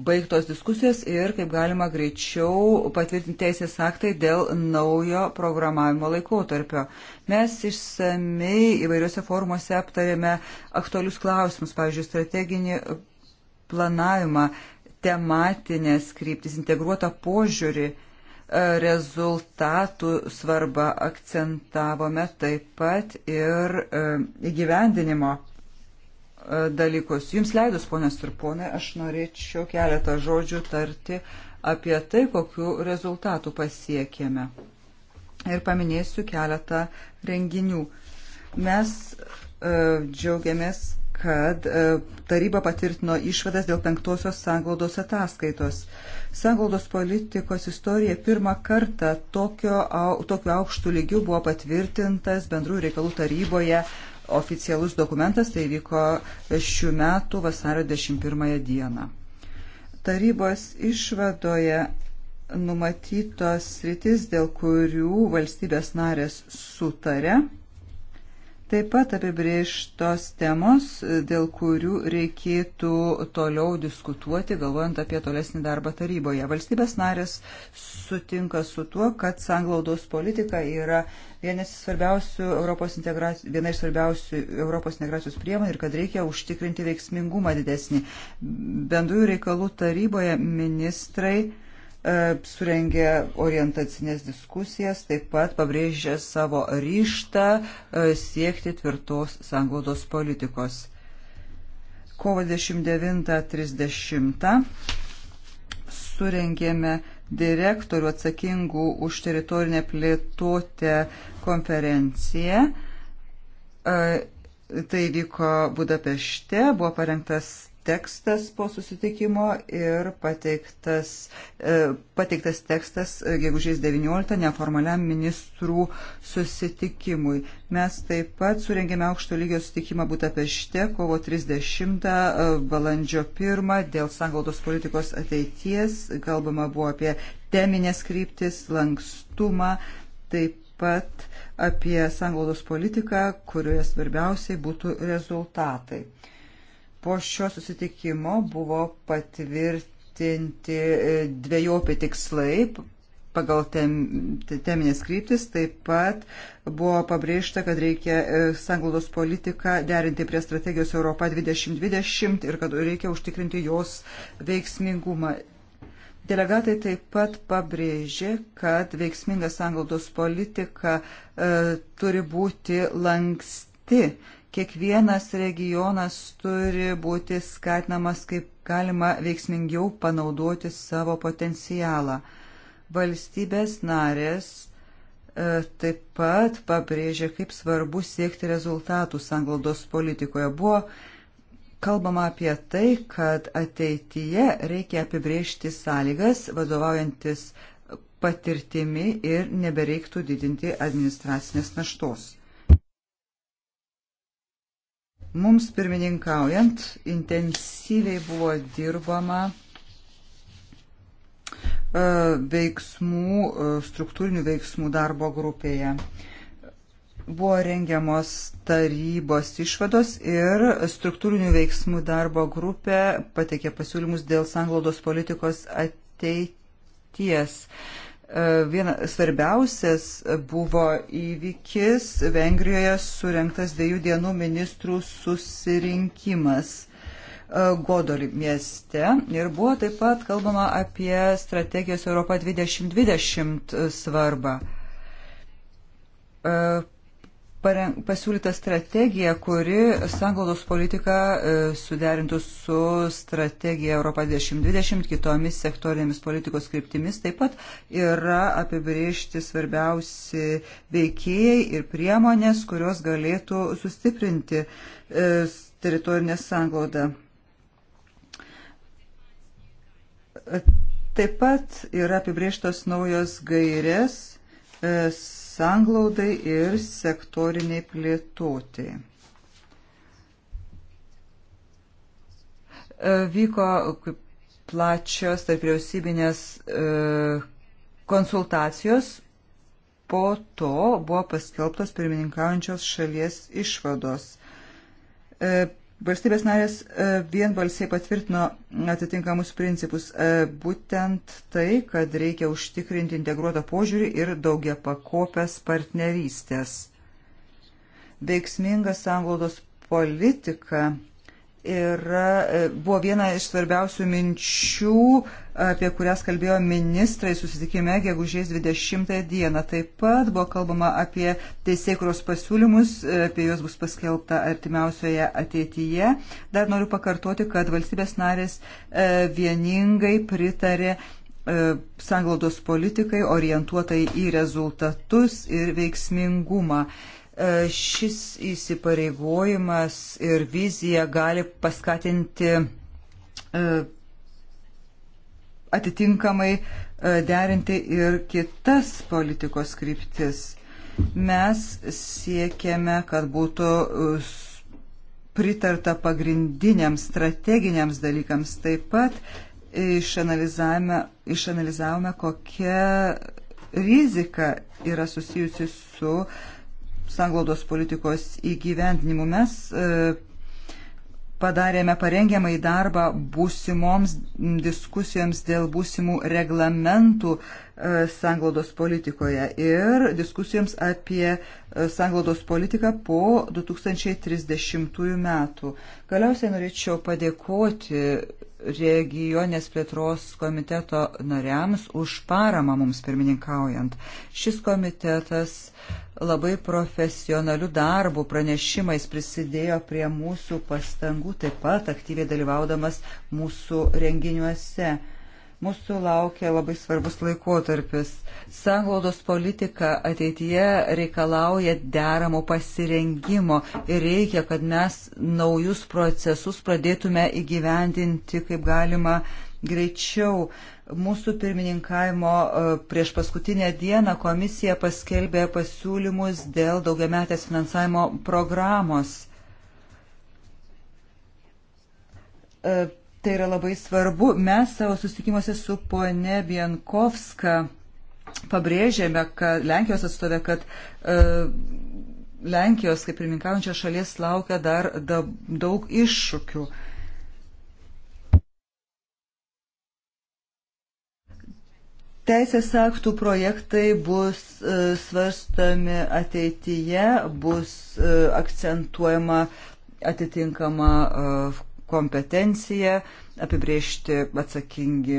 baigtos diskusijos ir kaip galima greičiau patvirtinti teisės aktai dėl naujo programavimo laikotarpio. Mes išsamei įvairiuose formuose aptarėme aktualius klausimus, pavyzdžiui, strateginį planavimą, tematinės kryptis, integruotą požiūrį rezultatų svarbą akcentavome taip pat ir e, įgyvendinimo e, dalykus. Jums leidus, ponios ir ponai, aš norėčiau keletą žodžių tarti apie tai, kokiu rezultatų pasiekėme. Ir paminėsiu keletą renginių. Mes uh, džiaugiamės, kad taryba patvirtino išvadas dėl penktosios sanglaudos ataskaitos. Sanglaudos politikos istorija pirmą kartą tokio, tokiu aukštų lygių buvo patvirtintas bendrų reikalų taryboje oficialus dokumentas, tai vyko šių metų vasario 21 dieną. Tarybos išvadoje numatytos sritis, dėl kurių valstybės narės sutarė Taip pat apibrieštos temos, dėl kurių reikėtų toliau diskutuoti, galvojant apie tolesnį darbą taryboje. Valstybės narės sutinka su tuo, kad sanglaudos politika yra viena iš svarbiausių Europos integracijos priemonių ir kad reikia užtikrinti veiksmingumą didesnį. Bendrųjų reikalų taryboje ministrai E, surengė orientacinės diskusijas, taip pat pabrėžė savo ryštą e, siekti tvirtos sanglaudos politikos. Kovo 29.30 surengėme direktorių atsakingų už teritorinę plėtotę konferenciją. E, tai vyko Budapešte, buvo parengtas tekstas po susitikimo ir pateiktas, e, pateiktas tekstas e, gegužės 19 neformaliam ministrų susitikimui. Mes taip pat surengėme aukšto lygio susitikimą Butapešte kovo 30 e, balandžio 1 dėl sanglaudos politikos ateities. Kalbama buvo apie teminės kryptis, lankstumą, taip pat apie sanglaudos politiką, kurioje svarbiausiai būtų rezultatai. Po šio susitikimo buvo patvirtinti e, dviejopi tikslai pagal tem, teminės kryptis, taip pat buvo pabrėžta, kad reikia e, sanglaudos politiką derinti prie strategijos Europa 2020 ir kad reikia užtikrinti jos veiksmingumą. Delegatai taip pat pabrėžė, kad veiksminga sanglaudos politika e, turi būti lanksti Kiekvienas regionas turi būti skatinamas kaip galima veiksmingiau panaudoti savo potencialą. Valstybės narės e, taip pat pabrėžė, kaip svarbu siekti rezultatų sanglaudos politikoje. Buvo kalbama apie tai, kad ateityje reikia apibrėžti sąlygas, vadovaujantis patirtimi ir nebereiktų didinti administracinės naštos. Mums pirmininkaujant intensyviai buvo dirbama e, veiksmų, e, struktūrinių veiksmų darbo grupėje. Buvo rengiamos tarybos išvados ir struktūrinių veiksmų darbo grupė pateikė pasiūlymus dėl sanglaudos politikos ateities. E, viena svarbiausias buvo įvykis Vengrijoje surinktas dviejų dienų ministrų susirinkimas. E, Godoli mieste ir buvo taip pat kalbama apie strategijos Europa 2020 svarbą e, pasiūlyta strategija, kuri sanglaudos politiką e, suderintų su strategija Europa 2020 kitomis sektorinėmis politikos kryptimis. Taip pat yra apibriežti svarbiausi veikėjai ir priemonės, kurios galėtų sustiprinti e, teritorinę sanglaudą. Taip pat yra apibriežtos naujos gairės e, sanglaudai ir sektoriniai plėtotėjai. E, vyko plačios tarp vyriausybinės e, konsultacijos, po to buvo paskelbtos pirmininkaujančios šalies išvados e, Valstybės narės e, vienbalsiai patvirtino atitinkamus principus. E, būtent tai, kad reikia užtikrinti integruotą požiūrį ir daugia pakopęs partnerystės. Veiksminga sanglaudos politika yra, e, buvo viena iš svarbiausių minčių, apie kurias kalbėjo ministrai susitikime gegužės 20 dieną. Taip pat buvo kalbama apie teisėkuros pasiūlymus, e, apie juos bus paskelbta artimiausioje ateityje. Dar noriu pakartoti, kad valstybės narės e, vieningai pritarė sanglaudos politikai orientuotai į rezultatus ir veiksmingumą. E, šis įsipareigojimas ir vizija gali paskatinti e, atitinkamai e, derinti ir kitas politikos kryptis. Mes siekiame, kad būtų pritarta pagrindiniams strateginiams dalykams. Taip pat išanalizavome, išanalizavome kokia rizika yra susijusi su uh, sanglaudos politikos įgyvendinimu. Mes e, padarėme parengiamai darbą būsimoms diskusijoms dėl būsimų reglamentų sanglaudos politikoje ir diskusijoms apie e, sanglaudos politiką po 2030 metų. Galiausiai norėčiau padėkoti regionės plėtros komiteto nariams už paramą mums pirmininkaujant. Šis komitetas labai profesionalių darbų pranešimais prisidėjo prie mūsų pastangų, taip pat aktyviai dalyvaudamas mūsų renginiuose. Mūsų laukia labai svarbus laikotarpis. Sanglaudos politika ateityje reikalauja deramo pasirengimo ir reikia, kad mes naujus procesus pradėtume įgyvendinti kaip galima greičiau. Mūsų pirmininkavimo e, prieš paskutinę dieną komisija paskelbė pasiūlymus dėl daugiametės finansavimo programos e, Tai yra labai svarbu. Mes savo susitikimuose su ponė Bienkovska pabrėžėme, kad Lenkijos atstovė, kad e, Lenkijos kaip pirmininkaujančios šalies laukia dar da, daug iššūkių. Teisės aktų projektai bus e, svarstami ateityje, bus e, akcentuojama atitinkama e, kompetencija, apibriežti atsakingi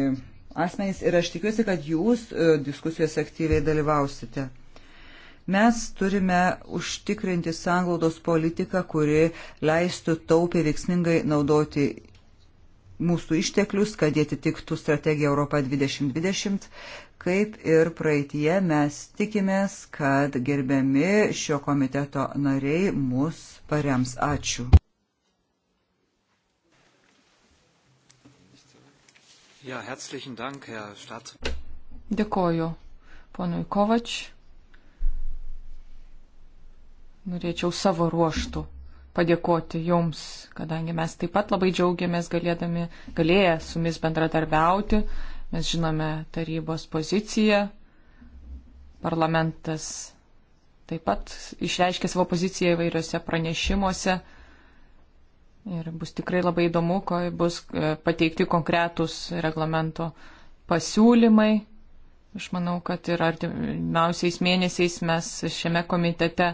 asmenys ir aš tikiuosi, kad jūs e, diskusijos aktyviai dalyvausite. Mes turime užtikrinti sanglaudos politiką, kuri leistų taupiai veiksmingai naudoti mūsų išteklius, kad jie atitiktų strategiją Europą 2020. Kaip ir praeitie mes tikimės, kad gerbiami šio komiteto nariai mus parems. Ačiū. Ja, herzlichen Dank, Herr Staat. Dėkoju, ponui Kovač. Norėčiau savo ruoštų padėkoti Jums, kadangi mes taip pat labai džiaugiamės galėdami, galėję su Jumis bendradarbiauti. Mes žinome tarybos poziciją, parlamentas taip pat išreiškė savo poziciją įvairiuose pranešimuose. Ir bus tikrai labai įdomu, ko bus e, pateikti konkretūs reglamento pasiūlymai. Aš manau, kad ir artimiausiais mėnesiais mes šiame komitete,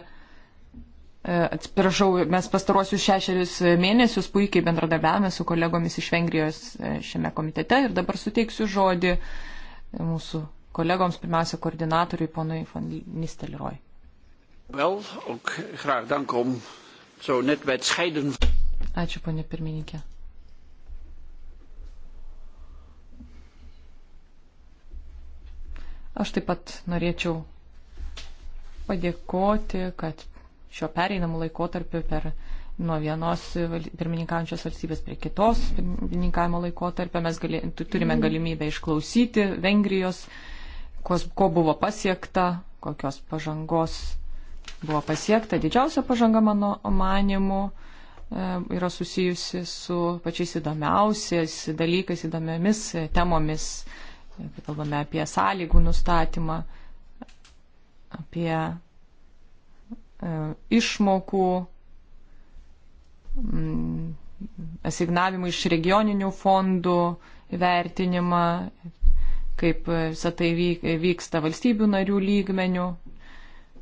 e, atsiprašau, mes pastaruosius šešerius mėnesius puikiai bendradarbiavome su kolegomis iš Vengrijos e, šiame komitete ir dabar suteiksiu žodį mūsų kolegoms, pirmiausia, koordinatoriui ponui von Nistelroj. Wel, ook graag dank om zo net bij het scheiden. Ačiū, ponė pirmininkė. Aš taip pat norėčiau padėkoti, kad šio pereinamų laikotarpiu per nuo vienos pirmininkaujančios valstybės prie kitos pirmininkavimo laikotarpio mes gali, turime mhm. galimybę išklausyti Vengrijos, kos, ko buvo pasiekta, kokios pažangos buvo pasiekta. Didžiausia pažanga mano manimu E, yra susijusi su pačiais įdomiausiais dalykais, įdomiamis temomis. E, kalbame apie sąlygų nustatymą, apie e, išmokų mm, asignavimų iš regioninių fondų vertinimą, kaip visą tai vyksta valstybių narių lygmenių.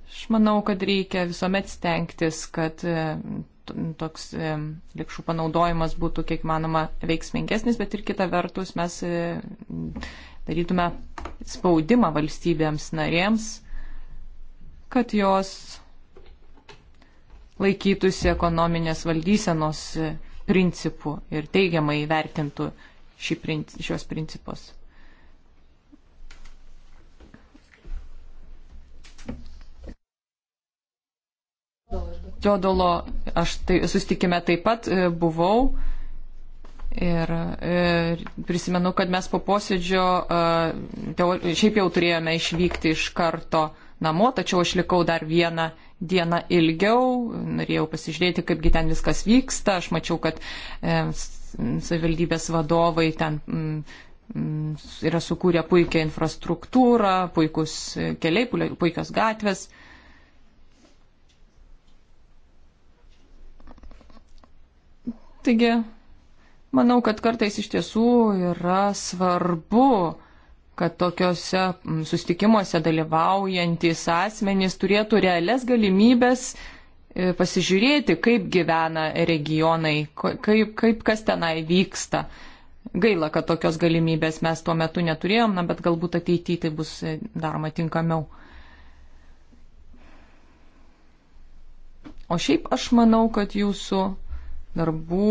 Aš manau, kad reikia visuomet stengtis, kad toks e, likščių panaudojimas būtų kiek manoma veiksmingesnis, bet ir kita vertus mes e, darytume spaudimą valstybėms narėms, kad jos laikytųsi ekonominės valdysenos e, principų ir teigiamai vertintų šį, šios principus. Teodolo aš tai, sustikime taip pat e, buvau. Ir e, prisimenu, kad mes po posėdžio e, šiaip jau turėjome išvykti iš karto namo, tačiau aš likau dar vieną dieną ilgiau, norėjau pasižiūrėti, kaipgi ten viskas vyksta. Aš mačiau, kad savivaldybės vadovai ten mm, mm, yra sukūrę puikią infrastruktūrą, puikus keliai, puikios gatvės. Taigi, manau, kad kartais iš tiesų yra svarbu, kad tokiuose mm, sustikimuose dalyvaujantis asmenys turėtų realias galimybės e, pasižiūrėti, kaip gyvena regionai, kaip, kaip kas tenai vyksta. Gaila, kad tokios galimybės mes tuo metu neturėjom, na, bet galbūt ateityje tai bus e, daroma tinkamiau. O šiaip aš manau, kad jūsų darbų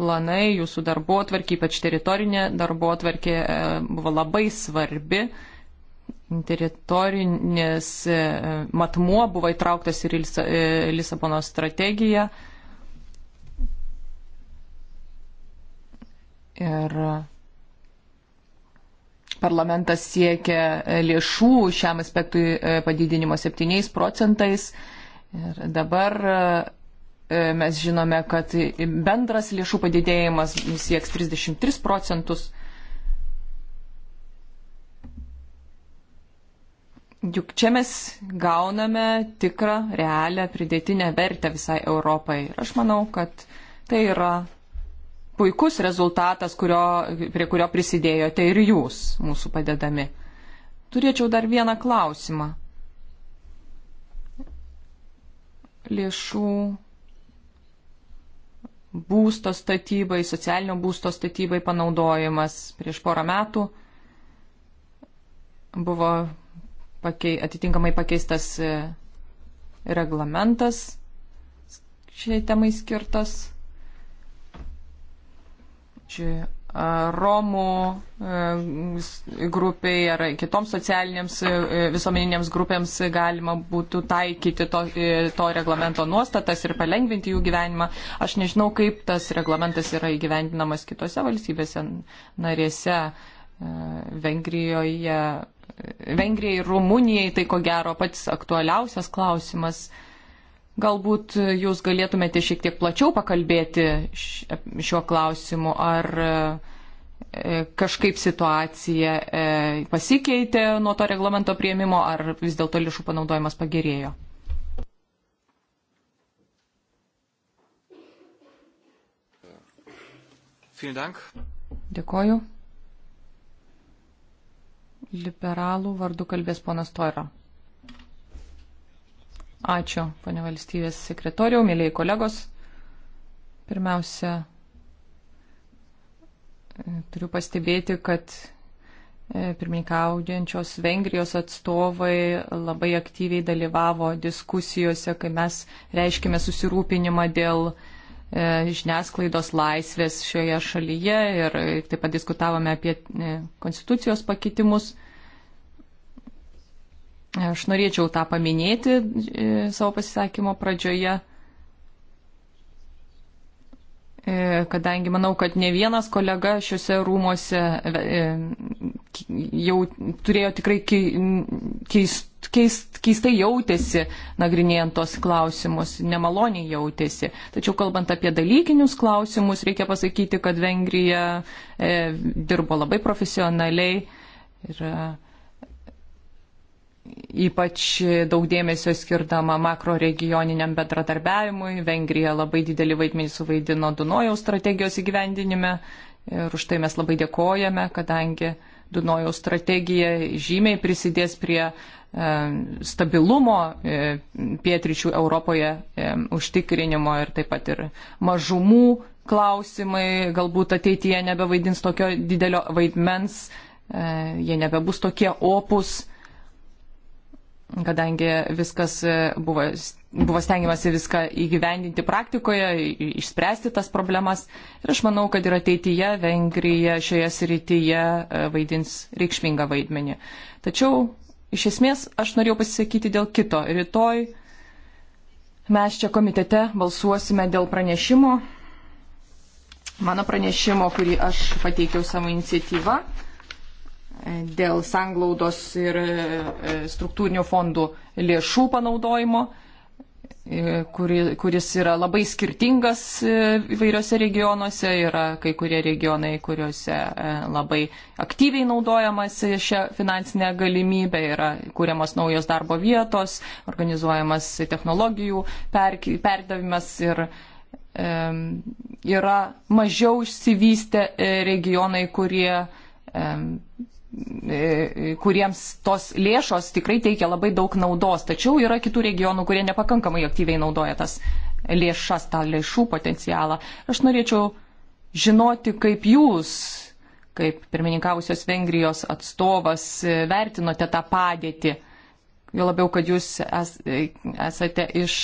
planai, jūsų darbo atvarkė, ypač teritorinė darbo atvarkė e, buvo labai svarbi. Teritorinės e, matmuo buvo įtrauktas ir į e, Lisabono strategiją. Ir parlamentas siekia lėšų šiam aspektui padidinimo 7 procentais. Ir dabar E, mes žinome, kad bendras lėšų padidėjimas sieks 33 procentus. Juk čia mes gauname tikrą, realią pridėtinę vertę visai Europai. Ir aš manau, kad tai yra puikus rezultatas, kurio, prie kurio prisidėjote ir jūs mūsų padedami. Turėčiau dar vieną klausimą. Lėšų būsto statybai, socialinio būsto statybai panaudojimas prieš porą metų buvo pakei, atitinkamai pakeistas e, reglamentas šiai temai skirtas. Čia Romų grupiai ar kitoms socialinėms visuomeninėms grupėms galima būtų taikyti to, to reglamento nuostatas ir palengvinti jų gyvenimą. Aš nežinau, kaip tas reglamentas yra įgyvendinamas kitose valstybėse narėse, Vengrijoje. Vengrijai ir Rumunijai tai ko gero pats aktualiausias klausimas. Uh, Galbūt jūs galėtumėte šiek tiek plačiau pakalbėti šiuo klausimu, ar e, kažkaip situacija e, pasikeitė nuo to reglamento prieimimo, ar vis dėlto lėšų panaudojimas pagerėjo. Dėkoju. Liberalų vardu kalbės ponas Toiro. Ačiū, pane valstybės sekretoriau, mėlyjei kolegos. Pirmiausia, turiu pastebėti, kad e, pirmininkaujančios Vengrijos atstovai labai aktyviai dalyvavo diskusijose, kai mes reiškime susirūpinimą dėl e, žiniasklaidos laisvės šioje šalyje ir taip pat diskutavome apie e, konstitucijos pakitimus. Aš norėčiau tą paminėti e, savo pasisakymo pradžioje, e, kadangi manau, kad ne vienas kolega šiuose rūmose e, jau turėjo tikrai keist, keist, keistai jautėsi, nagrinėjant tos klausimus, nemaloniai jautėsi. Tačiau kalbant apie dalykinius klausimus, reikia pasakyti, kad Vengrija dirbo labai profesionaliai. Ir, uh, ypač daug dėmesio skirdama makro regioniniam bendradarbiavimui. Vengrija labai didelį vaidmenį suvaidino Dunojaus strategijos įgyvendinime ir už tai mes labai dėkojame, kadangi Dunojaus strategija žymiai prisidės prie e, stabilumo e, pietričių Europoje e, užtikrinimo ir taip pat ir mažumų klausimai galbūt ateityje nebevaidins tokio didelio vaidmens, jie nebebus tokie opus kadangi viskas e, buvo, buvo stengiamasi viską įgyvendinti praktikoje, išspręsti tas problemas. Ir aš manau, kad ir ateityje Vengrija šioje srityje e, vaidins reikšmingą vaidmenį. Tačiau iš esmės aš norėjau pasisakyti dėl kito. Rytoj mes čia komitete balsuosime dėl pranešimo. Mano pranešimo, kurį aš pateikiau savo iniciatyvą dėl sanglaudos ir e, struktūrinių fondų lėšų panaudojimo, e, kuri, kuris yra labai skirtingas e, įvairiose regionuose. Yra kai kurie regionai, kuriuose labai aktyviai naudojamas šią finansinę galimybę, yra kūriamos naujos darbo vietos, organizuojamas technologijų perdavimas ir yra mažiau išsivystę regionai, kurie E, kuriems tos lėšos tikrai teikia labai daug naudos, tačiau yra kitų regionų, kurie nepakankamai aktyviai naudoja tas lėšas, tą lėšų potencialą. Aš norėčiau žinoti, kaip jūs, kaip pirmininkavusios Vengrijos atstovas, e, vertinote tą padėtį. Jo labiau, kad jūs es, e, esate iš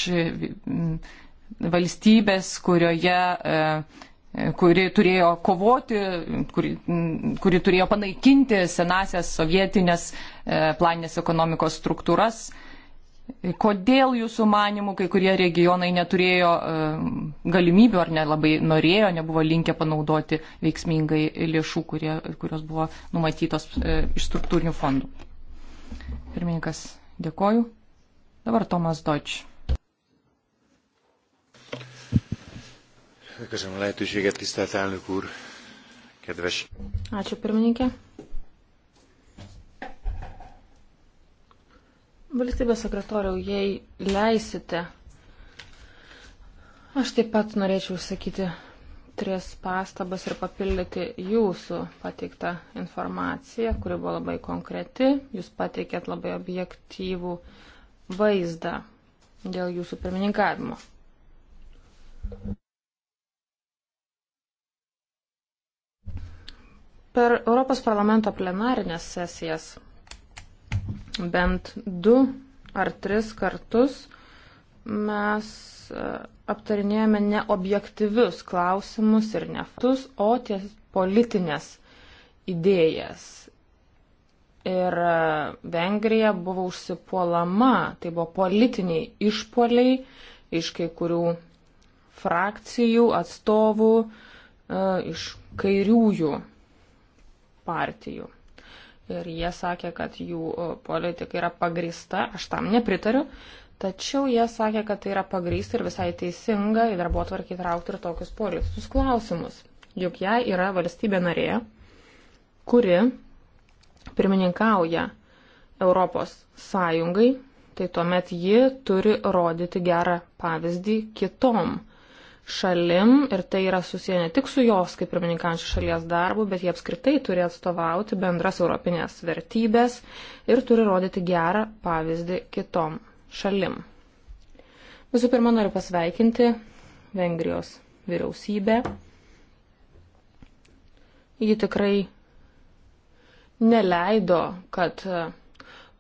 valstybės, kurioje e, kuri turėjo kovoti, kuri, kuri turėjo panaikinti senasias sovietinės e, planinės ekonomikos struktūras. Kodėl jūsų manimų kai kurie regionai neturėjo e, galimybių ar nelabai norėjo, nebuvo linkę panaudoti veiksmingai lėšų, kurie, kurios buvo numatytos e, iš struktūrinių fondų? Pirmininkas, dėkoju. Dabar Tomas Deutsch. Köszönöm a lehetőséget, tisztelt elnök úr, kedves. Ačiū pirmininkė. Valstybės sekretoriau, jei leisite, aš taip pat norėčiau išsakyti tris pastabas ir papildyti jūsų pateiktą informaciją, kuri buvo labai konkreti. Jūs pateikėt labai objektyvų vaizdą dėl jūsų pirmininkavimo. Per Europos parlamento plenarinės sesijas bent du ar tris kartus mes e, aptarinėjome ne objektyvius klausimus ir ne faktus, o ties politinės idėjas. Ir e, Vengrija buvo užsipuolama, tai buvo politiniai išpoliai iš kai kurių frakcijų, atstovų, e, iš kairiųjų partijų. Ir jie sakė, kad jų e, politika yra pagrįsta, aš tam nepritariu, tačiau jie sakė, kad tai yra pagrįsta ir visai teisinga į darbo tvarkį traukti ir tokius politinius klausimus. Juk jai yra valstybė narė, kuri pirmininkauja Europos Sąjungai, tai tuomet ji turi rodyti gerą pavyzdį kitom šalim ir tai yra susiję ne tik su jos kaip pirmininkančių šalies darbu, bet jie apskritai turi atstovauti bendras europinės vertybės ir turi rodyti gerą pavyzdį kitom šalim. Visų pirma, noriu pasveikinti Vengrijos vyriausybę. Ji tikrai neleido, kad e,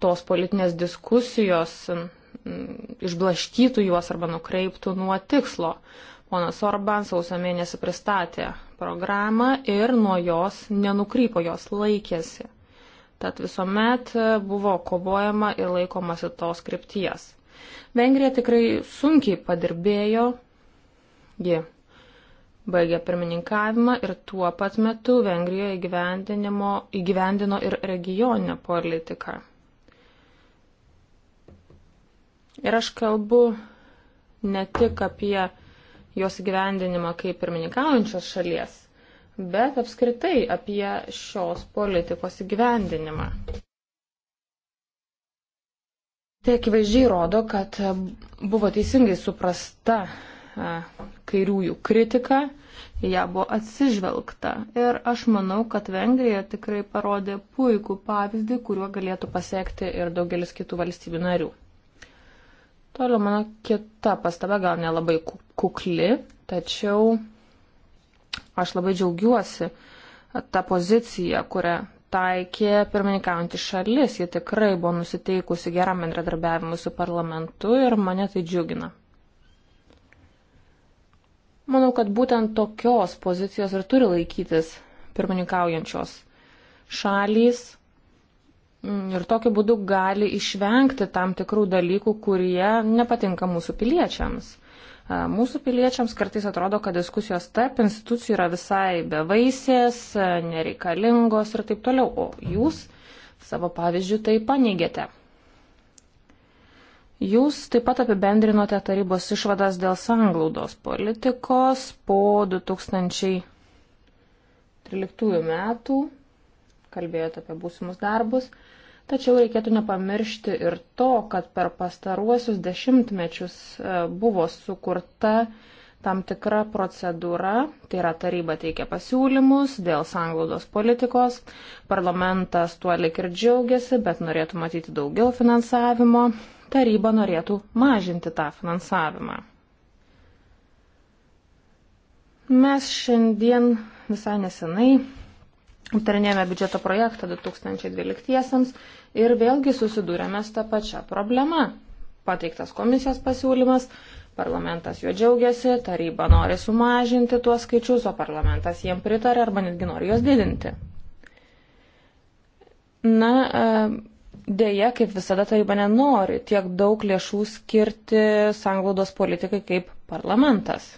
tos politinės diskusijos išblaškytų juos arba nukreiptų nuo tikslo. Ponas Orban sausio mėnesį pristatė programą ir nuo jos nenukrypo, jos laikėsi. Tad visuomet buvo kovojama ir laikomasi tos krypties. Vengrija tikrai sunkiai padirbėjo, ji baigė pirmininkavimą ir tuo pat metu Vengrija įgyvendino ir regioninę politiką. Ir aš kalbu ne tik apie jos gyvendinimą kaip pirmininkaujančios šalies, bet apskritai apie šios politikos gyvendinimą. Tai akivaizdžiai rodo, kad buvo teisingai suprasta kairiųjų kritika, ją buvo atsižvelgta. Ir aš manau, kad Vengrija tikrai parodė puikų pavyzdį, kuriuo galėtų pasiekti ir daugelis kitų valstybių narių. Toliau mano kita pastaba gal nelabai kukli, tačiau aš labai džiaugiuosi tą poziciją, kurią taikė pirmininkaujantį šalis. Ji tikrai buvo nusiteikusi geram bendradarbiavimui su parlamentu ir mane tai džiugina. Manau, kad būtent tokios pozicijos ir turi laikytis pirmininkaujančios šalys Mm, ir tokiu būdu gali išvengti tam tikrų dalykų, kurie nepatinka mūsų piliečiams. Mūsų piliečiams kartais atrodo, kad diskusijos tarp institucijų yra visai bevaisės, nereikalingos ir taip toliau, o jūs savo pavyzdžių tai paneigėte. Jūs taip pat apibendrinote tarybos išvadas dėl sanglaudos politikos po 2013 metų, kalbėjote apie būsimus darbus. Tačiau reikėtų nepamiršti ir to, kad per pastaruosius dešimtmečius e, buvo sukurta tam tikra procedūra, tai yra taryba teikia pasiūlymus dėl sanglaudos politikos, parlamentas tuo lik ir džiaugiasi, bet norėtų matyti daugiau finansavimo, taryba norėtų mažinti tą finansavimą. Mes šiandien visai nesenai aptarinėjome biudžeto projektą 2012-iesiams ir vėlgi susidūrėme su tą pačią problemą. Pateiktas komisijos pasiūlymas, parlamentas juo džiaugiasi, taryba nori sumažinti tuos skaičius, o parlamentas jiem pritarė arba netgi nori juos didinti. Na, e, dėja, kaip visada taryba nenori tiek daug lėšų skirti sanglaudos politikai kaip parlamentas.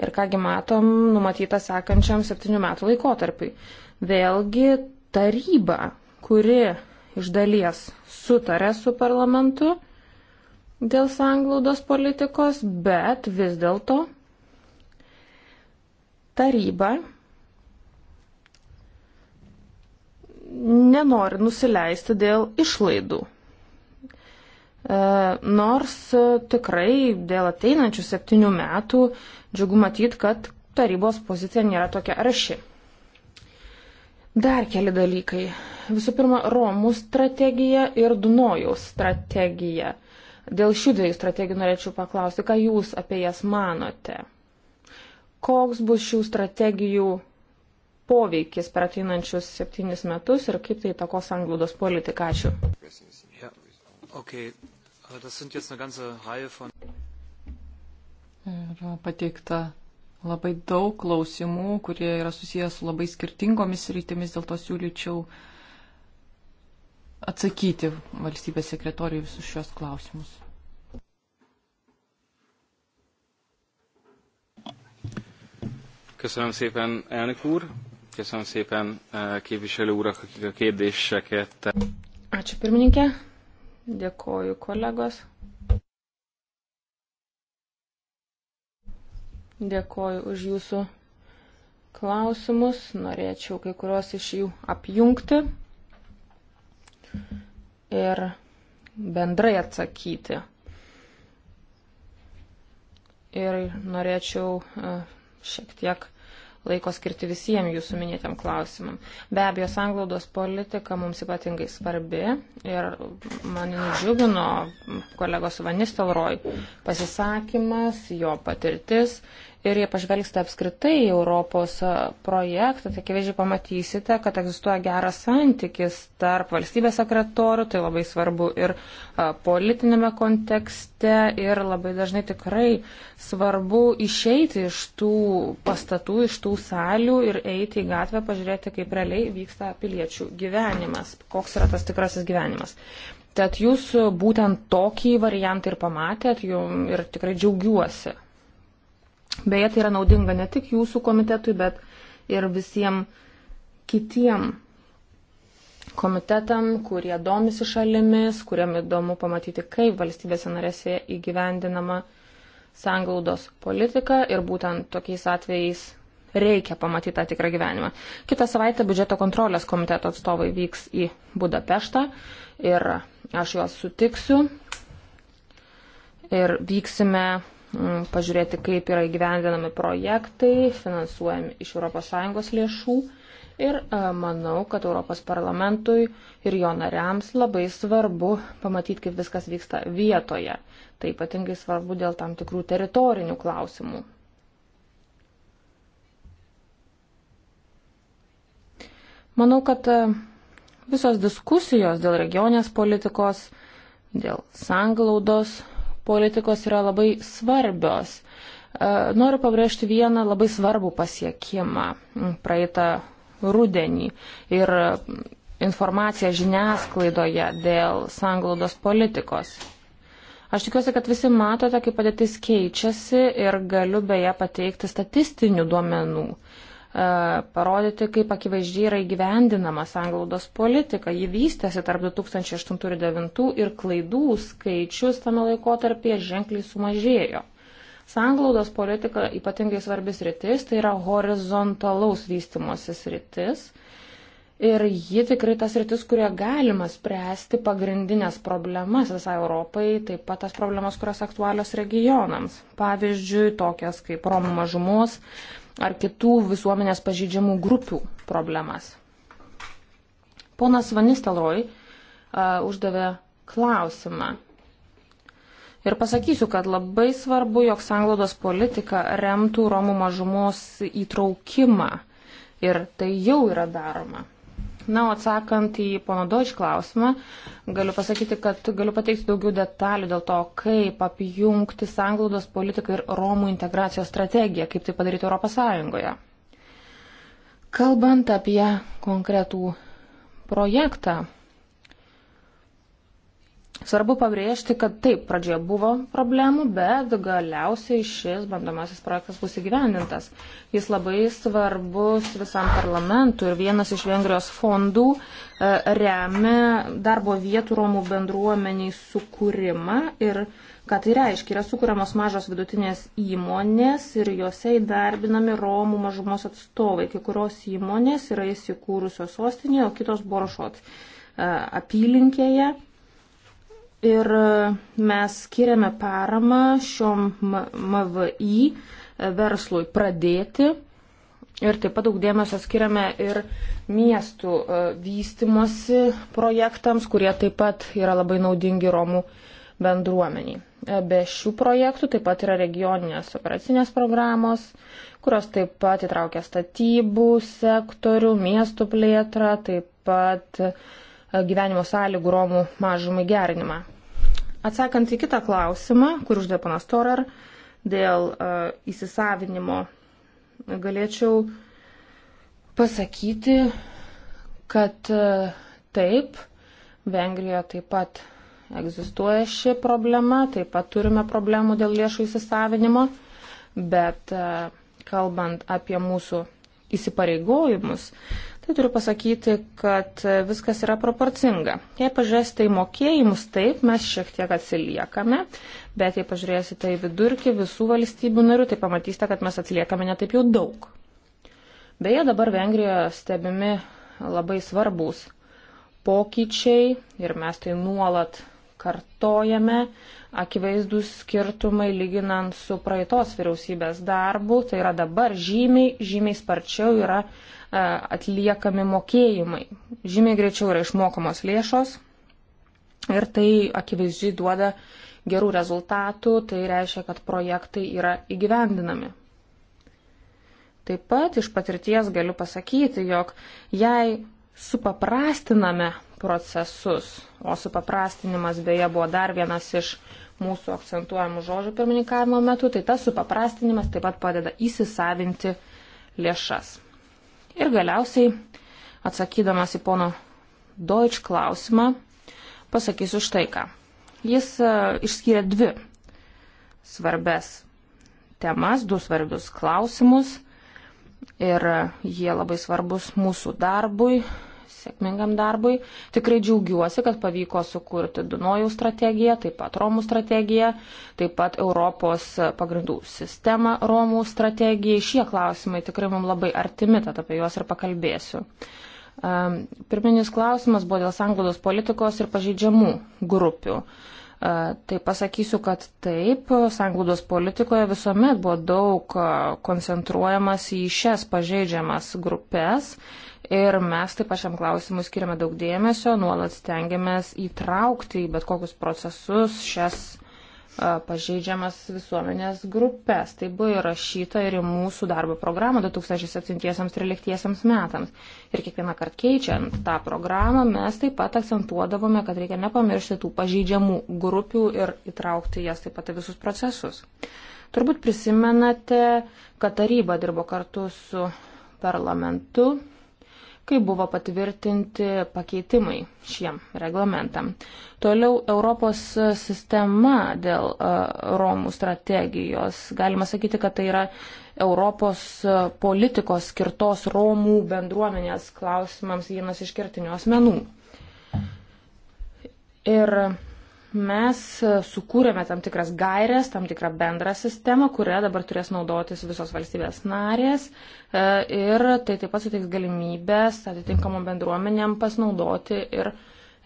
Ir kągi matom, numatyta sekančiam septynių metų laikotarpiui. Vėlgi taryba, kuri iš dalies sutarė su parlamentu dėl sanglaudos politikos, bet vis dėlto taryba nenori nusileisti dėl išlaidų. E, nors tikrai dėl ateinančių septynių metų Džiugu matyti, kad tarybos pozicija nėra tokia raši. Dar keli dalykai. Visų pirma, Romų strategija ir Dunojaus strategija. Dėl šių dviejų strategijų norėčiau paklausti, ką jūs apie jas manote. Koks bus šių strategijų poveikis per ateinančius septynis metus ir kaip tai įtakos anglaudos politiką? Ačiū. Ja. Okay. Ir pateikta labai daug klausimų, kurie yra susijęs su labai skirtingomis rytimis, dėl to siūlyčiau atsakyti valstybės sekretoriui visus šios klausimus. Köszönöm szépen, elnök úr! Köszönöm szépen eh, képviselő úrak, akik a kérdéseket. Ačiū pirmininkė, dėkoju kolegos Dėkoju už jūsų klausimus. Norėčiau kai kurios iš jų apjungti ir bendrai atsakyti. Ir norėčiau e, šiek tiek laiko skirti visiems jūsų minėtėm klausimam. Be abejo, sanglaudos politika mums ypatingai svarbi ir mane nudžiugino kolegos Vanistelroj pasisakymas, jo patirtis ir jei pažvelgsite apskritai į Europos projektą, tai akivaizdžiai pamatysite, kad egzistuoja geras santykis tarp valstybės sekretorių, tai labai svarbu ir politinėme kontekste ir labai dažnai tikrai svarbu išeiti iš tų pastatų, iš tų salių ir eiti į gatvę, pažiūrėti, kaip realiai vyksta piliečių gyvenimas, koks yra tas tikrasis gyvenimas. Tad jūs būtent tokį variantą ir pamatėt jum, ir tikrai džiaugiuosi. Beje, tai yra naudinga ne tik jūsų komitetui, bet ir visiems kitiem komitetam, kurie domisi šalimis, kuriam įdomu pamatyti, kaip valstybėse narėse įgyvendinama sanglaudos politika ir būtent tokiais atvejais reikia pamatyti tą tikrą gyvenimą. Kitą savaitę biudžeto kontrolės komiteto atstovai vyks į Budapeštą ir aš juos sutiksiu ir vyksime Mm, pažiūrėti, kaip yra įgyvendinami projektai, finansuojami iš ES lėšų. Ir e, manau, kad Europos parlamentui ir jo nariams labai svarbu pamatyti, kaip viskas vyksta vietoje. Tai ypatingai svarbu dėl tam tikrų teritorinių klausimų. Manau, kad e, visos diskusijos dėl regionės politikos, dėl sanglaudos politikos yra labai svarbios. E, noriu pabrėžti vieną labai svarbų pasiekimą praeitą rudenį ir informaciją žiniasklaidoje dėl sanglaudos politikos. Aš tikiuosi, kad visi matote, kaip padėtis keičiasi ir galiu beje pateikti statistinių duomenų. E, parodyti, kaip akivaizdžiai yra įgyvendinama sanglaudos politika. Ji vystėsi tarp 2008 ir 2009 ir klaidų skaičius tame laikotarpyje ženkliai sumažėjo. Sanglaudos politika ypatingai svarbis rytis, tai yra horizontalaus vystimosis rytis. Ir ji tikrai tas rytis, kurie galima spręsti pagrindinės problemas visai Europai, taip pat tas problemas, kurios aktualios regionams. Pavyzdžiui, tokias kaip Romų mažumos ar kitų visuomenės pažydžiamų grupių problemas. Ponas Vanistelroj uh, uždavė klausimą. Ir pasakysiu, kad labai svarbu, jog sanglaudos politika remtų Romų mažumos įtraukimą. Ir tai jau yra daroma. Na, o atsakant į pono Doč klausimą, galiu pasakyti, kad galiu pateikti daugiau detalių dėl to, kaip apjungti sanglaudos politiką ir Romų integracijos strategiją, kaip tai padaryti ES. Kalbant apie konkretų projektą, Svarbu pabrėžti, kad taip, pradžioje buvo problemų, bet galiausiai šis bandomasis projektas bus įgyvendintas. Jis labai svarbus visam parlamentui ir vienas iš Vengrijos fondų e, remia darbo vietų Romų bendruomeniai sukūrimą ir ką tai reiškia. Yra sukūriamos mažos vidutinės įmonės ir juose įdarbinami Romų mažumos atstovai. Kai kurios įmonės yra įsikūrusios sostinėje, o kitos Borošot e, apylinkėje ir e, mes skiriame paramą šiom MVI e, verslui pradėti. Ir taip pat daug dėmesio skiriame ir miestų e, vystimosi projektams, kurie taip pat yra labai naudingi Romų bendruomeniai. Be šių projektų taip pat yra regioninės operacinės programos, kurios taip pat įtraukia statybų sektorių, miestų plėtrą, taip pat gyvenimo sąlygų Romų mažumai gerinimą. Atsakant į kitą klausimą, kur uždė panas Torar, dėl uh, įsisavinimo, galėčiau pasakyti, kad uh, taip, Vengrijoje taip pat egzistuoja ši problema, taip pat turime problemų dėl lėšų įsisavinimo, bet uh, kalbant apie mūsų įsipareigojimus, uh, tai turiu pasakyti, kad viskas yra proporcinga. Jei pažiūrėsite į mokėjimus, taip, mes šiek tiek atsiliekame, bet jei pažiūrėsite į vidurkį visų valstybių narių, tai pamatysite, kad mes atsiliekame netaip jau daug. Beje, dabar Vengrijoje stebimi labai svarbus pokyčiai ir mes tai nuolat kartojame, akivaizdus skirtumai lyginant su praeitos vyriausybės darbu, tai yra dabar žymiai, žymiai sparčiau yra E, atliekami mokėjimai. Žymiai greičiau yra išmokamos lėšos ir tai akivaizdžiai duoda gerų rezultatų, tai reiškia, kad projektai yra įgyvendinami. Taip pat iš patirties galiu pasakyti, jog jei supaprastiname procesus, o supaprastinimas beje buvo dar vienas iš mūsų akcentuojamų žodžių pirmininkavimo metu, tai tas supaprastinimas taip pat padeda įsisavinti lėšas. Ir galiausiai, atsakydamas į pono Deutsch klausimą, pasakysiu štai ką. Jis e, išskyrė dvi svarbes temas, du svarbius klausimus ir e, jie labai svarbus mūsų darbui sėkmingam darbui. Tikrai džiaugiuosi, kad pavyko sukurti Dunojų strategiją, taip pat Romų strategiją, taip pat Europos pagrindų sistemą Romų strategijai. Šie klausimai tikrai mums labai artimi, tad apie juos ir pakalbėsiu. Ehm, pirminis klausimas buvo dėl sanglaudos politikos ir pažeidžiamų grupių. E, tai pasakysiu, kad taip, sanglaudos politikoje visuomet buvo daug e, koncentruojamas į šias pažeidžiamas grupės ir mes taip pačiam klausimui skiriame daug dėmesio, nuolat stengiamės įtraukti į bet kokius procesus šias pažeidžiamas visuomenės grupės. Tai buvo įrašyta ir į mūsų darbo programą 2017-2013 metams. Ir kiekvieną kartą keičiant tą programą mes taip pat akcentuodavome, kad reikia nepamiršti tų pažeidžiamų grupių ir įtraukti jas taip pat į visus procesus. Turbūt prisimenate, kad taryba dirbo kartu su parlamentu kai buvo patvirtinti pakeitimai šiem reglamentam. Toliau Europos sistema dėl e, Romų strategijos. Galima sakyti, kad tai yra Europos politikos skirtos Romų bendruomenės klausimams vienas iš kertinių asmenų. Ir mes e, sukūrėme tam tikras gairias, tam tikrą bendrą sistemą, kurią dabar turės naudotis visos valstybės narės e, ir tai taip pat suteiks galimybės atitinkamom bendruomenėm pasinaudoti ir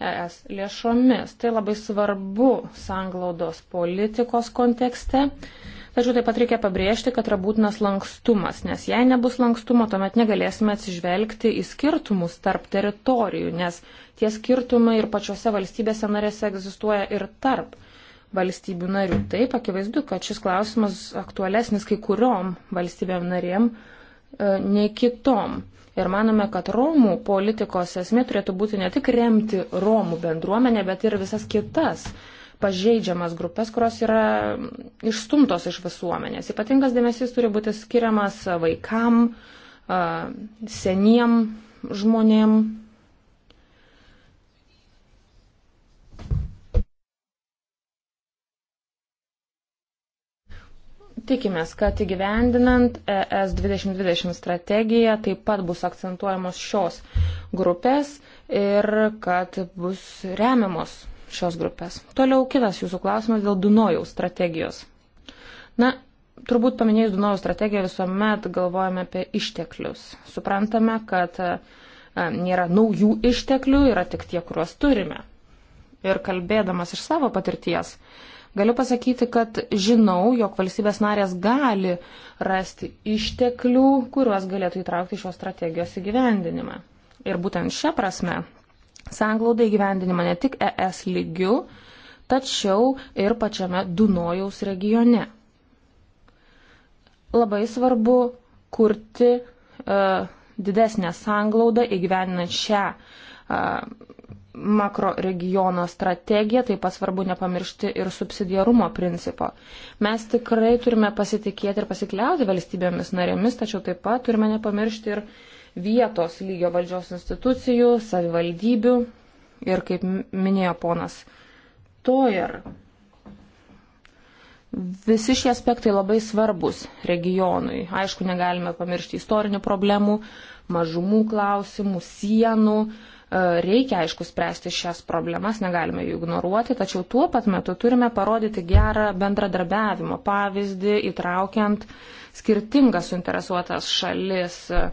ES lėšomis. Tai labai svarbu sanglaudos politikos kontekste. Uh, Tačiau taip pat reikia pabrėžti, kad yra būtinas lankstumas, nes jei nebus lankstumo, tuomet negalėsime atsižvelgti į skirtumus tarp teritorijų, nes tie skirtumai ir pačiose valstybėse narėse egzistuoja ir tarp valstybių narių. Taip, akivaizdu, kad šis klausimas aktualesnis kai kuriom valstybėm narėm e, nei kitom. Ir manome, kad Romų politikos esmė turėtų būti ne tik remti Romų bendruomenę, bet ir visas kitas uh, pažeidžiamas grupės, kurios yra išstumtos iš visuomenės. Ypatingas dėmesys turi būti skiriamas vaikam, seniem žmonėm. Tikimės, kad įgyvendinant ES 2020 strategiją taip pat bus akcentuojamos šios grupės ir kad bus remiamos šios grupės. Toliau kitas jūsų klausimas dėl Dunojaus strategijos. Na, turbūt paminėjus Dunojaus strategiją visuomet galvojame apie išteklius. Suprantame, kad e, nėra naujų išteklių, yra tik tie, kuriuos turime. Ir kalbėdamas iš savo patirties, galiu pasakyti, kad žinau, jog valstybės narės gali rasti išteklių, kuriuos galėtų įtraukti šios strategijos įgyvendinimą. Ir būtent šią prasme sanglaudą įgyvendinimą ne tik ES lygių, tačiau ir pačiame Dunojaus regione. Labai svarbu kurti uh, didesnę sanglaudą įgyvendinant šią uh, e, makro regiono strategiją, taip pat svarbu nepamiršti ir subsidiarumo principo. Mes tikrai turime pasitikėti ir pasikliauti valstybėmis narėmis, tačiau taip pat turime nepamiršti ir uh, vietos lygio valdžios institucijų, savivaldybių ir, kaip minėjo ponas Toyer, visi šie aspektai labai svarbus regionui. Aišku, negalime pamiršti istorinių problemų, mažumų klausimų, sienų, uh, E, reikia, aišku, spręsti šias problemas, negalime jų ignoruoti, tačiau tuo pat metu turime parodyti gerą bendradarbiavimo pavyzdį, įtraukiant skirtingas suinteresuotas šalis, e,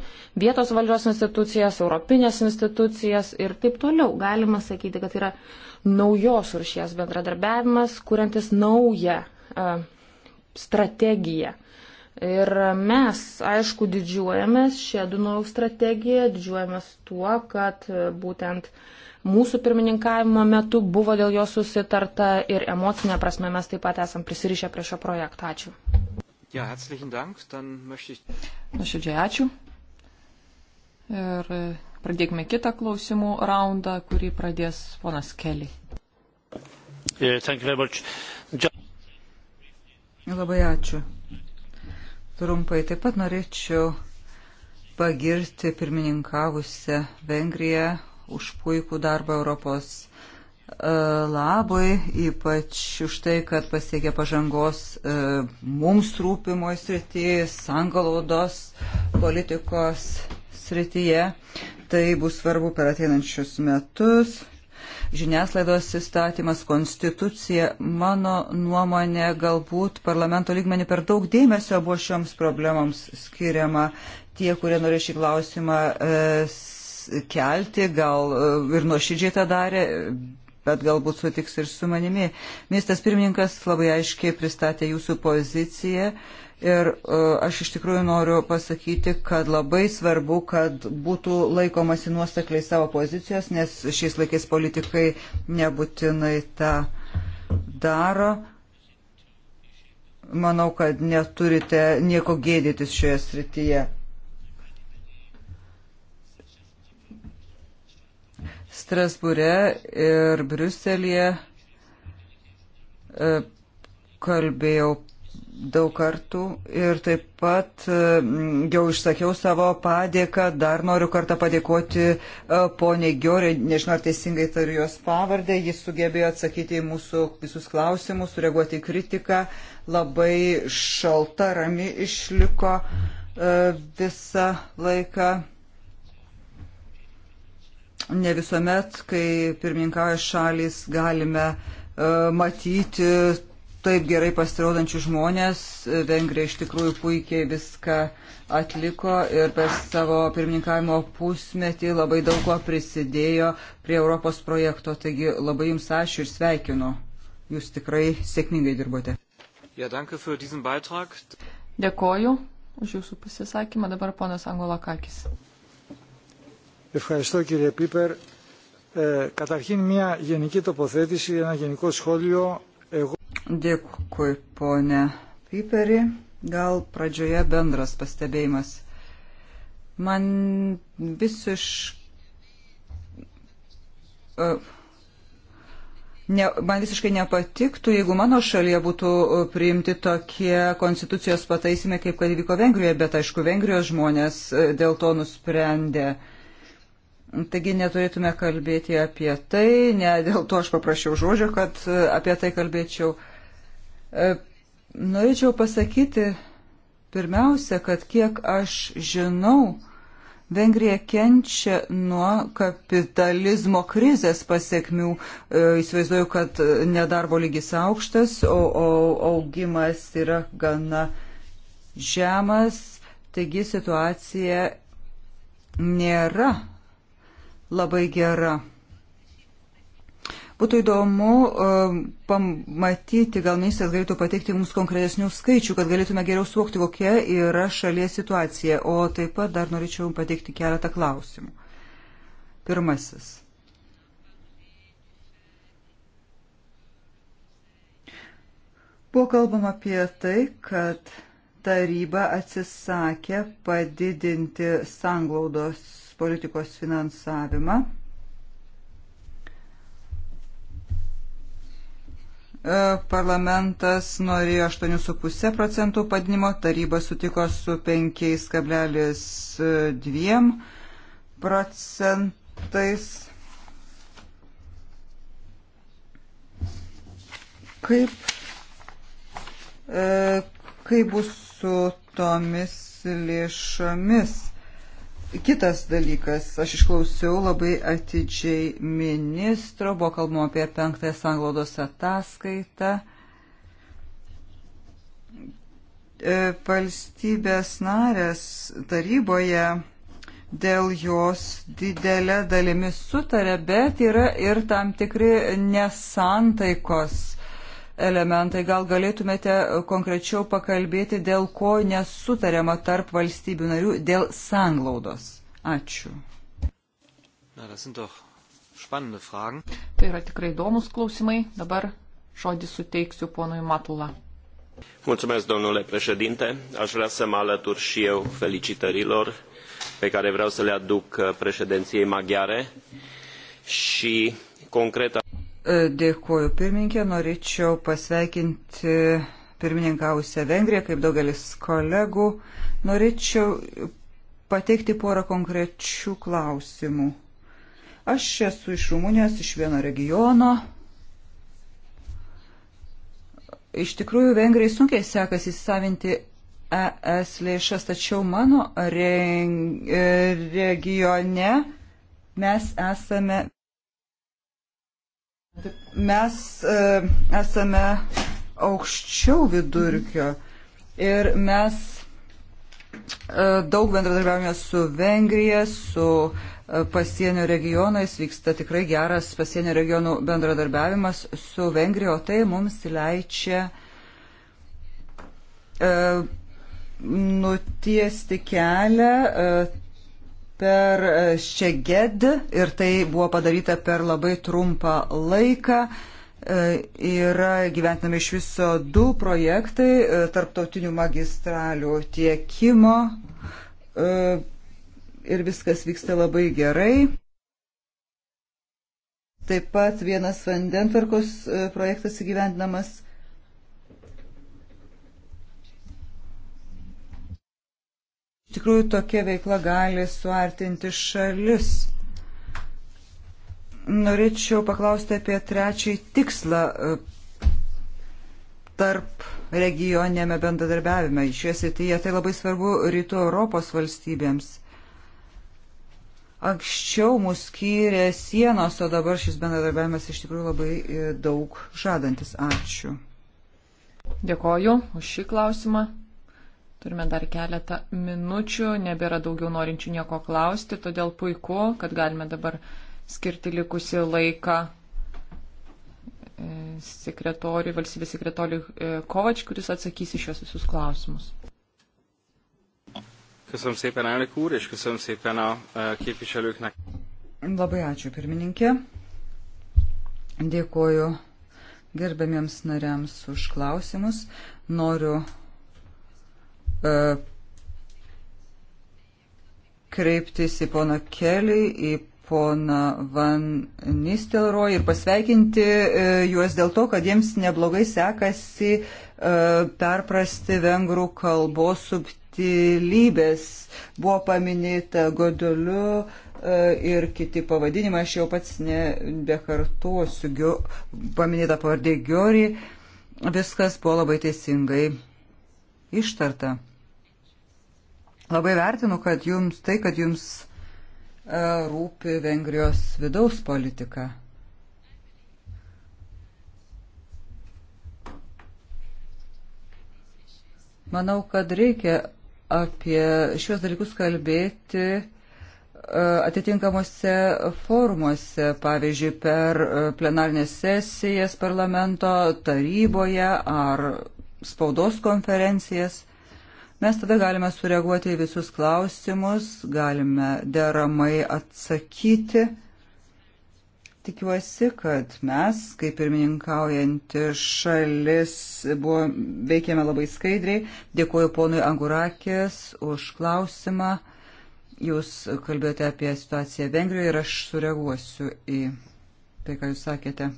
vietos valdžios institucijas, europinės institucijas ir taip toliau. Galima sakyti, kad yra naujos rušies bendradarbiavimas, kuriantis naują e, strategiją Ir mes, aišku, didžiuojamės šią Dunojaus strategiją, didžiuojamės tuo, kad būtent mūsų pirmininkavimo metu buvo dėl jo susitarta ir emocinė prasme mes taip pat esam prisirišę prie šio projekto. Ačiū. Ja, herzlichen Dank. Dann möchte ich. Nuoširdžiai ačiū. Ir pradėkime kitą klausimų raundą, kurį pradės ponas Kelly. Yeah, Labai ačiū trumpai. Taip pat norėčiau pagirti pirmininkavusią Vengriją už puikų darbą Europos e, labui, ypač už tai, kad pasiekė pažangos e, mums rūpimoje srityje, sangalaudos politikos srityje. Tai bus svarbu per ateinančius metus žiniaslaidos įstatymas, konstitucija. Mano nuomonė, galbūt parlamento lygmenį per daug dėmesio buvo šioms problemams skiriama. Tie, kurie norėjo šį klausimą e, kelti, gal e, ir nuoširdžiai tą darė, bet galbūt sutiks ir su manimi. Ministras pirmininkas labai aiškiai pristatė jūsų poziciją ir e, aš iš tikrųjų noriu pasakyti, kad labai svarbu, kad būtų laikomasi nuosekliai savo pozicijos, nes šiais laikais politikai nebūtinai tą daro. Manau, kad neturite nieko gėdytis šioje srityje. Strasbūre ir Briuselėje e, kalbėjau daug kartų ir taip pat e, jau išsakiau savo padėką. Dar noriu kartą padėkoti e, poniai Gioriai, nežinau ar teisingai tariu jos pavardę, jis sugebėjo atsakyti į mūsų visus klausimus, sureaguoti į kritiką, labai šalta, rami išliko visą laiką ne visuomet, kai pirmininkauja šalis, galime e, matyti taip gerai pasirodančių žmonės. Vengrija iš tikrųjų puikiai viską atliko ir per savo pirmininkavimo pusmetį labai daug ko prisidėjo prie Europos projekto. Taigi labai Jums ačiū ir sveikinu. Jūs tikrai sėkmingai dirbote. Ja, Dėkoju už Jūsų pasisakymą. Dabar ponas Angolakakis. Ευχαριστώ κύριε Πίπερ. Ε, καταρχήν μια γενική τοποθέτηση, ένα γενικό σχόλιο. Εγώ... Dėkui, ponė Piperi. Gal pradžioje bendras pastebėjimas. Man visiškai e, Ne, man visiškai nepatiktų, jeigu mano šalyje būtų e, priimti tokie konstitucijos pataisimai, kaip kad įvyko Vengrijoje, bet aišku, Vengrijos žmonės e, dėl to nusprendė uh, Taigi neturėtume kalbėti apie tai, ne dėl to aš paprašiau žodžio, kad e, apie tai kalbėčiau. E, norėčiau pasakyti pirmiausia, kad kiek aš žinau, Vengrija kenčia nuo kapitalizmo krizės pasiekmių. E, įsivaizduoju, kad nedarbo lygis aukštas, o, o augimas yra gana žemas, taigi situacija nėra labai gera. Būtų įdomu um, pamatyti, gal ministras galėtų pateikti mums konkretesnių skaičių, kad galėtume geriau suvokti, kokia yra šalies situacija. O taip pat dar norėčiau jums pateikti keletą klausimų. Pirmasis. Buvo kalbama apie tai, kad taryba atsisakė padidinti sanglaudos politikos finansavimą. E, parlamentas norėjo 8,5 procentų padinimo, taryba sutiko su 5,2 procentais. Kaip, e, kaip bus su tomis lėšomis? Kitas dalykas, aš išklausiau labai atidžiai ministro, buvo kalbama apie penktąją sanglaudos ataskaitą. E, valstybės narės taryboje dėl jos didelė dalimi sutarė, bet yra ir tam tikri nesantaikos elementai. Gal galėtumėte konkrečiau pakalbėti, dėl ko nesutariama tarp valstybių narių dėl sanglaudos. Ačiū. Na, tai yra tikrai įdomus klausimai. Dabar žodį suteiksiu ponui Matula. Mulțumesc, domnule președinte. Aș vrea să mă alătur și eu felicitărilor pe care vreau să le aduc președinției maghiare și concret E, dėkuoju pirmininkė, norėčiau pasveikinti pirmininkausią Vengriją, kaip daugelis kolegų. Norėčiau pateikti porą konkrečių klausimų. Aš esu iš Rumunijos, iš vieno regiono. Iš tikrųjų, Vengrijai sunkiai sekasi įsavinti ES lėšas, tačiau mano re e, regione mes esame Mes e, esame aukščiau vidurkio ir mes e, daug bendradarbiavome su Vengrija, su e, pasienio regionais, vyksta tikrai geras pasienio regionų bendradarbiavimas su Vengrija, o tai mums leidžia nutiesti kelią per e, Šeged ir tai buvo padaryta per labai trumpą laiką e, yra gyventinami iš viso du projektai e, tarptautinių magistralių tiekimo ir viskas vyksta labai gerai. Taip pat vienas vandentvarkos projektas įgyvendinamas tikrųjų tokia veikla gali suartinti šalis. Norėčiau paklausti apie trečiąjį tikslą e, tarp regionėme bendradarbiavime. Šioje srityje tai labai svarbu rytų Europos valstybėms. Anksčiau mus skyrė sienos, o dabar šis bendradarbiavimas iš tikrųjų labai e, daug žadantis. Ačiū. Dėkoju už šį klausimą. Turime dar keletą minučių, nebėra daugiau norinčių nieko klausti, todėl puiku, kad galime dabar skirti likusi laiką e, sekretoriui, valstybės sekretoriui e, Kovač, kuris atsakys į šios visus klausimus. Köszönöm szépen, elnök úr, és köszönöm szépen a e, képviselőknek. Labai ačiū, pirmininkė. Dėkoju gerbiamiems nariams už klausimus. Noriu E, kreiptis į poną Kelį, į poną Van Nistelroj ir pasveikinti e, juos dėl to, kad jiems neblogai sekasi perprasti vengrų kalbos subtilybės. Buvo paminėta Godoliu e, ir kiti pavadinimai, aš jau pats nebekartuosiu, paminėta pavardė Giori, viskas buvo labai teisingai ištarta. Labai vertinu, kad jums tai, kad jums e, rūpi Vengrijos vidaus politika. Manau, kad reikia apie šios dalykus kalbėti e, atitinkamuose formuose, pavyzdžiui, per e, plenarnės sesijas parlamento taryboje ar spaudos konferencijas. Mes tada galime sureaguoti į visus klausimus, galime deramai atsakyti. Tikiuosi, kad mes, kaip pirmininkaujanti šalis, buvo, veikėme labai skaidriai. Dėkuoju ponui Angurakės už klausimą. Jūs kalbėjote apie situaciją Vengrijoje ir aš sureaguosiu į tai, ką jūs sakėte.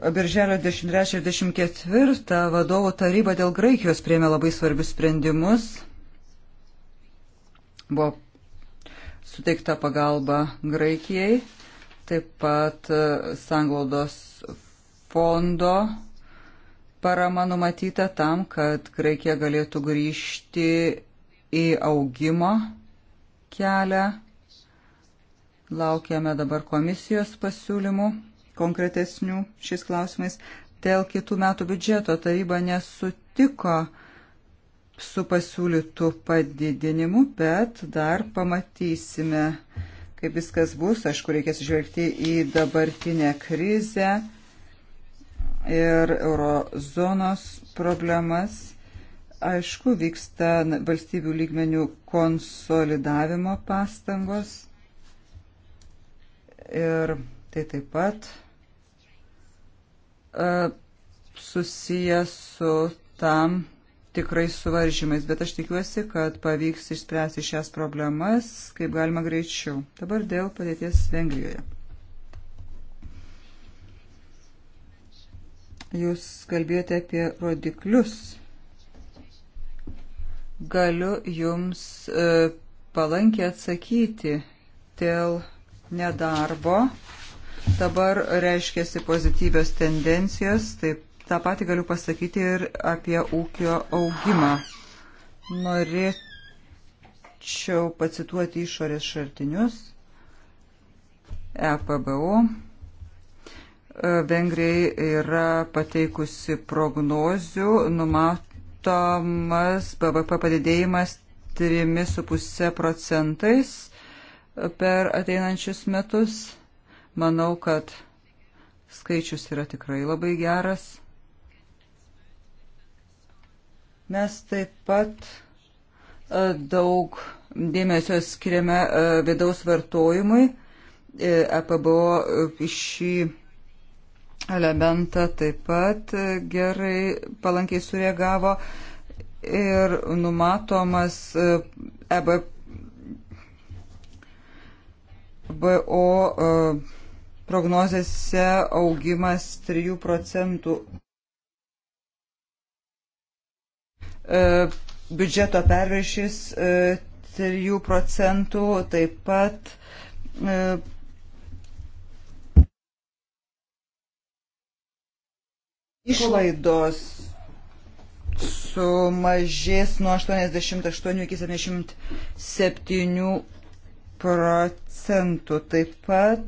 Birželio 13 ir 24 vadovų taryba dėl Graikijos priemė labai svarbius sprendimus. Buvo suteikta pagalba Graikijai, taip pat e, sanglaudos fondo parama numatyta tam, kad Graikija galėtų grįžti į augimo kelią. Laukiame dabar komisijos pasiūlymų konkretesnių šiais klausimais. Dėl kitų metų biudžeto taryba nesutiko su pasiūlytų padidinimu, bet dar pamatysime, kaip viskas bus. Aišku, reikės žvelgti į dabartinę krizę ir eurozonos problemas aišku, vyksta valstybių lygmenių konsolidavimo pastangos ir tai taip pat E, susijęs su tam tikrais suvaržymais, bet aš tikiuosi, kad pavyks išspręsti šias problemas kaip galima greičiau. Dabar dėl padėties Vengrijoje. Jūs kalbėjote apie rodiklius. Galiu jums e, palankiai atsakyti dėl nedarbo. E, Dabar reiškiasi pozityvios tendencijos, taip tą patį galiu pasakyti ir apie ūkio augimą. Norėčiau pacituoti išorės šaltinius. EPBO. E, Vengrijai yra pateikusi prognozių, numatomas BVP padidėjimas 3,5 procentais per ateinančius metus. Manau, kad skaičius yra tikrai labai geras. Mes taip pat e, daug dėmesio skiriame e, vidaus vartojimui. EPBO e šį elementą taip pat gerai palankiai sureagavo ir numatomas EBO BO prognozėse augimas 3 procentų e, biudžeto perviršys 3 e, procentų, taip pat e, išlaidos sumažės nuo 88 iki 77 procentų. Taip pat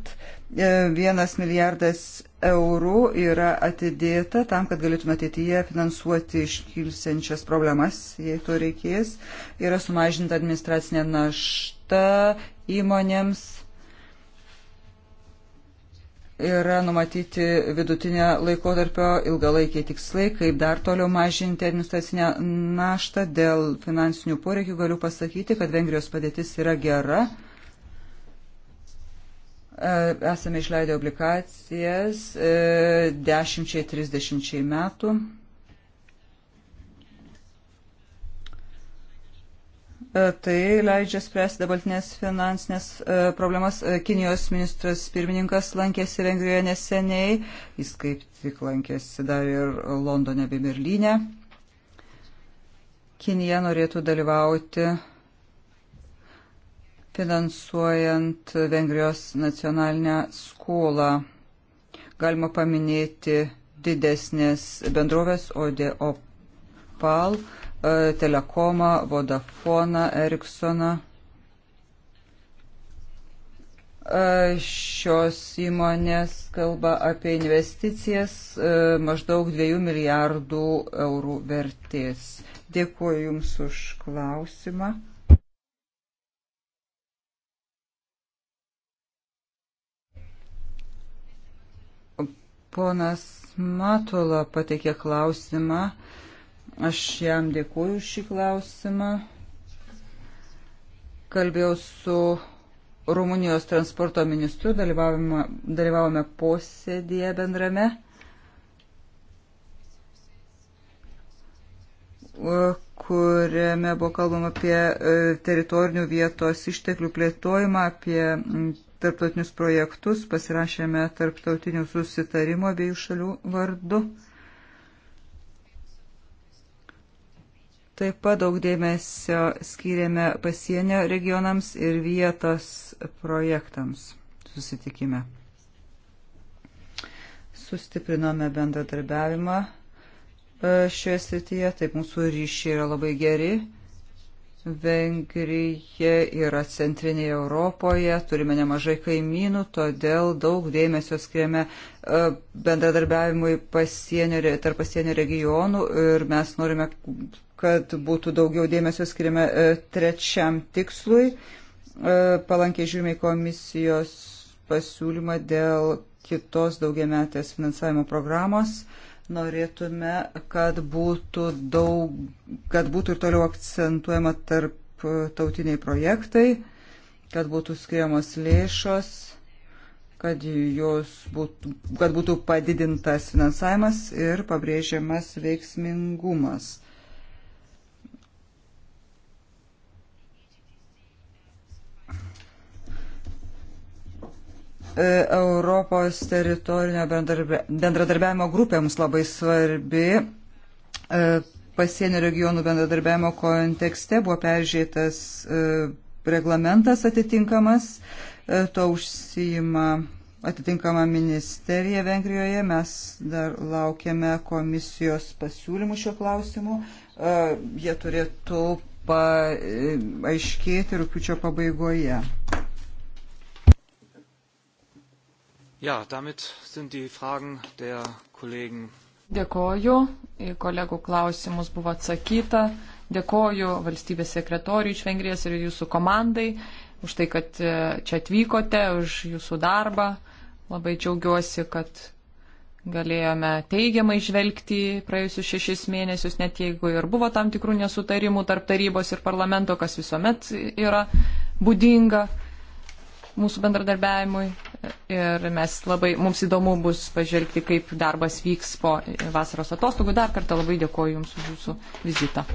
E, vienas milijardas eurų yra atidėta tam, kad galėtume ateityje finansuoti iškilsiančias problemas, jei to reikės. Yra sumažinta administracinė našta įmonėms. Yra numatyti vidutinio laikotarpio ilgalaikiai tikslai, kaip dar toliau mažinti administracinę naštą dėl finansinių poreikių. Galiu pasakyti, kad Vengrijos padėtis yra gera. E, esame išleidę obligacijas 10-30 e, metų. E, tai leidžia spręsti dabartinės finansinės problemas. Kinijos ministras pirmininkas lankėsi Vengrijoje neseniai, jis kaip tik lankėsi dar ir Londone bei Berlyne. Kinija norėtų dalyvauti finansuojant Vengrijos nacionalinę skolą. Galima paminėti didesnės bendrovės ODO PAL, e, Telekomą, Vodafoną, Ericssoną e, šios įmonės kalba apie investicijas e, maždaug 2 milijardų eurų vertės. Dėkuoju Jums už klausimą. Ponas Matula pateikė klausimą. Aš jam dėkuoju šį klausimą. Kalbėjau su Rumunijos transporto ministru, dalyvavome, dalyvavome posėdėje bendrame. kuriame buvo kalbama apie e, teritorinių vietos išteklių plėtojimą, apie tarptautinius projektus, pasirašėme tarptautinių susitarimų abiejų šalių vardu. Taip pat daug dėmesio skyrėme pasienio regionams ir vietos projektams susitikime. Sustiprinome bendradarbiavimą e, šioje srityje, taip mūsų ryšiai yra labai geri Vengrija yra centrinėje Europoje, turime nemažai kaimynų, todėl daug dėmesio skiriame e, bendradarbiavimui pasienio, tarp pasienio regionų ir mes norime, kad būtų daugiau dėmesio skiriame e, trečiam tikslui. E, palankiai žiūrime į komisijos pasiūlymą dėl kitos daugiametės finansavimo programos. Uh, norėtume, kad būtų, daug, kad būtų ir toliau akcentuojama tarp e, tautiniai projektai, kad būtų skiriamos lėšos, kad, būtų, kad būtų padidintas finansavimas ir pabrėžiamas veiksmingumas. E, Europos teritorinio bendradarbiavimo grupė mums labai svarbi. E, pasienio regionų bendradarbiavimo kontekste buvo peržiūrėtas e, reglamentas atitinkamas, to užsijima atitinkama ministerija Vengrijoje. Mes dar laukiame komisijos pasiūlymų šiuo klausimu. Jie turėtų paaiškėti rūpiučio pabaigoje. Ja, damit sind die Fragen der Kollegen. Dėkoju, į kolegų klausimus buvo atsakyta. Dėkoju valstybės sekretoriui iš Vengrijos ir jūsų komandai už tai, kad e, čia atvykote, už jūsų darbą. Labai džiaugiuosi, kad galėjome teigiamai žvelgti praėjusius šešis mėnesius, net jeigu ir buvo tam tikrų nesutarimų tarp tarybos ir parlamento, kas visuomet yra būdinga mūsų bendradarbiavimui ir mes labai, mums įdomu bus pažvelgti, kaip darbas vyks po vasaros atostogų. Dar kartą labai dėkoju Jums už Jūsų vizitą.